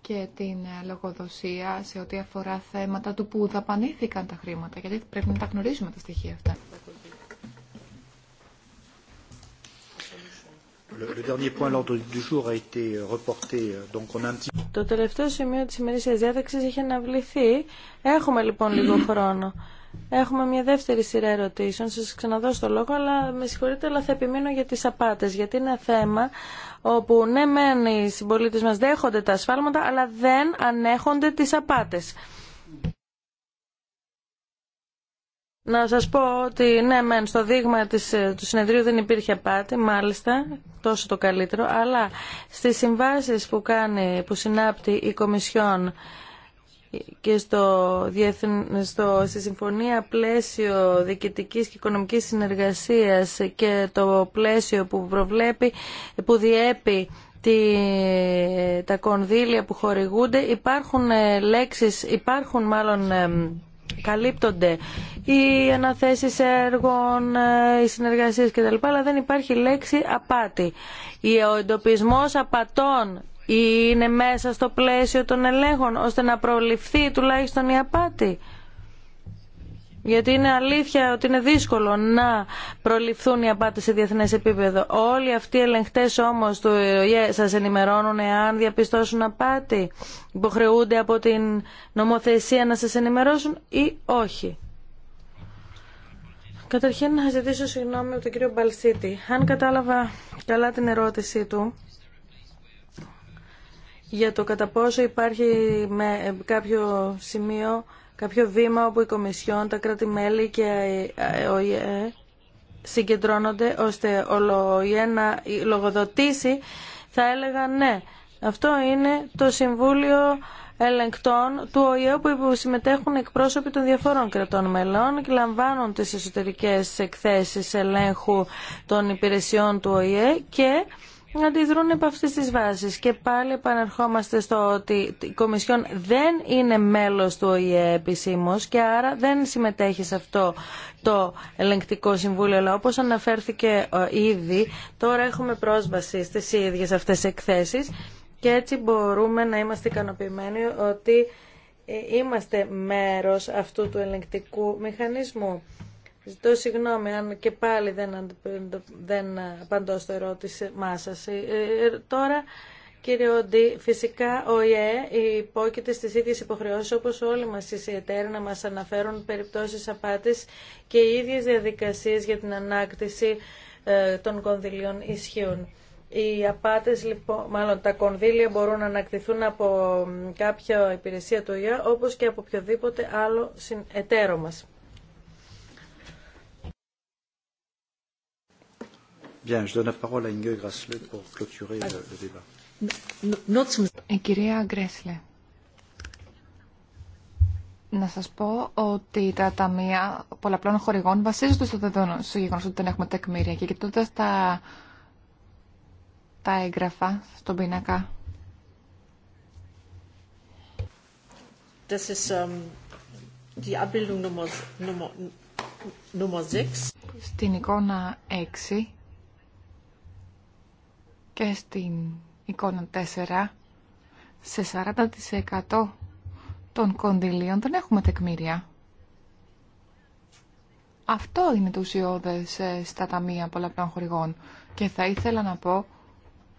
και την λογοδοσία, σε ό,τι αφορά θέματα του που δαπανήθηκαν τα χρήματα, γιατί πρέπει να τα γνωρίζουμε τα στοιχεία αυτά. Το τελευταίο σημείο της ημερήσιας διάταξης είχε αναβληθεί. Έχουμε λοιπόν λίγο χρόνο. Έχουμε μια δεύτερη σειρά ερωτήσεων. Σας ξαναδώσω το λόγο, αλλά με συγχωρείτε, αλλά θα επιμείνω για τις απάτες, γιατί είναι θέμα όπου ναι μεν οι συμπολίτε μας δέχονται τα ασφάλματα, αλλά δεν ανέχονται τις απάτες. Να σας πω ότι ναι μεν στο δείγμα της, ε, του συνεδρίου δεν υπήρχε απάτη, μάλιστα, τόσο το καλύτερο, αλλά στις συμβάσεις που, κάνει, που συνάπτει η Κομισιόν και στο, στο, στη Συμφωνία Πλαίσιο Διοικητικής και Οικονομικής Συνεργασίας και το πλαίσιο που προβλέπει, που διέπει τη, τα κονδύλια που χορηγούνται, υπάρχουν ε, λέξεις, υπάρχουν μάλλον ε, καλύπτονται οι αναθέσεις έργων, οι συνεργασίες κτλ. Αλλά δεν υπάρχει λέξη απάτη. Ο εντοπισμός απατών είναι μέσα στο πλαίσιο των ελέγχων ώστε να προληφθεί τουλάχιστον η απάτη. Γιατί είναι αλήθεια ότι είναι δύσκολο να προληφθούν οι απάτε σε διεθνέ επίπεδο. Όλοι αυτοί οι ελεγχτέ όμω του σα ενημερώνουν εάν διαπιστώσουν απάτη. Υποχρεούνται από την νομοθεσία να σα ενημερώσουν ή όχι. Καταρχήν να ζητήσω συγγνώμη από τον κύριο Μπαλσίτη. Αν κατάλαβα καλά την ερώτησή του για το κατά πόσο υπάρχει με κάποιο σημείο κάποιο βήμα όπου η Κομισιόν, τα κράτη-μέλη και ο ΙΕ συγκεντρώνονται ώστε ο ΙΕ να λογοδοτήσει, θα έλεγα ναι. Αυτό είναι το Συμβούλιο ελεγκτών του ΟΗΕ που συμμετέχουν εκπρόσωποι των διαφόρων κρατών μελών και λαμβάνουν τις εσωτερικές εκθέσεις ελέγχου των υπηρεσιών του ΟΗΕ και αντιδρούν από αυτές τις βάσεις και πάλι επαναρχόμαστε στο ότι η Κομισιόν δεν είναι μέλος του ΟΗΕ επισήμως και άρα δεν συμμετέχει σε αυτό το ελεγκτικό συμβούλιο αλλά όπως αναφέρθηκε ε, ήδη τώρα έχουμε πρόσβαση στις ίδιες αυτές εκθέσεις και έτσι μπορούμε να είμαστε ικανοποιημένοι ότι ε, είμαστε μέρος αυτού του ελεγκτικού μηχανισμού. Ζητώ συγγνώμη αν και πάλι δεν, δεν απαντώ στο ερώτημά σας. Ε, ε, τώρα, κύριε Οντή, φυσικά ο ΙΕ υπόκειται στις ίδιες υποχρεώσεις όπως όλοι μας οι εταίροι να μας αναφέρουν περιπτώσεις απάτης και οι ίδιες διαδικασίες για την ανάκτηση ε, των κονδυλίων ισχύουν. Οι απάτες, λοιπόν, μάλλον τα κονδύλια μπορούν να ανακτηθούν από κάποια υπηρεσία του ΙΕ όπως και από οποιοδήποτε άλλο εταίρο μας. κυρία να σας πω ότι τα ταμεία πολλαπλών χορηγών βασίζονται στο δεδομένο, στο γεγονός ότι δεν έχουμε τεκμήρια και κοιτώντα τα, τα έγγραφα στον πίνακα. Ähm, Abbildung Nummer Στην εικόνα 6 και στην εικόνα 4 σε 40% των κονδυλίων δεν έχουμε τεκμήρια. Αυτό είναι το ουσιώδες ε, στα ταμεία πολλαπλών χορηγών. Και θα ήθελα να πω,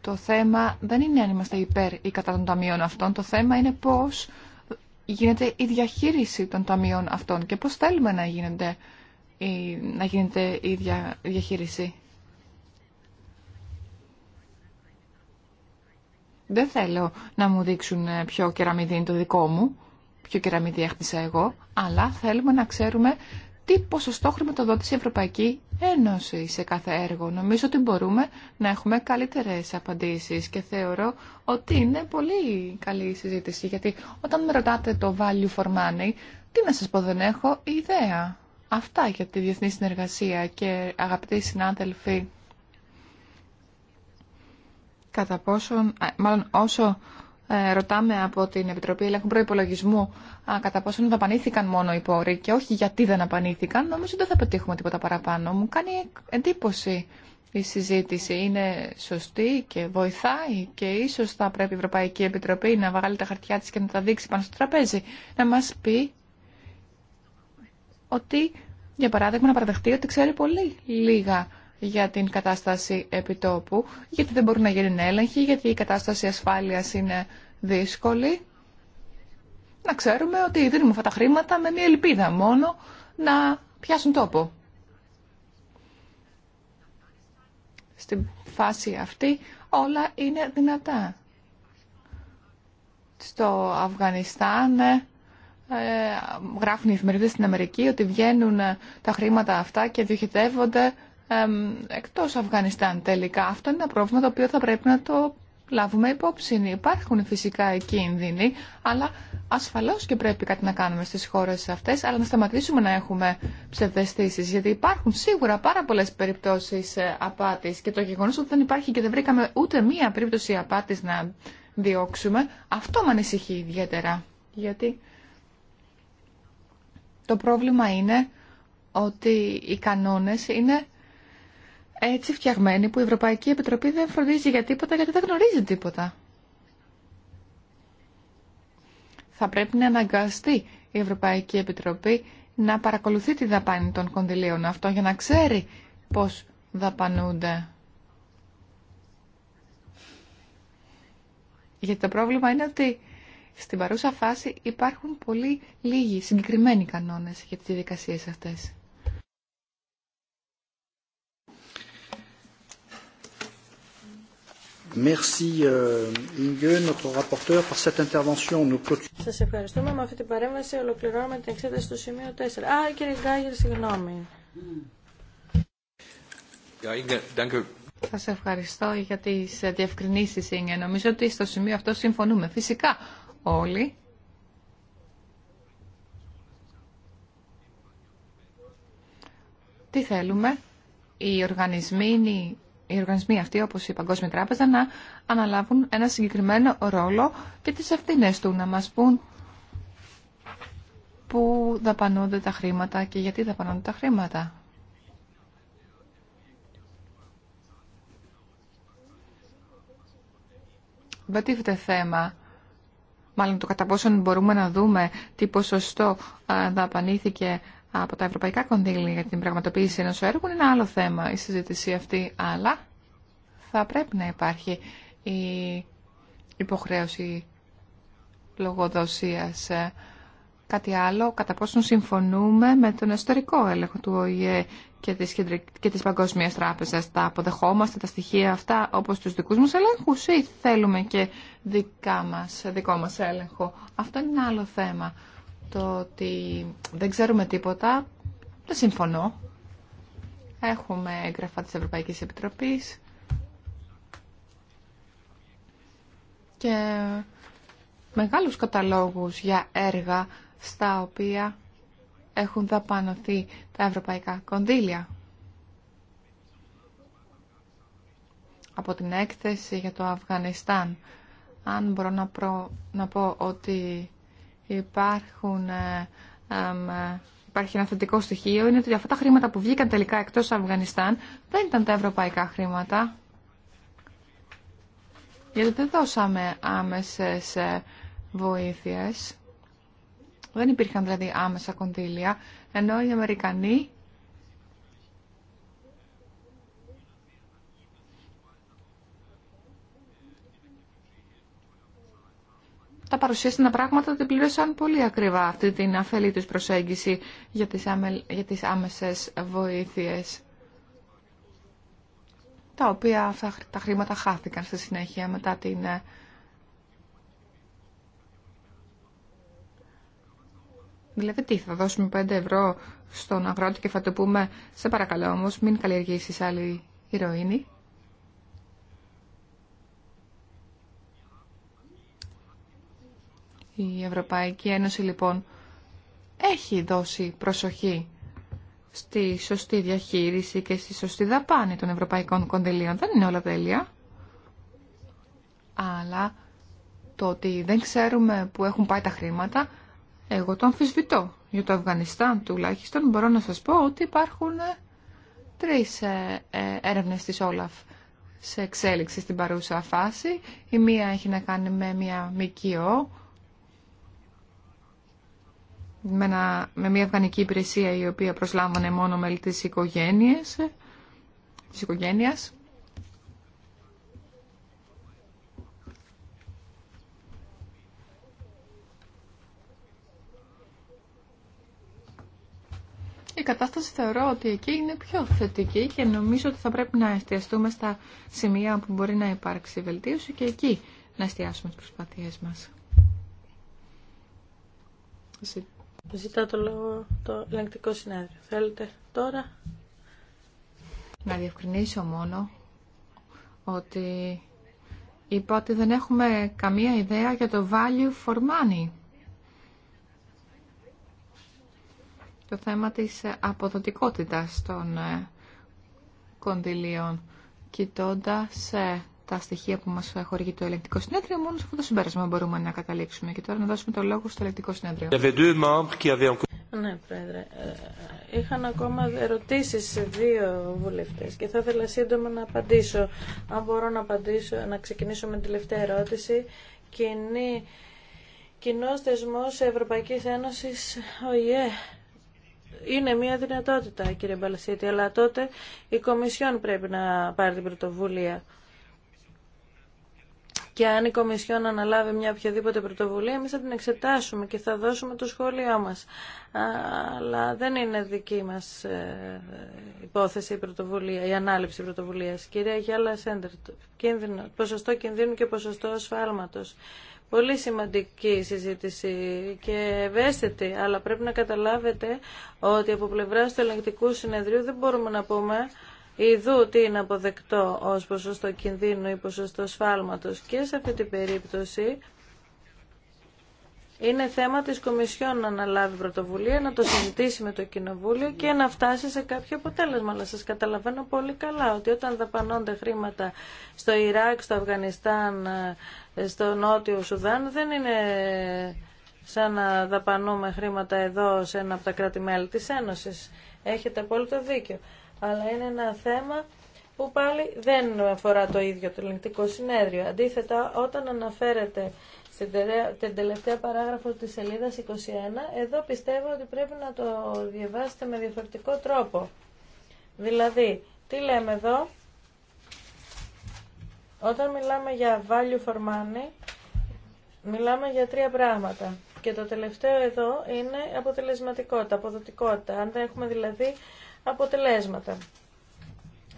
το θέμα δεν είναι αν είμαστε υπέρ ή κατά των ταμείων αυτών, το θέμα είναι πώς γίνεται η διαχείριση των ταμείων αυτών και πώς θέλουμε να γίνεται η, να γίνεται η διαχείριση. Δεν θέλω να μου δείξουν ε, ποιο κεραμίδι είναι το δικό μου, ποιο κεραμίδι έχτισα εγώ, αλλά θέλουμε να ξέρουμε τι ποσοστό χρηματοδότησε η Ευρωπαϊκή Ένωση σε κάθε έργο. Νομίζω ότι μπορούμε να έχουμε καλύτερες απαντήσεις και θεωρώ ότι είναι πολύ καλή η συζήτηση, γιατί όταν με ρωτάτε το value for money, τι να σας πω δεν έχω ιδέα. Αυτά για τη διεθνή συνεργασία και αγαπητοί συνάδελφοι κατά πόσον, μάλλον όσο ε, ρωτάμε από την Επιτροπή Ελέγχου Προπολογισμού κατά πόσον δαπανήθηκαν μόνο οι πόροι και όχι γιατί δεν απανήθηκαν, νομίζω δεν θα πετύχουμε τίποτα παραπάνω. Μου κάνει εντύπωση η συζήτηση. Είναι σωστή και βοηθάει και ίσως θα πρέπει η Ευρωπαϊκή Επιτροπή να βγάλει τα χαρτιά της και να τα δείξει πάνω στο τραπέζι. Να μας πει ότι, για παράδειγμα, να παραδεχτεί ότι ξέρει πολύ λίγα για την κατάσταση επιτόπου, γιατί δεν μπορούν να γίνουν έλεγχοι, γιατί η κατάσταση ασφάλειας είναι δύσκολη. Να ξέρουμε ότι δίνουμε αυτά τα χρήματα με μια ελπίδα μόνο να πιάσουν τόπο. Στην φάση αυτή όλα είναι δυνατά. Στο Αφγανιστάν ε, γράφουν οι εφημερίδες στην Αμερική ότι βγαίνουν τα χρήματα αυτά και διοχετεύονται εκτός Αφγανιστάν τελικά. Αυτό είναι ένα πρόβλημα το οποίο θα πρέπει να το λάβουμε υπόψη. Υπάρχουν φυσικά οι κίνδυνοι, αλλά ασφαλώς και πρέπει κάτι να κάνουμε στις χώρες αυτές, αλλά να σταματήσουμε να έχουμε ψευδεστήσεις, γιατί υπάρχουν σίγουρα πάρα πολλές περιπτώσεις ε, απάτης και το γεγονός ότι δεν υπάρχει και δεν βρήκαμε ούτε μία περίπτωση απάτης να διώξουμε, αυτό με ανησυχεί ιδιαίτερα, γιατί το πρόβλημα είναι ότι οι κανόνες είναι έτσι φτιαγμένη που η Ευρωπαϊκή Επιτροπή δεν φροντίζει για τίποτα γιατί δεν γνωρίζει τίποτα. Θα πρέπει να αναγκαστεί η Ευρωπαϊκή Επιτροπή να παρακολουθεί τη δαπάνη των κονδυλίων αυτών για να ξέρει πώς δαπανούνται. Γιατί το πρόβλημα είναι ότι στην παρούσα φάση υπάρχουν πολύ λίγοι συγκεκριμένοι κανόνες για τις διαδικασίες αυτές. Merci, euh, Σας ευχαριστούμε. Με αυτή την παρέμβαση ολοκληρώνουμε την εξέταση του σημείου 4. Α, κύριε Γκάγερ, συγγνώμη. Σα ευχαριστώ για τι διευκρινήσεις, Ινγε. Νομίζω ότι στο σημείο αυτό συμφωνούμε. Φυσικά όλοι. Τι θέλουμε. Οι οργανισμοί είναι οι οργανισμοί αυτοί, όπω η Παγκόσμια Τράπεζα, να αναλάβουν ένα συγκεκριμένο ρόλο και τις ευθύνε του, να μας πούν πού δαπανούνται τα χρήματα και γιατί δαπανούνται τα χρήματα. Δεν θέμα μάλλον το κατά πόσον μπορούμε να δούμε τι ποσοστό δαπανήθηκε από τα ευρωπαϊκά κονδύλια για την πραγματοποίηση ενός έργου είναι ένα άλλο θέμα η συζήτηση αυτή, αλλά θα πρέπει να υπάρχει η υποχρέωση λογοδοσίας. Κάτι άλλο, κατά πόσον συμφωνούμε με τον εσωτερικό έλεγχο του ΟΗΕ και της, και της Παγκόσμιας Τράπεζας. Τα αποδεχόμαστε τα στοιχεία αυτά όπως τους δικούς μας ελέγχους ή θέλουμε και δικά μας, δικό μας έλεγχο. Αυτό είναι ένα άλλο θέμα. Το ότι δεν ξέρουμε τίποτα, δεν συμφωνώ. Έχουμε έγγραφα της Ευρωπαϊκής Επιτροπής και μεγάλους καταλόγους για έργα στα οποία έχουν δαπανωθεί τα ευρωπαϊκά κονδύλια. Από την έκθεση για το Αφγανιστάν, αν μπορώ να, να πω ότι υπάρχουν, ε, ε, υπάρχει ένα θετικό στοιχείο είναι ότι αυτά τα χρήματα που βγήκαν τελικά εκτός Αφγανιστάν δεν ήταν τα ευρωπαϊκά χρήματα. Γιατί δεν δώσαμε άμεσες ε, βοήθειες. Δεν υπήρχαν δηλαδή άμεσα κονδύλια, ενώ οι Αμερικανοί τα παρουσίασαν πράγματα ότι πλήρωσαν πολύ ακριβά αυτή την αφελή τους προσέγγιση για τις, άμε, για τις άμεσες βοήθειες τα οποία τα χρήματα χάθηκαν στη συνέχεια μετά την ε, Δηλαδή τι, θα δώσουμε 5 ευρώ στον αγρότη και θα το πούμε «Σε παρακαλώ όμως, μην καλλιεργήσεις άλλη ηρωίνη». Η Ευρωπαϊκή Ένωση λοιπόν έχει δώσει προσοχή στη σωστή διαχείριση και στη σωστή δαπάνη των ευρωπαϊκών κονδυλίων. Δεν είναι όλα τέλεια. Αλλά το ότι δεν ξέρουμε που έχουν πάει τα χρήματα, εγώ το αμφισβητώ. Για το Αφγανιστάν τουλάχιστον μπορώ να σας πω ότι υπάρχουν ε, τρεις ε, ε, έρευνες της Όλαφ σε εξέλιξη στην παρούσα φάση. Η μία έχει να κάνει με μια ΜΚΟ με, μια αυγανική υπηρεσία η οποία προσλάμβανε μόνο μέλη της οικογένειας, της Η κατάσταση θεωρώ ότι εκεί είναι πιο θετική και νομίζω ότι θα πρέπει να εστιαστούμε στα σημεία που μπορεί να υπάρξει βελτίωση και εκεί να εστιάσουμε τις προσπάθειές μας. Ζητά το λόγο το ελεγκτικό συνέδριο. Θέλετε τώρα. Να διευκρινίσω μόνο ότι είπα ότι δεν έχουμε καμία ιδέα για το value for money. Το θέμα της αποδοτικότητας των ε, κονδυλίων, κοιτώντας ε, τα στοιχεία που μας χορηγεί το ελεκτικό συνέδριο, μόνο σε αυτό το συμπέρασμα μπορούμε να καταλήξουμε. Και τώρα να δώσουμε το λόγο στο ελεκτικό συνέδριο. Ναι, Πρόεδρε. Ε, είχαν ακόμα ερωτήσεις σε δύο βουλευτές και θα ήθελα σύντομα να απαντήσω. Αν μπορώ να, απαντήσω, να ξεκινήσω με την τελευταία ερώτηση. Κοινή, κοινός θεσμός Ευρωπαϊκής Ένωσης, ο oh yeah. Είναι μια δυνατότητα, κύριε Μπαλασίτη, αλλά τότε η Κομισιόν πρέπει να πάρει την πρωτοβουλία και αν η Κομισιόν αναλάβει μια οποιαδήποτε πρωτοβουλία, εμεί θα την εξετάσουμε και θα δώσουμε το σχόλιο μα. Αλλά δεν είναι δική μας ε, υπόθεση η, πρωτοβουλία, η ανάληψη πρωτοβουλία. Κυρία Γιάλα Σέντερ, κίνδυνο, ποσοστό κινδύνου και ποσοστό ασφάλματο. Πολύ σημαντική συζήτηση και ευαίσθητη, αλλά πρέπει να καταλάβετε ότι από πλευρά του ελεγκτικού συνεδρίου δεν μπορούμε να πούμε Ιδού τι είναι αποδεκτό ως ποσοστό κινδύνου ή ποσοστό σφάλματος και σε αυτή την περίπτωση είναι θέμα της Κομισιόν να αναλάβει πρωτοβουλία, να το συζητήσει με το Κοινοβούλιο και να φτάσει σε κάποιο αποτέλεσμα. Αλλά σας καταλαβαίνω πολύ καλά ότι όταν δαπανώνται χρήματα στο Ιράκ, στο Αφγανιστάν, ε, στο Νότιο Σουδάν, δεν είναι σαν να δαπανούμε χρήματα εδώ σε ένα από τα κράτη-μέλη της Ένωσης. Έχετε απόλυτο δίκιο αλλά είναι ένα θέμα που πάλι δεν αφορά το ίδιο το ελεγκτικό συνέδριο. Αντίθετα, όταν αναφέρεται στην τελευταία παράγραφο της σελίδας 21, εδώ πιστεύω ότι πρέπει να το διαβάσετε με διαφορετικό τρόπο. Δηλαδή, τι λέμε εδώ, όταν μιλάμε για value for money, μιλάμε για τρία πράγματα. Και το τελευταίο εδώ είναι αποτελεσματικότητα, αποδοτικότητα. Αν δεν έχουμε δηλαδή αποτελέσματα.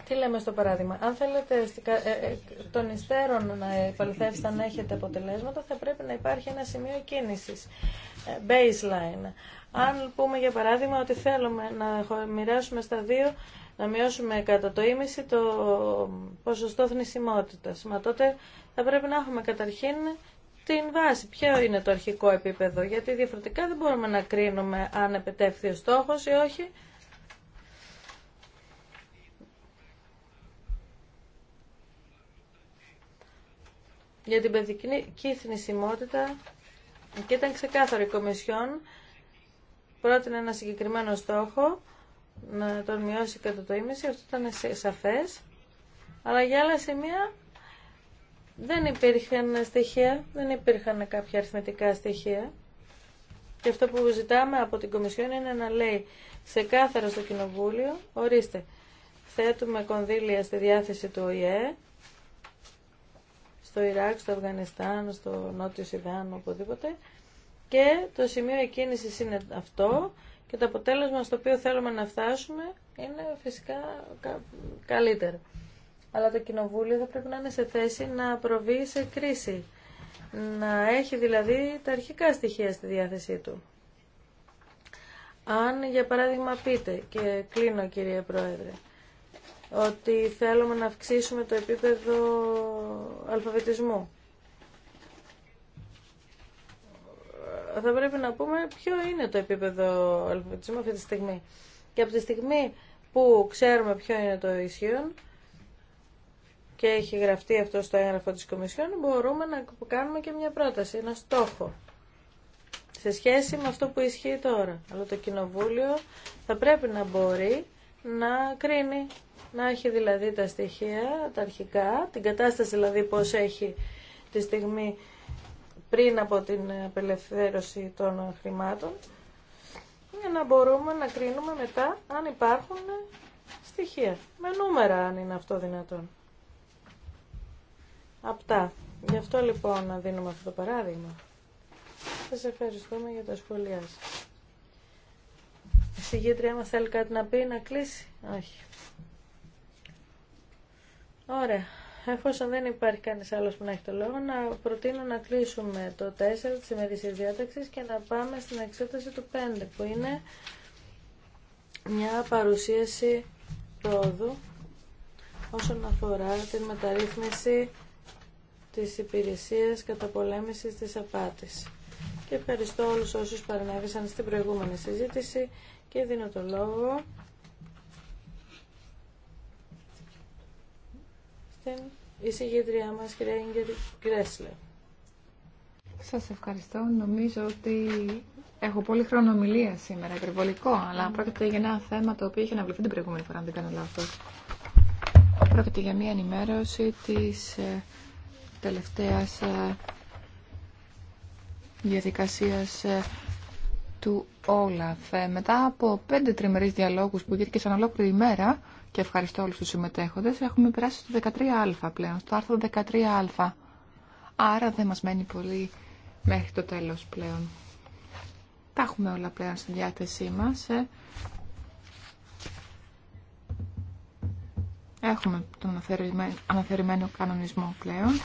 Τι λέμε στο παράδειγμα. Αν θέλετε ε, ε, των υστέρων να επαληθεύσετε αν έχετε αποτελέσματα, θα πρέπει να υπάρχει ένα σημείο κίνησης, ε, baseline. Αν πούμε για παράδειγμα ότι θέλουμε να μοιράσουμε στα δύο, να μειώσουμε κατά το ίμιση το ποσοστό θνησιμότητας, μα τότε θα πρέπει να έχουμε καταρχήν την βάση, ποιο είναι το αρχικό επίπεδο, γιατί διαφορετικά δεν μπορούμε να κρίνουμε αν επιτεύχθη ο στόχος ή όχι. για την παιδική θνησιμότητα και ήταν ξεκάθαρο η Κομισιόν πρότεινε ένα συγκεκριμένο στόχο να τον μειώσει κατά το ίμιση, αυτό ήταν σαφές αλλά για άλλα σημεία δεν υπήρχαν στοιχεία, δεν υπήρχαν κάποια αριθμητικά στοιχεία και αυτό που ζητάμε από την Κομισιόν είναι να λέει ξεκάθαρο στο Κοινοβούλιο ορίστε, θέτουμε κονδύλια στη διάθεση του ΟΗΕ στο Ιράκ, στο Αφγανιστάν, στο Νότιο Σιδάν, οπουδήποτε. Και το σημείο εκκίνηση είναι αυτό και το αποτέλεσμα στο οποίο θέλουμε να φτάσουμε είναι φυσικά καλύτερο. Αλλά το Κοινοβούλιο θα πρέπει να είναι σε θέση να προβεί σε κρίση. Να έχει δηλαδή τα αρχικά στοιχεία στη διάθεσή του. Αν για παράδειγμα πείτε, και κλείνω κύριε Πρόεδρε, ότι θέλουμε να αυξήσουμε το επίπεδο αλφαβητισμού. Θα πρέπει να πούμε ποιο είναι το επίπεδο αλφαβητισμού αυτή τη στιγμή. Και από τη στιγμή που ξέρουμε ποιο είναι το ισχύον και έχει γραφτεί αυτό στο έγγραφο της Κομισιόν, μπορούμε να κάνουμε και μια πρόταση, ένα στόχο σε σχέση με αυτό που ισχύει τώρα. Αλλά το Κοινοβούλιο θα πρέπει να μπορεί να κρίνει να έχει δηλαδή τα στοιχεία, τα αρχικά, την κατάσταση δηλαδή πώς έχει τη στιγμή πριν από την απελευθέρωση των χρημάτων για να μπορούμε να κρίνουμε μετά αν υπάρχουν στοιχεία, με νούμερα αν είναι αυτό δυνατόν. Απτά. Γι' αυτό λοιπόν να δίνουμε αυτό το παράδειγμα. Σας ευχαριστούμε για τα σχόλιά σας. Η συγγήτρια μας θέλει κάτι να πει, να κλείσει. Όχι. Ωραία. Εφόσον δεν υπάρχει κανείς άλλος που να έχει το λόγο, να προτείνω να κλείσουμε το 4 της ημερήσιας διάταξης και να πάμε στην εξέταση του 5, που είναι μια παρουσίαση πρόοδου όσον αφορά την μεταρρύθμιση της υπηρεσίας καταπολέμησης της απάτης. Και ευχαριστώ όλους όσους παρενέβησαν στην προηγούμενη συζήτηση και δίνω το λόγο την εισηγήτριά μας, κυρία Ίγκερ Σας ευχαριστώ. Νομίζω ότι έχω πολύ χρόνο ομιλία σήμερα, υπερβολικό, αλλά πρόκειται για ένα θέμα το οποίο είχε αναβληθεί την προηγούμενη φορά, αν δεν κάνω λάθος. Πρόκειται για μια ενημέρωση της ε, τελευταίας ε, διαδικασία ε, του Όλαφ. Μετά από πέντε τριμερείς διαλόγους που σαν ολόκληρη ημέρα, και ευχαριστώ όλους τους συμμετέχοντες. Έχουμε περάσει στο 13α πλέον, στο άρθρο 13α. Άρα δεν μας μένει πολύ μέχρι το τέλος πλέον. Τα έχουμε όλα πλέον στη διάθεσή μας. Ε. Έχουμε τον αναφερειμένο κανονισμό πλέον.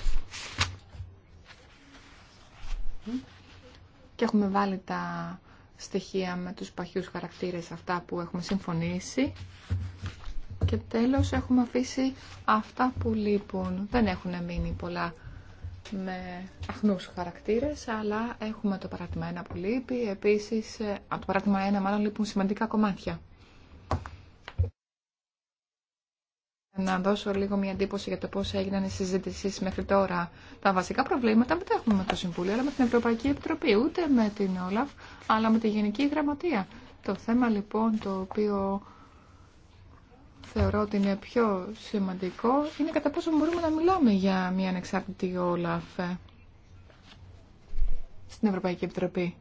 Και έχουμε βάλει τα στοιχεία με τους παχιούς χαρακτήρες αυτά που έχουμε συμφωνήσει και τέλος έχουμε αφήσει αυτά που λείπουν. Δεν έχουν μείνει πολλά με αχνούς χαρακτήρες, αλλά έχουμε το παράδειγμα 1 που λείπει. Επίσης, ε, από το παράδειγμα 1 μάλλον λείπουν σημαντικά κομμάτια. Να δώσω λίγο μια εντύπωση για το πώ έγιναν οι συζητήσει μέχρι τώρα. Τα βασικά προβλήματα δεν τα έχουμε με το Συμβούλιο, αλλά με την Ευρωπαϊκή Επιτροπή, ούτε με την Όλαφ, αλλά με τη Γενική Γραμματεία. Το θέμα λοιπόν το οποίο θεωρώ ότι είναι πιο σημαντικό είναι κατά πόσο μπορούμε να μιλάμε για μια ανεξάρτητη Όλαφ στην Ευρωπαϊκή Επιτροπή.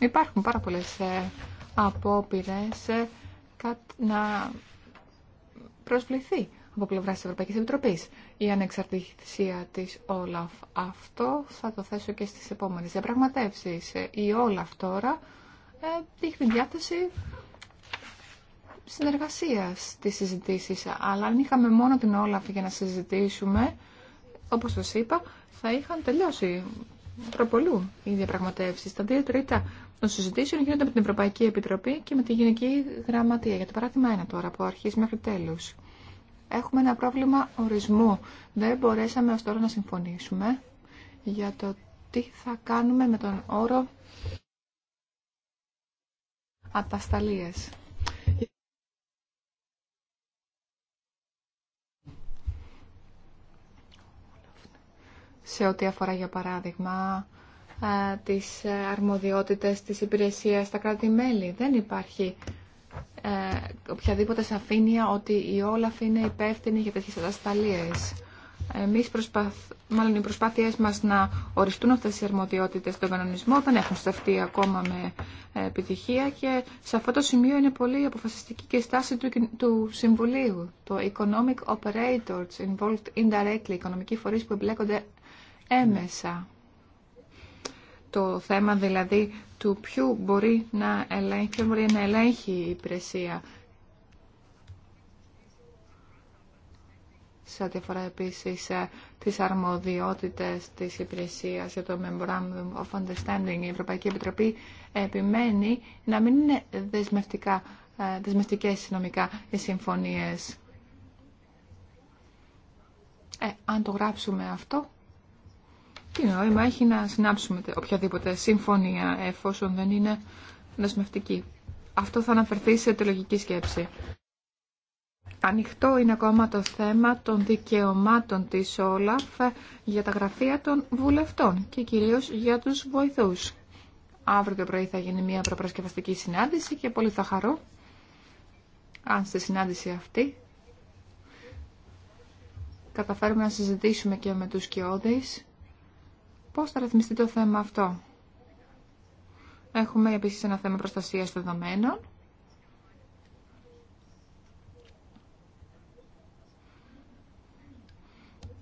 Υπάρχουν πάρα πολλές ε, απόπειρες ε, να προσβληθεί από πλευρά της Ευρωπαϊκής Επιτροπής η ανεξαρτησία της Όλαφ. Αυτό θα το θέσω και στις επόμενες διαπραγματεύσεις. Η Όλαφ τώρα δείχνει διάθεση συνεργασίας τη συζητήση, Αλλά αν είχαμε μόνο την Όλαφ για να συζητήσουμε, όπως σας είπα, θα είχαν τελειώσει προπολού οι διαπραγματεύσει. Τα δύο τρίτα των συζητήσεων γίνονται με την Ευρωπαϊκή Επιτροπή και με τη Γενική Γραμματεία. Για το παράδειγμα ένα τώρα, από αρχή μέχρι τέλου. Έχουμε ένα πρόβλημα ορισμού. Δεν μπορέσαμε ω τώρα να συμφωνήσουμε για το τι θα κάνουμε με τον όρο ατασταλίες. Σε ό,τι αφορά, για παράδειγμα, τις ε, αρμοδιότητες της υπηρεσίας στα κράτη-μέλη. Δεν υπάρχει ε, οποιαδήποτε σαφήνεια ότι η Όλαφ είναι υπεύθυνη για τέτοιες ατασταλίες. Εμείς προσπαθ... μάλλον οι προσπάθειε μας να οριστούν αυτές οι αρμοδιότητες στον κανονισμό δεν έχουν στεφτεί ακόμα με ε, επιτυχία και σε αυτό το σημείο είναι πολύ αποφασιστική και η στάση του, του Συμβουλίου. Το Economic Operators Involved Indirectly, οικονομικοί φορεί που εμπλέκονται έμεσα. Το θέμα δηλαδή του ποιου μπορεί να ελέγχει, ποιο μπορεί να ελέγχει η υπηρεσία σε ό,τι αφορά επίσης ε, τις αρμοδιότητες της υπηρεσίας για το Memorandum of Understanding. Η Ευρωπαϊκή Επιτροπή επιμένει να μην είναι δεσμευτικά, ε, δεσμευτικές οι συμφωνίες. Ε, αν το γράψουμε αυτό, τι νόημα έχει να συνάψουμε οποιαδήποτε συμφωνία εφόσον δεν είναι δεσμευτική. Αυτό θα αναφερθεί σε τελογική σκέψη. Ανοιχτό είναι ακόμα το θέμα των δικαιωμάτων της Όλαφ για τα γραφεία των βουλευτών και κυρίως για τους βοηθούς. Αύριο το πρωί θα γίνει μια προπρασκευαστική συνάντηση και πολύ θα χαρώ αν στη συνάντηση αυτή καταφέρουμε να συζητήσουμε και με τους κοιόδης πώς θα ρυθμιστεί το θέμα αυτό. Έχουμε επίσης ένα θέμα προστασίας δεδομένων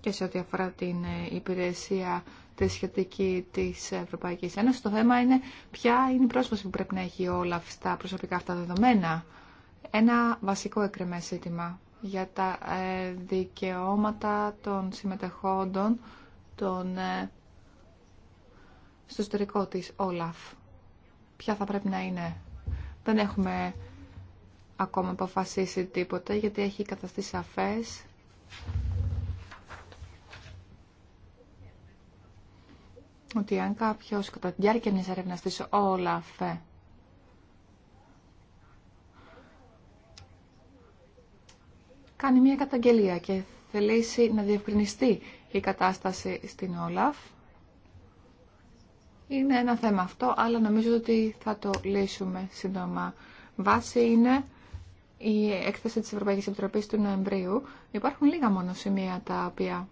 και σε ό,τι αφορά την ε, υπηρεσία τη σχετική της Ευρωπαϊκής Ένωση. Το θέμα είναι ποια είναι η πρόσβαση που πρέπει να έχει όλα στα προσωπικά αυτά δεδομένα. Ένα βασικό εκκρεμές ζήτημα για τα ε, δικαιώματα των συμμετεχόντων των, ε, στο εσωτερικό της Όλαφ. Ποια θα πρέπει να είναι. Δεν έχουμε ακόμα αποφασίσει τίποτα γιατί έχει καταστεί σαφές ότι αν κάποιος κατά τη διάρκεια μιας έρευνας Όλαφ κάνει μια καταγγελία και θελήσει να διευκρινιστεί η κατάσταση στην Όλαφ, είναι ένα θέμα αυτό, αλλά νομίζω ότι θα το λύσουμε σύντομα. Βάση είναι η έκθεση της Ευρωπαϊκής Επιτροπής του Νοεμβρίου. Υπάρχουν λίγα μόνο σημεία τα οποία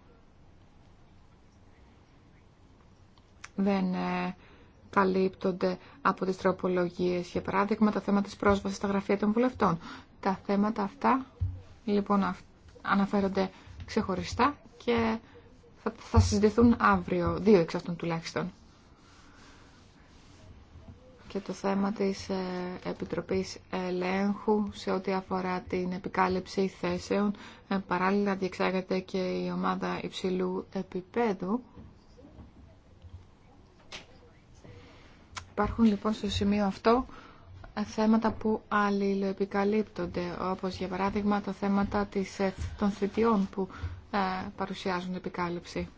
δεν ε, καλύπτονται από τις τροπολογίες. Για παράδειγμα, τα θέματα της πρόσβασης στα γραφεία των βουλευτών. Τα θέματα αυτά, λοιπόν, αναφέρονται ξεχωριστά και θα, θα συζητηθούν αύριο, δύο εξ αυτών τουλάχιστον. Και το θέμα της ε, Επιτροπής Ελέγχου σε ό,τι αφορά την επικάλυψη θέσεων. Ε, παράλληλα διεξάγεται και η ομάδα υψηλού επίπεδου Υπάρχουν λοιπόν στο σημείο αυτό ε, θέματα που αλληλοεπικαλύπτονται, όπως για παράδειγμα τα θέματα της, ε, των θητιών που ε, παρουσιάζουν επικάλυψη.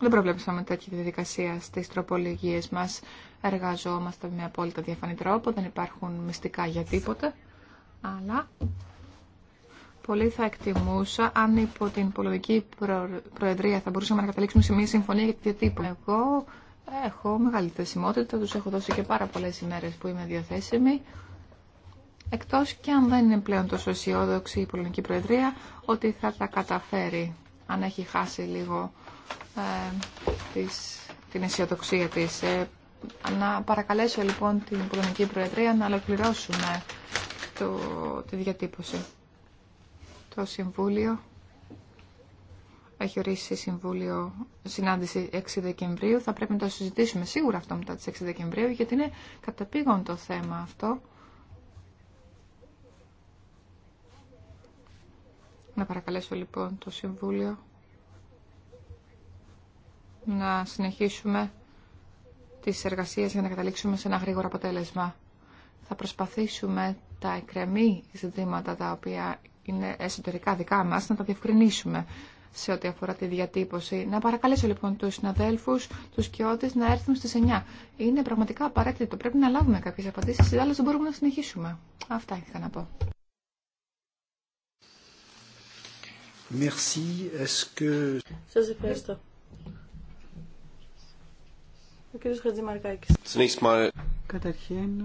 Δεν προβλέψαμε τέτοια διαδικασία στις τροπολογίες μας. Εργαζόμαστε με απόλυτα διαφανή τρόπο, δεν υπάρχουν μυστικά για τίποτε. Αλλά πολύ θα εκτιμούσα αν υπό την Πολωνική Προεδρία θα μπορούσαμε να καταλήξουμε σε μια συμφωνία για τη Εγώ έχω μεγάλη θεσιμότητα, τους έχω δώσει και πάρα πολλές ημέρες που είμαι διαθέσιμη. Εκτός και αν δεν είναι πλέον τόσο αισιόδοξη η Πολωνική Προεδρία ότι θα τα καταφέρει αν έχει χάσει λίγο ε, την αισιοδοξία της. Ε, να παρακαλέσω λοιπόν την Πολωνική Προεδρία να ολοκληρώσουμε το, τη διατύπωση. Το Συμβούλιο έχει ορίσει συμβούλιο συνάντηση 6 Δεκεμβρίου. Θα πρέπει να το συζητήσουμε σίγουρα αυτό μετά τις 6 Δεκεμβρίου, γιατί είναι καταπήγον το θέμα αυτό. Να παρακαλέσω λοιπόν το Συμβούλιο να συνεχίσουμε τις εργασίες για να καταλήξουμε σε ένα γρήγορο αποτέλεσμα. Θα προσπαθήσουμε τα εκκρεμή ζητήματα τα οποία είναι εσωτερικά δικά μας να τα διευκρινίσουμε σε ό,τι αφορά τη διατύπωση. Να παρακαλέσω λοιπόν τους συναδέλφου τους κοιότες να έρθουν στι 9. Είναι πραγματικά απαραίτητο. Πρέπει να λάβουμε κάποιες απαντήσεις, αλλά δεν μπορούμε να συνεχίσουμε. Αυτά ήθελα να πω. Merci. ευχαριστώ. Ο Καταρχήν,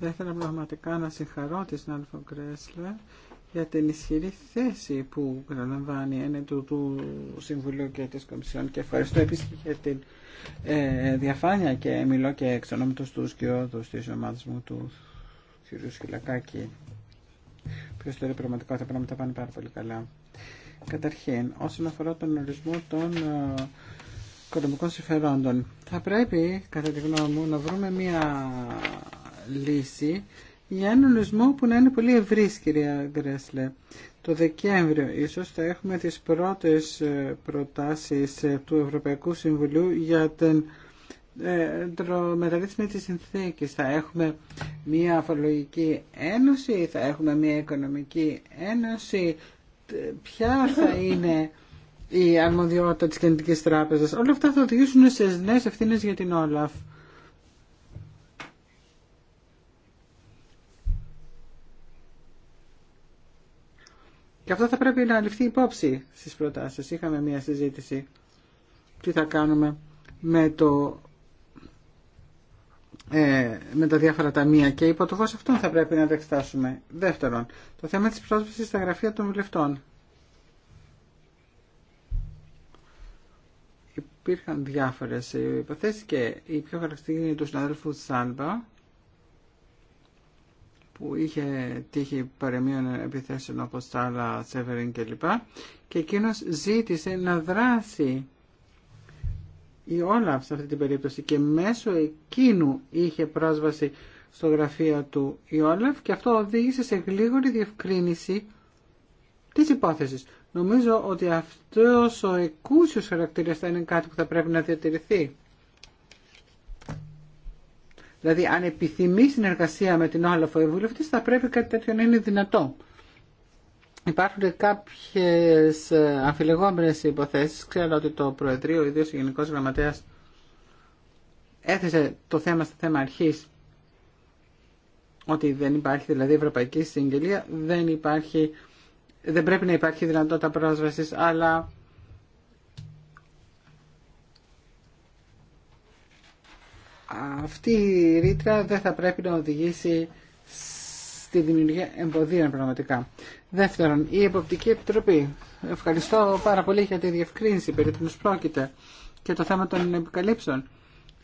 θα ήθελα πραγματικά να συγχαρώ τη συνάδελφο Γκρέσλερ για την ισχυρή θέση που καταλαμβάνει η του, του Συμβουλίου και της Κομισιόν και ευχαριστώ επίσης για την ε, διαφάνεια και μιλώ και εξ ονόματος του Σκιώδου της ομάδας μου του κ. Σκυλακάκη ποιος θεωρεί πραγματικά τα πράγματα πάνε πάρα πολύ καλά. Καταρχήν, όσον αφορά τον ορισμό των ε, οικονομικών συμφερόντων, θα πρέπει, κατά τη γνώμη μου, να βρούμε μία λύση για έναν ορισμό που να είναι πολύ ευρύ, κυρία Γκρέσλε. Το Δεκέμβριο ίσως θα έχουμε τις πρώτες ε, προτάσεις ε, του Ευρωπαϊκού Συμβουλίου για την ε, μεταρρύθμιση της συνθήκης. Θα έχουμε μια αφορολογική ένωση, θα έχουμε μια οικονομική ένωση. Ποια θα είναι η αρμοδιότητα της Κεντρικής Τράπεζας. Όλα αυτά θα οδηγήσουν σε νέες ευθύνες για την Όλαφ. Και αυτό θα πρέπει να ληφθεί υπόψη στις προτάσεις. Είχαμε μια συζήτηση τι θα κάνουμε με, το, ε, με τα διάφορα ταμεία και υπό το φως αυτών θα πρέπει να τα εξετάσουμε. Δεύτερον, το θέμα της πρόσβασης στα γραφεία των βουλευτών. Υπήρχαν διάφορες υποθέσεις και η πιο χαρακτηριστική είναι του συναδέλφου Σάλμπα που είχε τύχει παρεμίων επιθέσεων από τα άλλα Σεβερίν κλπ. Και εκείνος ζήτησε να δράσει η Όλαφ σε αυτή την περίπτωση και μέσω εκείνου είχε πρόσβαση στο γραφείο του η Όλαφ και αυτό οδήγησε σε γλίγορη διευκρίνηση της υπόθεσης. Νομίζω ότι αυτός ο εκούσιος χαρακτήρας θα είναι κάτι που θα πρέπει να διατηρηθεί. Δηλαδή, αν επιθυμεί συνεργασία με την Όλαφο η θα πρέπει κάτι τέτοιο να είναι δυνατό. Υπάρχουν κάποιε αμφιλεγόμενε υποθέσει. Ξέρω ότι το Προεδρείο, ιδίω ο Γενικό Γραμματέα, έθεσε το θέμα στο θέμα αρχή. Ότι δεν υπάρχει δηλαδή ευρωπαϊκή συγγελία, δεν, υπάρχει, δεν πρέπει να υπάρχει δυνατότητα πρόσβαση, αλλά αυτή η ρήτρα δεν θα πρέπει να οδηγήσει στη δημιουργία εμποδίων πραγματικά. Δεύτερον, η Εποπτική Επιτροπή. Ευχαριστώ πάρα πολύ για τη διευκρίνηση περί τίνο πρόκειται και το θέμα των επικαλύψεων.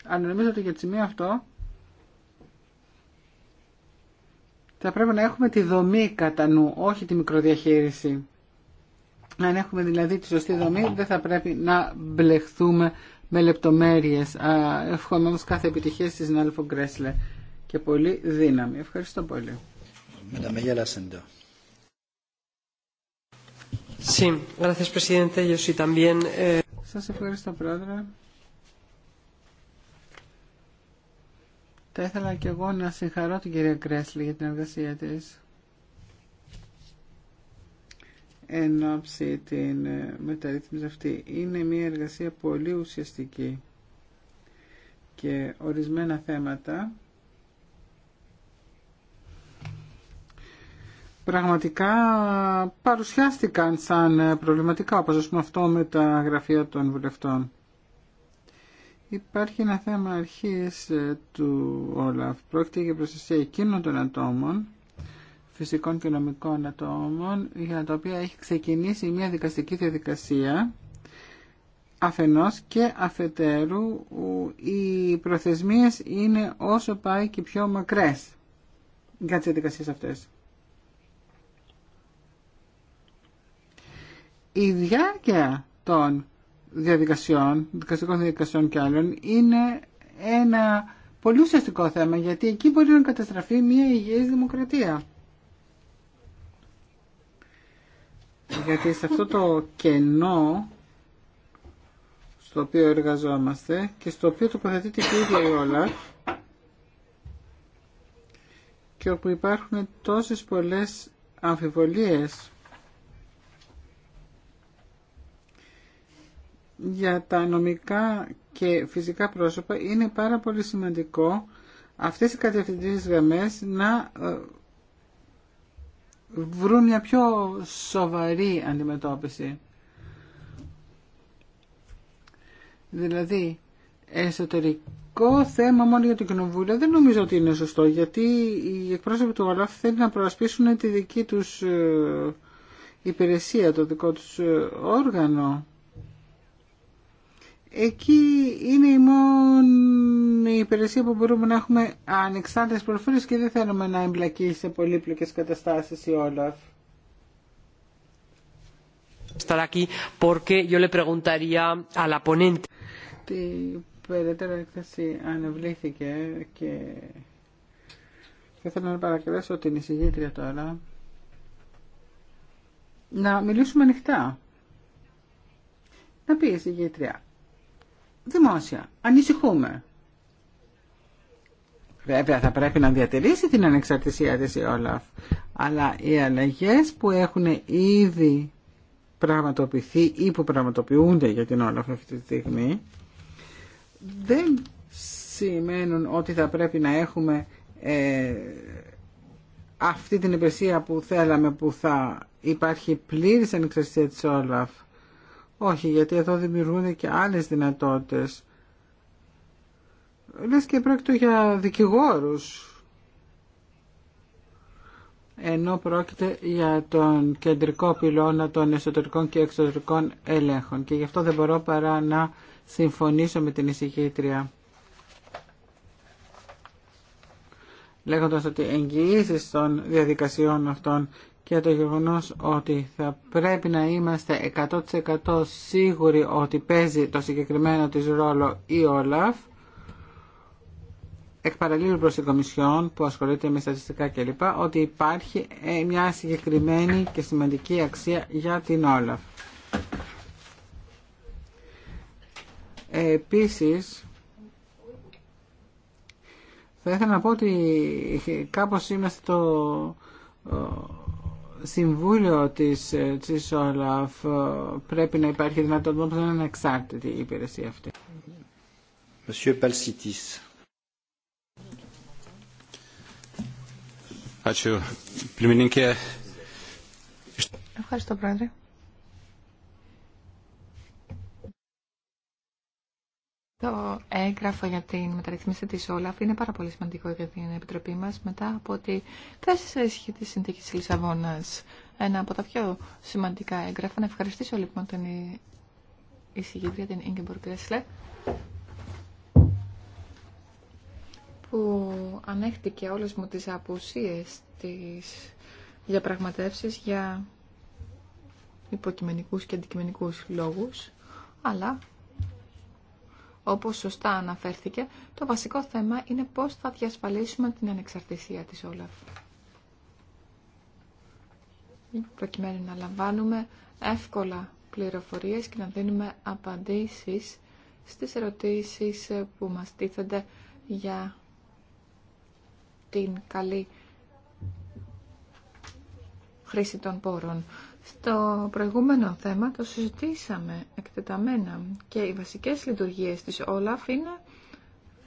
Αν νομίζω ότι για τη σημεία αυτό θα πρέπει να έχουμε τη δομή κατά νου, όχι τη μικροδιαχείριση. Αν έχουμε δηλαδή τη σωστή δομή, δεν θα πρέπει να μπλεχθούμε με λεπτομέρειες. Εύχομαι όμως κάθε επιτυχία στη συνάδελφο Γκρέσλε και πολύ δύναμη. Ευχαριστώ πολύ. Eh, Σας ευχαριστώ πρόεδρε. Θα ήθελα και εγώ να συγχαρώ την κυρία Γκρέσλε για την εργασία της εν την ε, μεταρρύθμιση αυτή. Είναι μια εργασία πολύ ουσιαστική και ορισμένα θέματα πραγματικά παρουσιάστηκαν σαν ε, προβληματικά, όπως ας πούμε αυτό με τα γραφεία των βουλευτών. Υπάρχει ένα θέμα αρχής ε, του Όλαφ. Πρόκειται για προστασία εκείνων των ατόμων φυσικών και νομικών ατόμων για τα οποία έχει ξεκινήσει μια δικαστική διαδικασία αφενός και αφετέρου οι προθεσμίες είναι όσο πάει και πιο μακρές για τις διαδικασίες αυτές. Η διάρκεια των διαδικασιών, δικαστικών διαδικασιών και άλλων είναι ένα πολύ ουσιαστικό θέμα γιατί εκεί μπορεί να καταστραφεί μια υγιής δημοκρατία. γιατί σε αυτό το κενό στο οποίο εργαζόμαστε και στο οποίο τοποθετείται και η όλα και όπου υπάρχουν τόσες πολλές αμφιβολίες για τα νομικά και φυσικά πρόσωπα είναι πάρα πολύ σημαντικό αυτές οι κατευθυντήριες γραμμές να ε, βρουν μια πιο σοβαρή αντιμετώπιση. Δηλαδή, εσωτερικό θέμα μόνο για το κοινοβούλιο δεν νομίζω ότι είναι σωστό, γιατί οι εκπρόσωποι του ΟΛΑΦ θέλουν να προασπίσουν τη δική τους ε, υπηρεσία, το δικό τους ε, όργανο. Εκεί είναι η μόνη υπηρεσία που μπορούμε να έχουμε ανεξάρτητες προφορές και δεν θέλουμε να εμπλακεί σε πολύπλοκες καταστάσεις η Όλαφ. Την περαιτέρω έκθεση ανεβλήθηκε και θα ήθελα να παρακαλέσω την εισηγήτρια τώρα να μιλήσουμε ανοιχτά. Να πει η εισηγήτρια, δημόσια. Ανησυχούμε. Βέβαια θα πρέπει να διατηρήσει την ανεξαρτησία της η Όλαφ, αλλά οι αλλαγές που έχουν ήδη πραγματοποιηθεί ή που πραγματοποιούνται για την Όλαφ αυτή τη στιγμή δεν σημαίνουν ότι θα πρέπει να έχουμε ε, αυτή την υπηρεσία που θέλαμε που θα υπάρχει πλήρης ανεξαρτησία της Όλαφ όχι, γιατί εδώ δημιουργούνται και άλλες δυνατότητες. Λες και πρόκειται για δικηγόρους. Ενώ πρόκειται για τον κεντρικό πυλώνα των εσωτερικών και εξωτερικών ελέγχων. Και γι' αυτό δεν μπορώ παρά να συμφωνήσω με την εισηγήτρια. Λέγοντας ότι εγγυήσεις των διαδικασιών αυτών και το γεγονός ότι θα πρέπει να είμαστε 100% σίγουροι ότι παίζει το συγκεκριμένο της ρόλο η Όλαφ εκ παραλίλου προς την Κομισιόν που ασχολείται με στατιστικά κλπ ότι υπάρχει ε, μια συγκεκριμένη και σημαντική αξία για την Όλαφ. Επίσης, θα ήθελα να πω ότι κάπως είμαστε το Συμβούλιο της, ε, της ε, πρέπει να υπάρχει δυνατότητα να είναι εξάρτητη η υπηρεσία αυτή. Ευχαριστώ, Πρόεδρε. Το έγγραφο για την μεταρρυθμίση της Όλαφ είναι πάρα πολύ σημαντικό για την Επιτροπή μας μετά από ότι θέση σε τη της Συνθήκης Λισαβόνας. Ένα από τα πιο σημαντικά έγγραφα. Να ευχαριστήσω λοιπόν την εισηγήτρια, την Ίγκεμπορ που ανέχτηκε όλες μου τις απουσίες της διαπραγματεύσεις για υποκειμενικούς και αντικειμενικούς λόγους, αλλά όπως σωστά αναφέρθηκε, το βασικό θέμα είναι πώς θα διασφαλίσουμε την ανεξαρτησία της Όλαφ. Προκειμένου να λαμβάνουμε εύκολα πληροφορίες και να δίνουμε απαντήσεις στις ερωτήσεις που μας τίθενται για την καλή χρήση των πόρων. Στο προηγούμενο θέμα το συζητήσαμε εκτεταμένα και οι βασικές λειτουργίες της Όλαφ είναι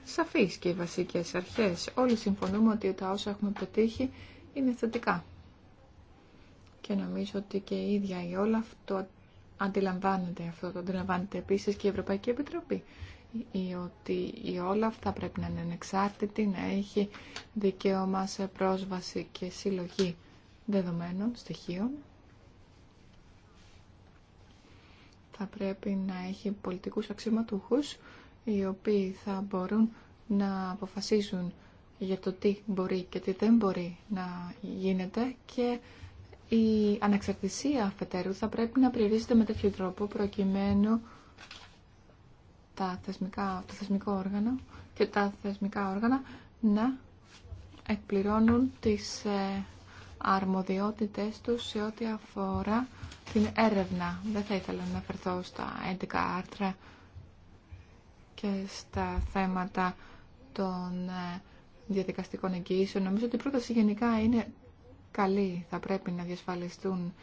σαφείς και οι βασικές αρχές. Όλοι συμφωνούμε ότι τα όσα έχουμε πετύχει είναι θετικά. Και νομίζω ότι και η ίδια η Όλαφ το αντιλαμβάνεται αυτό, το αντιλαμβάνεται επίσης και η Ευρωπαϊκή Επιτροπή ότι η Όλαφ θα πρέπει να είναι ανεξάρτητη, να έχει δικαίωμα σε πρόσβαση και συλλογή δεδομένων, στοιχείων θα πρέπει να έχει πολιτικούς αξιωματούχους οι οποίοι θα μπορούν να αποφασίζουν για το τι μπορεί και τι δεν μπορεί να γίνεται και η ανεξαρτησία αφετέρου θα πρέπει να περιορίζεται με τέτοιο τρόπο προκειμένου τα θεσμικά, το θεσμικό όργανο και τα θεσμικά όργανα να εκπληρώνουν τις ε, αρμοδιότητες του σε ό,τι αφορά την έρευνα. Δεν θα ήθελα να αναφερθώ στα 11 άρθρα και στα θέματα των ε, διαδικαστικών εγγύησεων. Νομίζω ότι η πρόταση γενικά είναι καλή. Θα πρέπει να διασφαλιστούν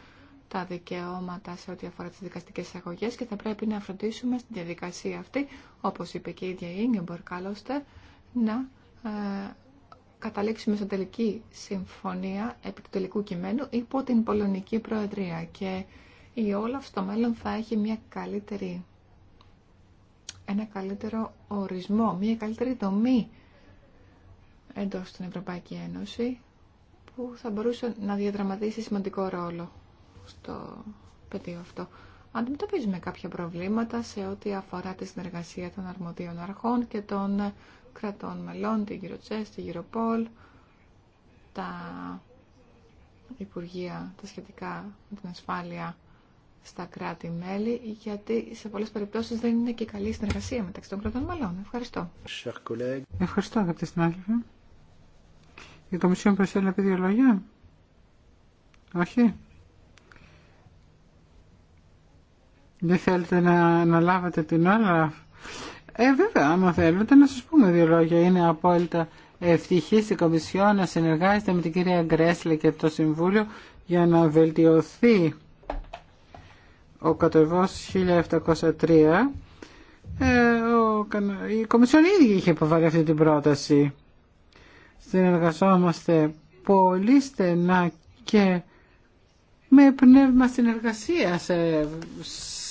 τα δικαιώματα σε ό,τι αφορά τις δικαστικές αγωγές και θα πρέπει να φροντίσουμε στη διαδικασία αυτή, όπως είπε και η ίδια η να ε, καταλήξουμε σε τελική συμφωνία επί του τελικού κειμένου υπό την Πολωνική Προεδρία και η Όλαφ στο μέλλον θα έχει μια καλύτερη, ένα καλύτερο ορισμό, μια καλύτερη δομή εντός στην Ευρωπαϊκή Ένωση που θα μπορούσε να διαδραματίσει σημαντικό ρόλο στο πεδίο αυτό αντιμετωπίζουμε κάποια προβλήματα σε ό,τι αφορά τη συνεργασία των αρμοδίων αρχών και των κρατών μελών, την Eurojust, την Europol, τα Υπουργεία, τα σχετικά με την ασφάλεια στα κράτη-μέλη, γιατί σε πολλές περιπτώσεις δεν είναι και καλή συνεργασία μεταξύ των κρατών μελών. Ευχαριστώ. Ευχαριστώ, αγαπητέ συνάδελφε. Η Κομισιόν προσέλαβε δύο λόγια. Όχι. Δεν θέλετε να, να την ώρα. Ε, βέβαια, άμα θέλετε να σας πούμε δύο λόγια. Είναι απόλυτα ευτυχή η Κομισιό να συνεργάζεται με την κυρία Γκρέσλε και το Συμβούλιο για να βελτιωθεί ο κατεβός 1703. Ε, η Κομισιόν ήδη είχε υποβάλει αυτή την πρόταση. Συνεργαζόμαστε πολύ στενά και με πνεύμα συνεργασίας ε,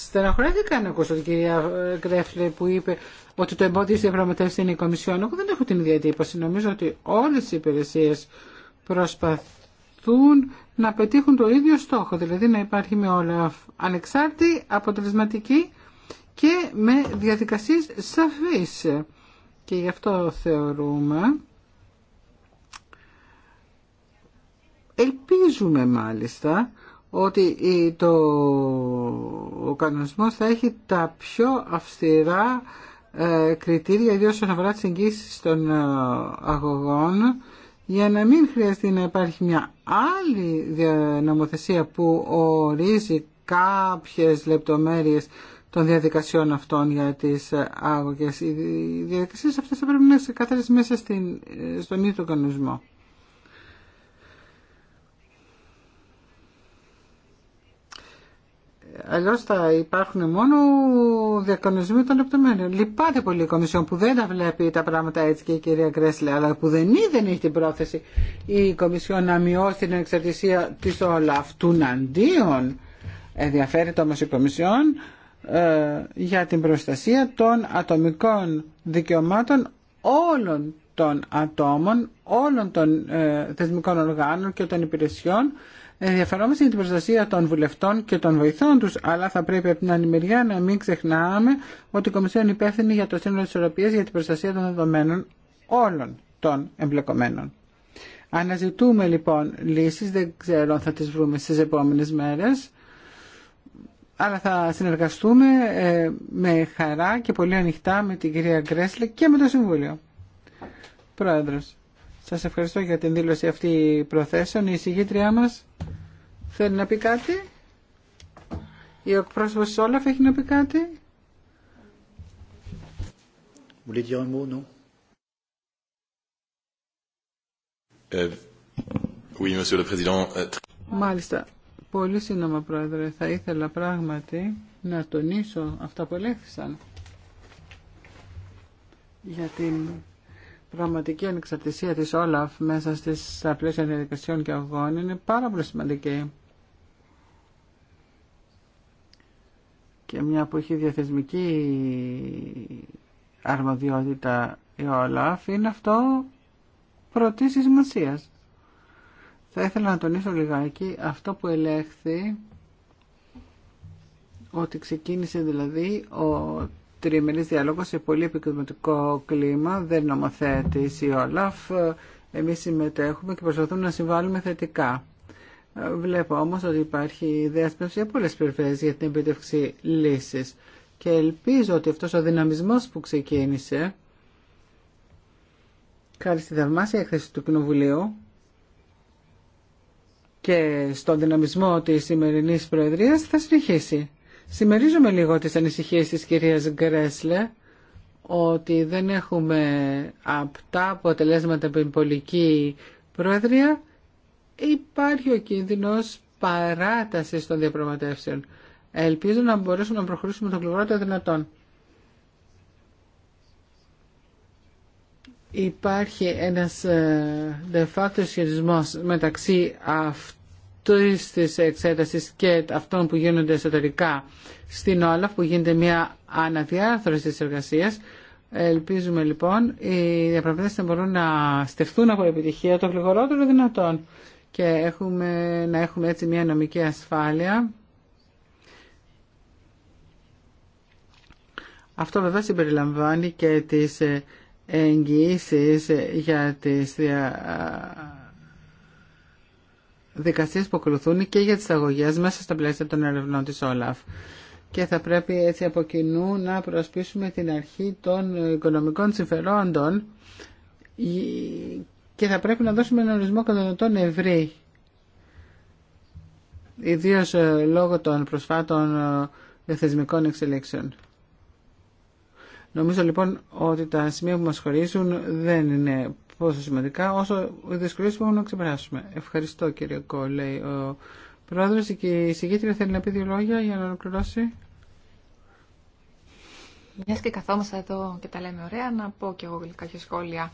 στεναχωρέθηκα να ακούσω την κυρία ε, Γκρέφλε που είπε ότι το εμπόδιο στη διαπραγματεύση είναι η Κομισιόν. Εγώ δεν έχω την ίδια εντύπωση. Νομίζω ότι όλε οι υπηρεσίε προσπαθούν να πετύχουν το ίδιο στόχο, δηλαδή να υπάρχει με όλα ανεξάρτητη, αποτελεσματική και με διαδικασίες σαφείς. Και γι' αυτό θεωρούμε, ελπίζουμε μάλιστα, ότι το, ο κανονισμός θα έχει τα πιο αυστηρά ε, κριτήρια, ιδίως όσον αφορά τις εγγύσεις των ε, αγωγών, για να μην χρειαστεί να υπάρχει μια άλλη νομοθεσία που ορίζει κάποιες λεπτομέρειες των διαδικασιών αυτών για τις άγωγες. Ε, Οι διαδικασίες αυτές θα πρέπει να είναι μέσα στην, στον ίδιο κανονισμό. Αλλιώ θα υπάρχουν μόνο διακονισμοί των λεπτομέρειων. Λυπάται πολύ η Κομισιόν που δεν τα βλέπει τα πράγματα έτσι και η κυρία Γκρέσλε αλλά που δεν είδε έχει την πρόθεση η Κομισιόν να μειώσει την εξαρτησία τη όλα αυτούν αντίον. Ενδιαφέρεται όμω η Κομισιόν ε, για την προστασία των ατομικών δικαιωμάτων όλων των ατόμων, όλων των ε, θεσμικών οργάνων και των υπηρεσιών ενδιαφερόμαστε για την προστασία των βουλευτών και των βοηθών τους, αλλά θα πρέπει από την άλλη μεριά να μην ξεχνάμε ότι η Κομισιόν είναι υπεύθυνη για το σύνολο της Ευρωπαϊκή για την προστασία των δεδομένων όλων των εμπλεκομένων. Αναζητούμε λοιπόν λύσεις, δεν ξέρω αν θα τις βρούμε στις επόμενες μέρες, αλλά θα συνεργαστούμε ε, με χαρά και πολύ ανοιχτά με την κυρία Γκρέσλε και με το Συμβούλιο. Πρόεδρος. Σας ευχαριστώ για την δήλωση αυτή προθέσεων. Η εισηγήτριά μας θέλει να πει κάτι. Η εκπρόσωπος της Όλαφ έχει να πει κάτι. Μάλιστα. Πολύ σύντομα, Πρόεδρε. Θα ήθελα πράγματι να τονίσω αυτά που ελέγχθησαν για πραγματική ανεξαρτησία της Όλαφ μέσα στις πλαίσια διαδικασιών και αγών είναι πάρα πολύ σημαντική. Και μια που έχει διαθεσμική αρμοδιότητα η Όλαφ είναι αυτό πρωτή σημασία. Θα ήθελα να τονίσω λιγάκι αυτό που ελέγχθη ότι ξεκίνησε δηλαδή ο τριμελής διάλογος σε πολύ επικοινωνικό κλίμα, δεν νομοθέτης η Όλαφ. Εμείς συμμετέχουμε και προσπαθούμε να συμβάλλουμε θετικά. Βλέπω όμως ότι υπάρχει διάσπευση από πολλές περιφέρειες για την επίτευξη λύσης και ελπίζω ότι αυτός ο δυναμισμός που ξεκίνησε χάρη στη θαυμάσια έκθεση του Κοινοβουλίου και στον δυναμισμό της σημερινής Προεδρίας θα συνεχίσει. Συμμερίζομαι λίγο τις ανησυχίες της κυρίας Γκρέσλε ότι δεν έχουμε απτά αποτελέσματα από την πολιτική πρόεδρια. Υπάρχει ο κίνδυνος παράτασης των διαπραγματεύσεων. Ελπίζω να μπορέσουμε να προχωρήσουμε το των δυνατόν. Υπάρχει ένας ε, de facto μεταξύ αυτών Τη εξέτασης και αυτών που γίνονται εσωτερικά στην Όλαφ, που γίνεται μια αναδιάρθρωση της εργασίας. Ελπίζουμε λοιπόν οι διαπραγματεύσεις να μπορούν να στεφθούν από επιτυχία το γλυγορότερο δυνατόν και έχουμε, να έχουμε έτσι μια νομική ασφάλεια. Αυτό βέβαια συμπεριλαμβάνει και τις εγγυήσεις για τις Δικασίε που ακολουθούν και για τις αγωγέ μέσα στα πλαίσια των ερευνών τη Όλαφ. Και θα πρέπει έτσι από κοινού να προσπίσουμε την αρχή των οικονομικών συμφερόντων και θα πρέπει να δώσουμε ένα ορισμό τον ευρύ. Ιδίως ε, λόγω των προσφάτων ε, θεσμικών εξελίξεων. Νομίζω λοιπόν ότι τα σημεία που μας χωρίζουν δεν είναι πόσο σημαντικά, όσο δυσκολίε μπορούμε να ξεπεράσουμε. Ευχαριστώ κύριε Κό, λέει ο πρόεδρο. Η συγκήτρια θέλει να πει δύο λόγια για να ολοκληρώσει. Μια και καθόμαστε εδώ και τα λέμε ωραία, να πω κι εγώ κάποια σχόλια.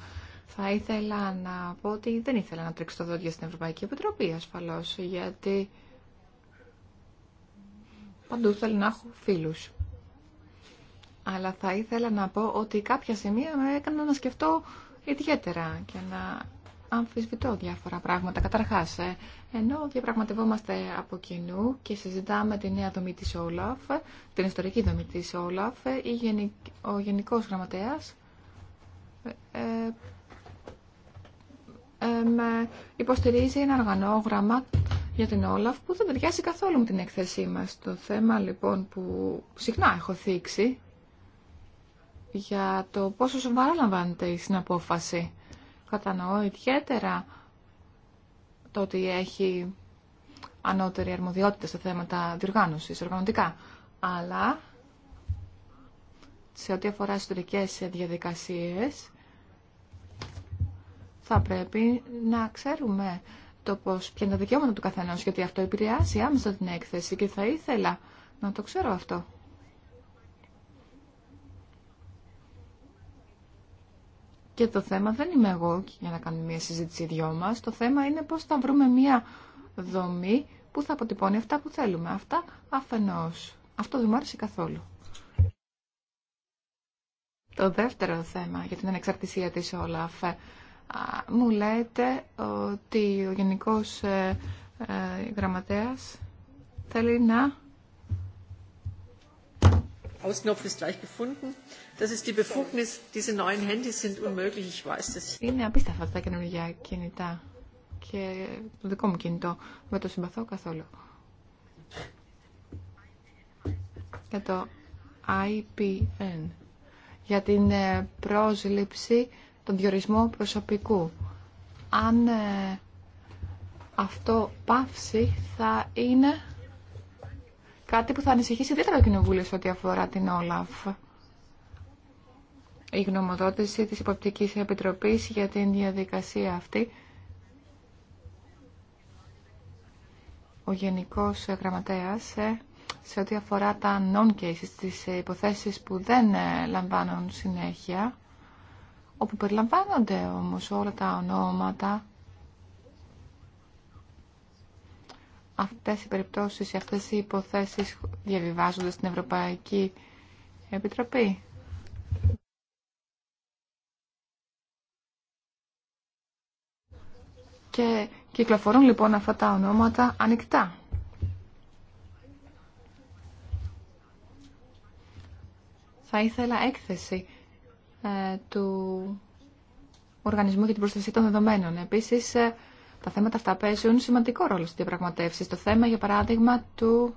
Θα ήθελα να πω ότι δεν ήθελα να τρέξω το δόντια στην Ευρωπαϊκή Επιτροπή ασφαλώ, γιατί παντού θέλω να έχω φίλου. Αλλά θα ήθελα να πω ότι κάποια σημεία με έκανα να σκεφτώ ιδιαίτερα και να αμφισβητώ διάφορα πράγματα. Καταρχάς, ε, ενώ διαπραγματευόμαστε από κοινού και συζητάμε τη νέα δομή τη Όλαφ, την ιστορική δομή τη Όλαφ, ο Γενικός Γραμματέας ε, ε, ε, υποστηρίζει ένα οργανόγραμμα για την Όλαφ που δεν ταιριάζει καθόλου με την έκθεσή μας. Το θέμα λοιπόν που συχνά έχω θίξει για το πόσο σοβαρά λαμβάνεται η συναπόφαση. Κατανοώ ιδιαίτερα το ότι έχει ανώτερη αρμοδιότητα στα θέματα διοργάνωσης, οργανωτικά. Αλλά σε ό,τι αφορά ιστορικές διαδικασίες θα πρέπει να ξέρουμε το πώς, ποια είναι τα δικαιώματα του καθενός, γιατί αυτό επηρεάζει άμεσα την έκθεση και θα ήθελα να το ξέρω αυτό. Και το θέμα δεν είμαι εγώ για να κάνουμε μια συζήτηση δυο Το θέμα είναι πώς θα βρούμε μια δομή που θα αποτυπώνει αυτά που θέλουμε. Αυτά αφενός. Αυτό δεν μου άρεσε καθόλου. Το δεύτερο θέμα για την ανεξαρτησία της Όλαφ. Μου λέτε ότι ο Γενικός ε, ε, Γραμματέας θέλει να είναι απίστευτα αυτά τα καινούργια κινητά και το δικό μου κινητό. με το συμπαθώ καθόλου. Για το IPN, για την ε, πρόσληψη, των διορισμό προσωπικού. Αν ε, αυτό πάυσει θα είναι κάτι που θα ανησυχήσει ιδιαίτερα το Κοινοβούλιο σε ό,τι αφορά την Όλαφ. Η γνωμοδότηση της Υποπτικής Επιτροπής για την διαδικασία αυτή. Ο Γενικός Γραμματέας ε, σε ό,τι αφορά τα non-cases, τις υποθέσεις που δεν ε, λαμβάνουν συνέχεια, όπου περιλαμβάνονται όμως όλα τα ονόματα αυτές οι περιπτώσεις ή αυτές οι υποθέσεις διαβιβάζονται στην Ευρωπαϊκή Επιτροπή. Και κυκλοφορούν λοιπόν αυτά τα ονόματα ανοιχτά. Θα ήθελα έκθεση ε, του Οργανισμού για την Προστασία των Δεδομένων. Επίσης, ε, τα θέματα αυτά παίζουν σημαντικό ρόλο στις διαπραγματεύσεις. Το θέμα, για παράδειγμα, του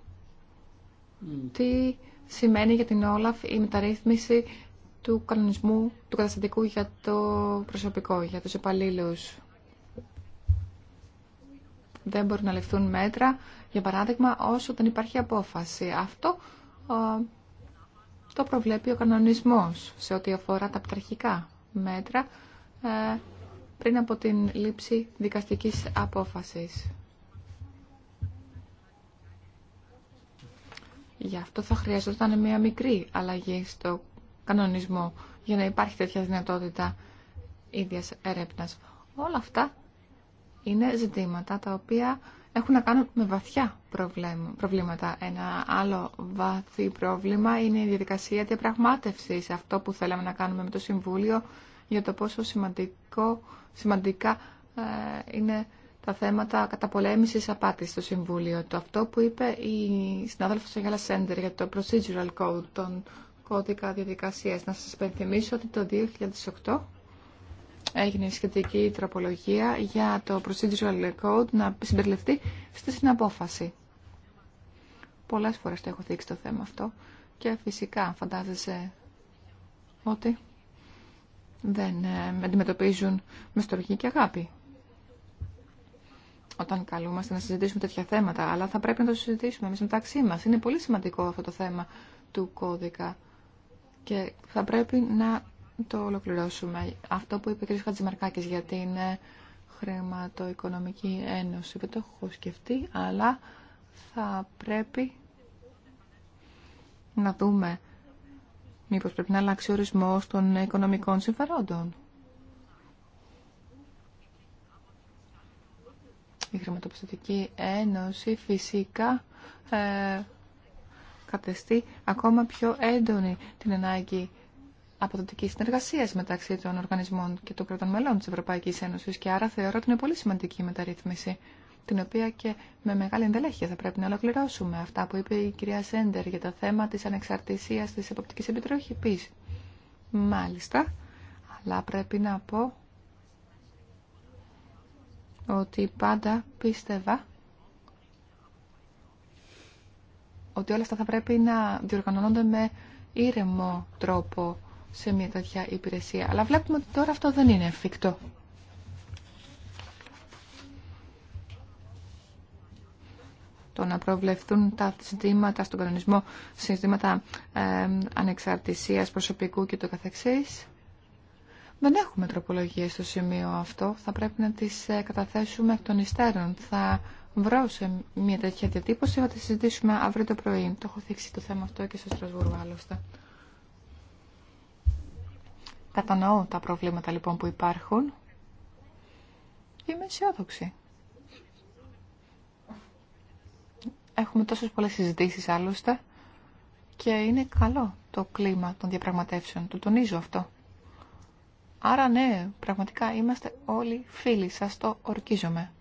τι σημαίνει για την Όλαφ η μεταρρύθμιση του κανονισμού του καταστατικού για το προσωπικό, για τους υπαλλήλου. Δεν μπορούν να ληφθούν μέτρα, για παράδειγμα, όσο δεν υπάρχει απόφαση. Αυτό το προβλέπει ο κανονισμός σε ό,τι αφορά τα πτραχικά μέτρα ε, πριν από την λήψη δικαστικής απόφασης. Γι' αυτό θα χρειαζόταν μια μικρή αλλαγή στο κανονισμό για να υπάρχει τέτοια δυνατότητα ίδιας ερέπνας. Όλα αυτά είναι ζητήματα τα οποία έχουν να κάνουν με βαθιά προβλήματα. Ένα άλλο βαθύ πρόβλημα είναι η διαδικασία διαπραγμάτευσης. Αυτό που θέλαμε να κάνουμε με το Συμβούλιο για το πόσο σημαντικό, σημαντικά ε, είναι τα θέματα καταπολέμησης απάτης στο Συμβούλιο. Το αυτό που είπε η συνάδελφος Αγέλα Σέντερ για το Procedural Code, τον κώδικα διαδικασίας. Να σας πενθυμίσω ότι το 2008 έγινε σχετική τροπολογία για το Procedural Code να συμπεριληφθεί στη συναπόφαση. Πολλές φορές το έχω δείξει το θέμα αυτό και φυσικά φαντάζεσαι ότι δεν με αντιμετωπίζουν με στοργή και αγάπη. Όταν καλούμαστε να συζητήσουμε τέτοια θέματα, αλλά θα πρέπει να το συζητήσουμε εμείς μεταξύ μας. Είναι πολύ σημαντικό αυτό το θέμα του κώδικα και θα πρέπει να το ολοκληρώσουμε. Αυτό που είπε ο κ. Χατζημαρκάκης για την ε, χρηματοοικονομική ένωση, δεν το έχω σκεφτεί, αλλά θα πρέπει να δούμε Μήπως πρέπει να αλλάξει ο ορισμός των οικονομικών συμφερόντων. Η Χρηματοπιστωτική Ένωση φυσικά ε, κατεστεί ακόμα πιο έντονη την ανάγκη αποδοτικής συνεργασίας μεταξύ των οργανισμών και των κρατών μελών της Ευρωπαϊκής Ένωσης και άρα θεωρώ ότι είναι πολύ σημαντική η μεταρρύθμιση την οποία και με μεγάλη ενδελέχεια θα πρέπει να ολοκληρώσουμε αυτά που είπε η κυρία Σέντερ για το θέμα της ανεξαρτησίας της Εποπτικής Επιτροχής. Μάλιστα, αλλά πρέπει να πω ότι πάντα πίστευα ότι όλα αυτά θα πρέπει να διοργανώνονται με ήρεμο τρόπο σε μια τέτοια υπηρεσία. Αλλά βλέπουμε ότι τώρα αυτό δεν είναι εφικτό. το να προβλεφθούν τα συστήματα στον κανονισμό, συστήματα ε, ανεξαρτησίας προσωπικού και το καθεξής. Δεν έχουμε τροπολογίες στο σημείο αυτό. Θα πρέπει να τις ε, καταθέσουμε εκ των υστέρων. Θα βρω σε μια τέτοια διατύπωση. Θα τη συζητήσουμε αύριο το πρωί. Το έχω θίξει το θέμα αυτό και στο Στρασβούργο άλλωστε. Κατανοώ τα προβλήματα λοιπόν που υπάρχουν. Είμαι αισιόδοξη. Έχουμε τόσες πολλές συζητήσεις άλλωστε και είναι καλό το κλίμα των διαπραγματεύσεων. Το τονίζω αυτό. Άρα ναι, πραγματικά είμαστε όλοι φίλοι. Σας το ορκίζομαι.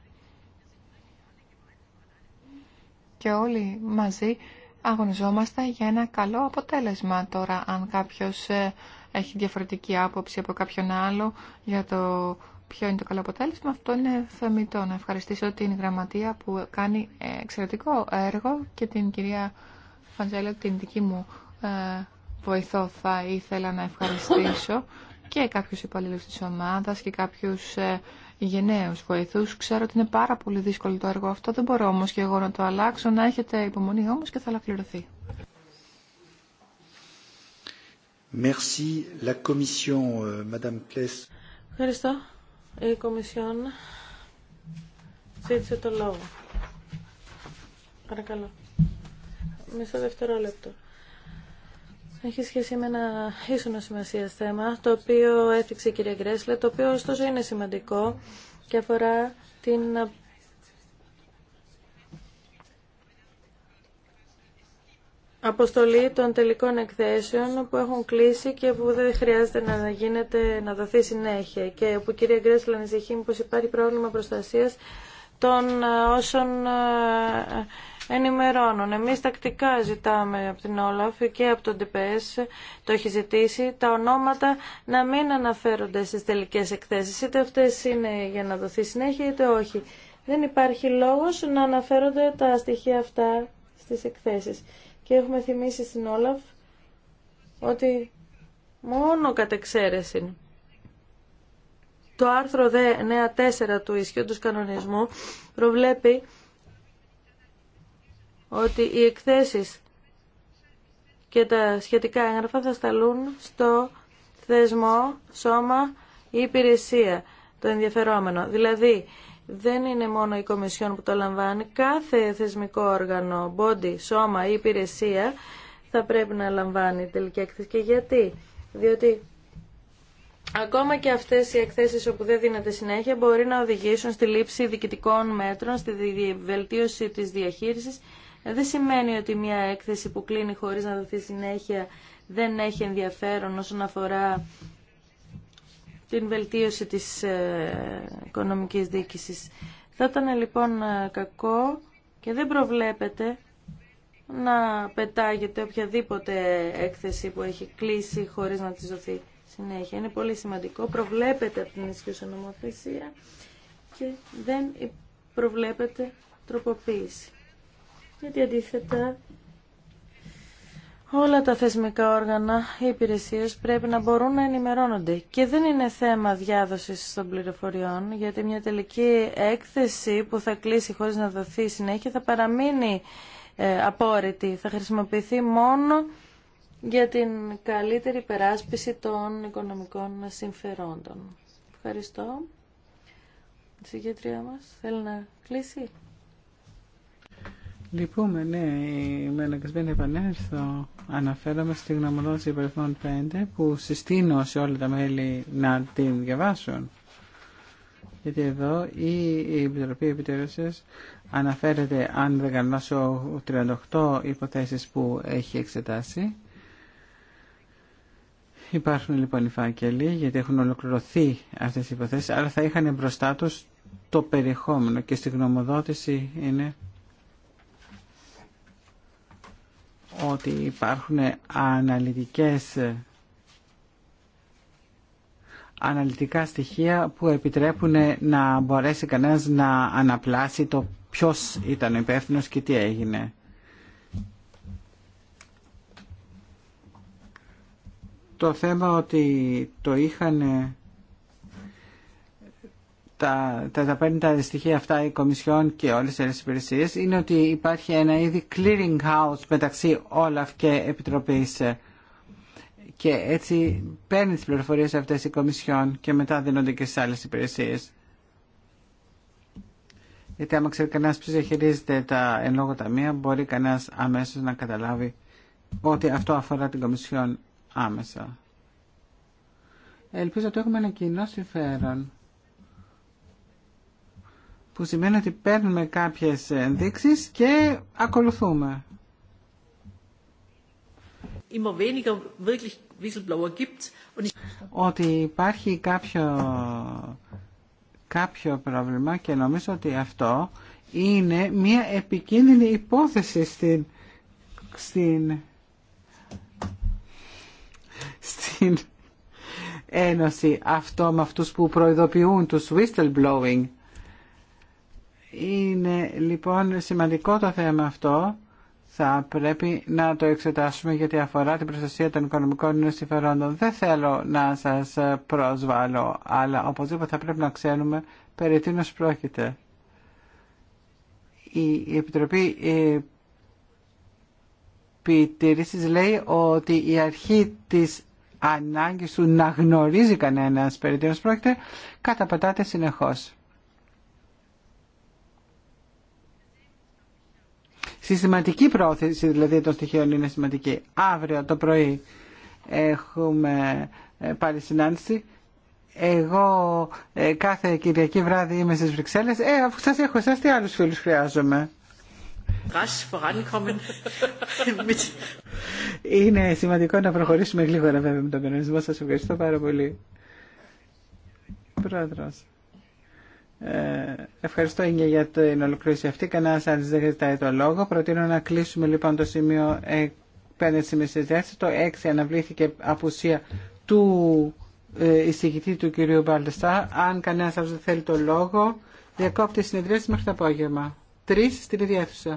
Και όλοι μαζί αγωνιζόμαστε για ένα καλό αποτέλεσμα. Τώρα, αν κάποιος ε, έχει διαφορετική άποψη από κάποιον άλλο για το ποιο είναι το καλό αποτέλεσμα, αυτό είναι θεμητό. Να ευχαριστήσω την γραμματεία που κάνει εξαιρετικό έργο και την κυρία Φαντζέλο, την δική μου ε, βοηθό θα ήθελα να ευχαριστήσω και κάποιους υπαλλήλους της ομάδας και κάποιους ε, γενναίους βοηθούς. Ξέρω ότι είναι πάρα πολύ δύσκολο το έργο αυτό, δεν μπορώ όμως και εγώ να το αλλάξω. Να έχετε υπομονή όμως και θα ολοκληρωθεί. Merci. La commission, euh, Madame Ευχαριστώ. Η Κομισιόν ζήτησε το λόγο. Παρακαλώ. Μισό δευτερόλεπτο. Έχει σχέση με ένα ίσονο σημασία θέμα, το οποίο έθιξε η κυρία Γκρέσλε, το οποίο ωστόσο είναι σημαντικό και αφορά την αποστολή των τελικών εκθέσεων που έχουν κλείσει και που δεν χρειάζεται να γίνεται, να δοθεί συνέχεια και που η κυρία Γκρέσλα ανησυχεί πως υπάρχει πρόβλημα προστασίας των ε, όσων ε, ενημερώνουν. Εμείς τακτικά ζητάμε από την Όλαφ και από τον ΤΠΕΣ, το έχει ζητήσει, τα ονόματα να μην αναφέρονται στις τελικές εκθέσεις, είτε αυτές είναι για να δοθεί συνέχεια είτε όχι. Δεν υπάρχει λόγος να αναφέρονται τα στοιχεία αυτά στις εκθέσεις και έχουμε θυμίσει στην Όλαφ ότι μόνο κατ' εξαίρεση το άρθρο 9.4 του ισχύοντος κανονισμού προβλέπει ότι οι εκθέσεις και τα σχετικά έγγραφα θα σταλούν στο θεσμό, σώμα ή υπηρεσία το ενδιαφερόμενο. Δηλαδή, δεν είναι μόνο η Κομισιόν που το λαμβάνει. Κάθε θεσμικό όργανο, body, σώμα ή υπηρεσία θα πρέπει να λαμβάνει τελική έκθεση. Και γιατί. Διότι Ακόμα και αυτές οι εκθέσεις όπου δεν δίνεται συνέχεια μπορεί να οδηγήσουν στη λήψη διοικητικών μέτρων, στη βελτίωση της διαχείρισης. Δεν σημαίνει ότι μια έκθεση που κλείνει χωρίς να δοθεί συνέχεια δεν έχει ενδιαφέρον όσον αφορά την βελτίωση της ε, οικονομικής διοίκησης. Θα ήταν λοιπόν ε, κακό και δεν προβλέπεται να πετάγεται οποιαδήποτε έκθεση που έχει κλείσει χωρίς να της δοθεί συνέχεια. Είναι πολύ σημαντικό, προβλέπεται από την ισχύουσα νομοθεσία και δεν προβλέπεται τροποποίηση. Γιατί αντίθετα Όλα τα θεσμικά όργανα, οι υπηρεσίες πρέπει να μπορούν να ενημερώνονται. Και δεν είναι θέμα διάδοσης των πληροφοριών, γιατί μια τελική έκθεση που θα κλείσει χωρίς να δοθεί συνέχεια θα παραμείνει ε, απόρριτη. Θα χρησιμοποιηθεί μόνο για την καλύτερη περάσπιση των οικονομικών συμφερόντων. Ευχαριστώ. Η συγκέντριά μας θέλει να κλείσει. Λυπούμε, ναι, είμαι αναγκασμένη να επανέλθω. Αναφέρομαι στη γνωμοδότηση υπ. 5 που συστήνω σε όλα τα μέλη να την διαβάσουν. Γιατί εδώ η Επιτροπή Επιτήρησης αναφέρεται, αν δεν κάνω 38 υποθέσεις που έχει εξετάσει. Υπάρχουν λοιπόν οι φάκελοι, γιατί έχουν ολοκληρωθεί αυτές οι υποθέσεις, αλλά θα είχαν μπροστά τους το περιεχόμενο και στη γνωμοδότηση είναι ότι υπάρχουν αναλυτικές αναλυτικά στοιχεία που επιτρέπουν να μπορέσει κανένας να αναπλάσει το ποιος ήταν ο υπεύθυνο και τι έγινε. Το θέμα ότι το είχαν τα, τα, τα παίρνει τα στοιχεία αυτά η Κομισιόν και όλε τι άλλε υπηρεσίε είναι ότι υπάρχει ένα είδη clearing house μεταξύ Όλαφ και επιτροπή. και έτσι παίρνει τι πληροφορίε αυτέ η Κομισιόν και μετά δίνονται και στι άλλε υπηρεσίε. Γιατί άμα ξέρει κανένα ποιο διαχειρίζεται τα εν λόγω ταμεία, μπορεί κανένα αμέσω να καταλάβει ότι αυτό αφορά την Κομισιόν άμεσα. Ελπίζω ότι έχουμε ένα κοινό συμφέρον που σημαίνει ότι παίρνουμε κάποιες ενδείξεις και ακολουθούμε. Ότι υπάρχει κάποιο, κάποιο πρόβλημα και νομίζω ότι αυτό είναι μια επικίνδυνη υπόθεση στην, στην, στην Ένωση αυτό με αυτούς που προειδοποιούν τους whistleblowing είναι λοιπόν σημαντικό το θέμα αυτό. Θα πρέπει να το εξετάσουμε γιατί αφορά την προστασία των οικονομικών συμφερόντων. Δεν θέλω να σας προσβάλλω, αλλά οπωσδήποτε θα πρέπει να ξέρουμε περί τίνος πρόκειται. Η Επιτροπή ε, Επιτηρήσεις λέει ότι η αρχή της ανάγκης του να γνωρίζει κανένας περί τίνος πρόκειται καταπατάται συνεχώς. Συστηματική πρόθεση δηλαδή των στοιχείων είναι σημαντική. Αύριο το πρωί έχουμε ε, πάλι συνάντηση. Εγώ ε, κάθε Κυριακή βράδυ είμαι στις Βρυξέλλες. Ε, αφού σας έχω εσάς, τι άλλους φίλους χρειάζομαι. Είναι σημαντικό να προχωρήσουμε γλίγορα βέβαια με τον κανονισμό. Σας ευχαριστώ πάρα πολύ. Πρόεδρος. Ε, ευχαριστώ για την ολοκλήρωση αυτή. Κανένα άλλο δεν ζητάει το λόγο. Προτείνω να κλείσουμε λοιπόν το σημείο 5 τη διάθεση, Το 6 αναβλήθηκε απουσία του ε, εισηγητή του κυρίου Μπαλτεστά. Αν κανένα άλλο δεν θέλει το λόγο, διακόπτει η συνεδρίαση μέχρι το απόγευμα. Τρει στην ίδια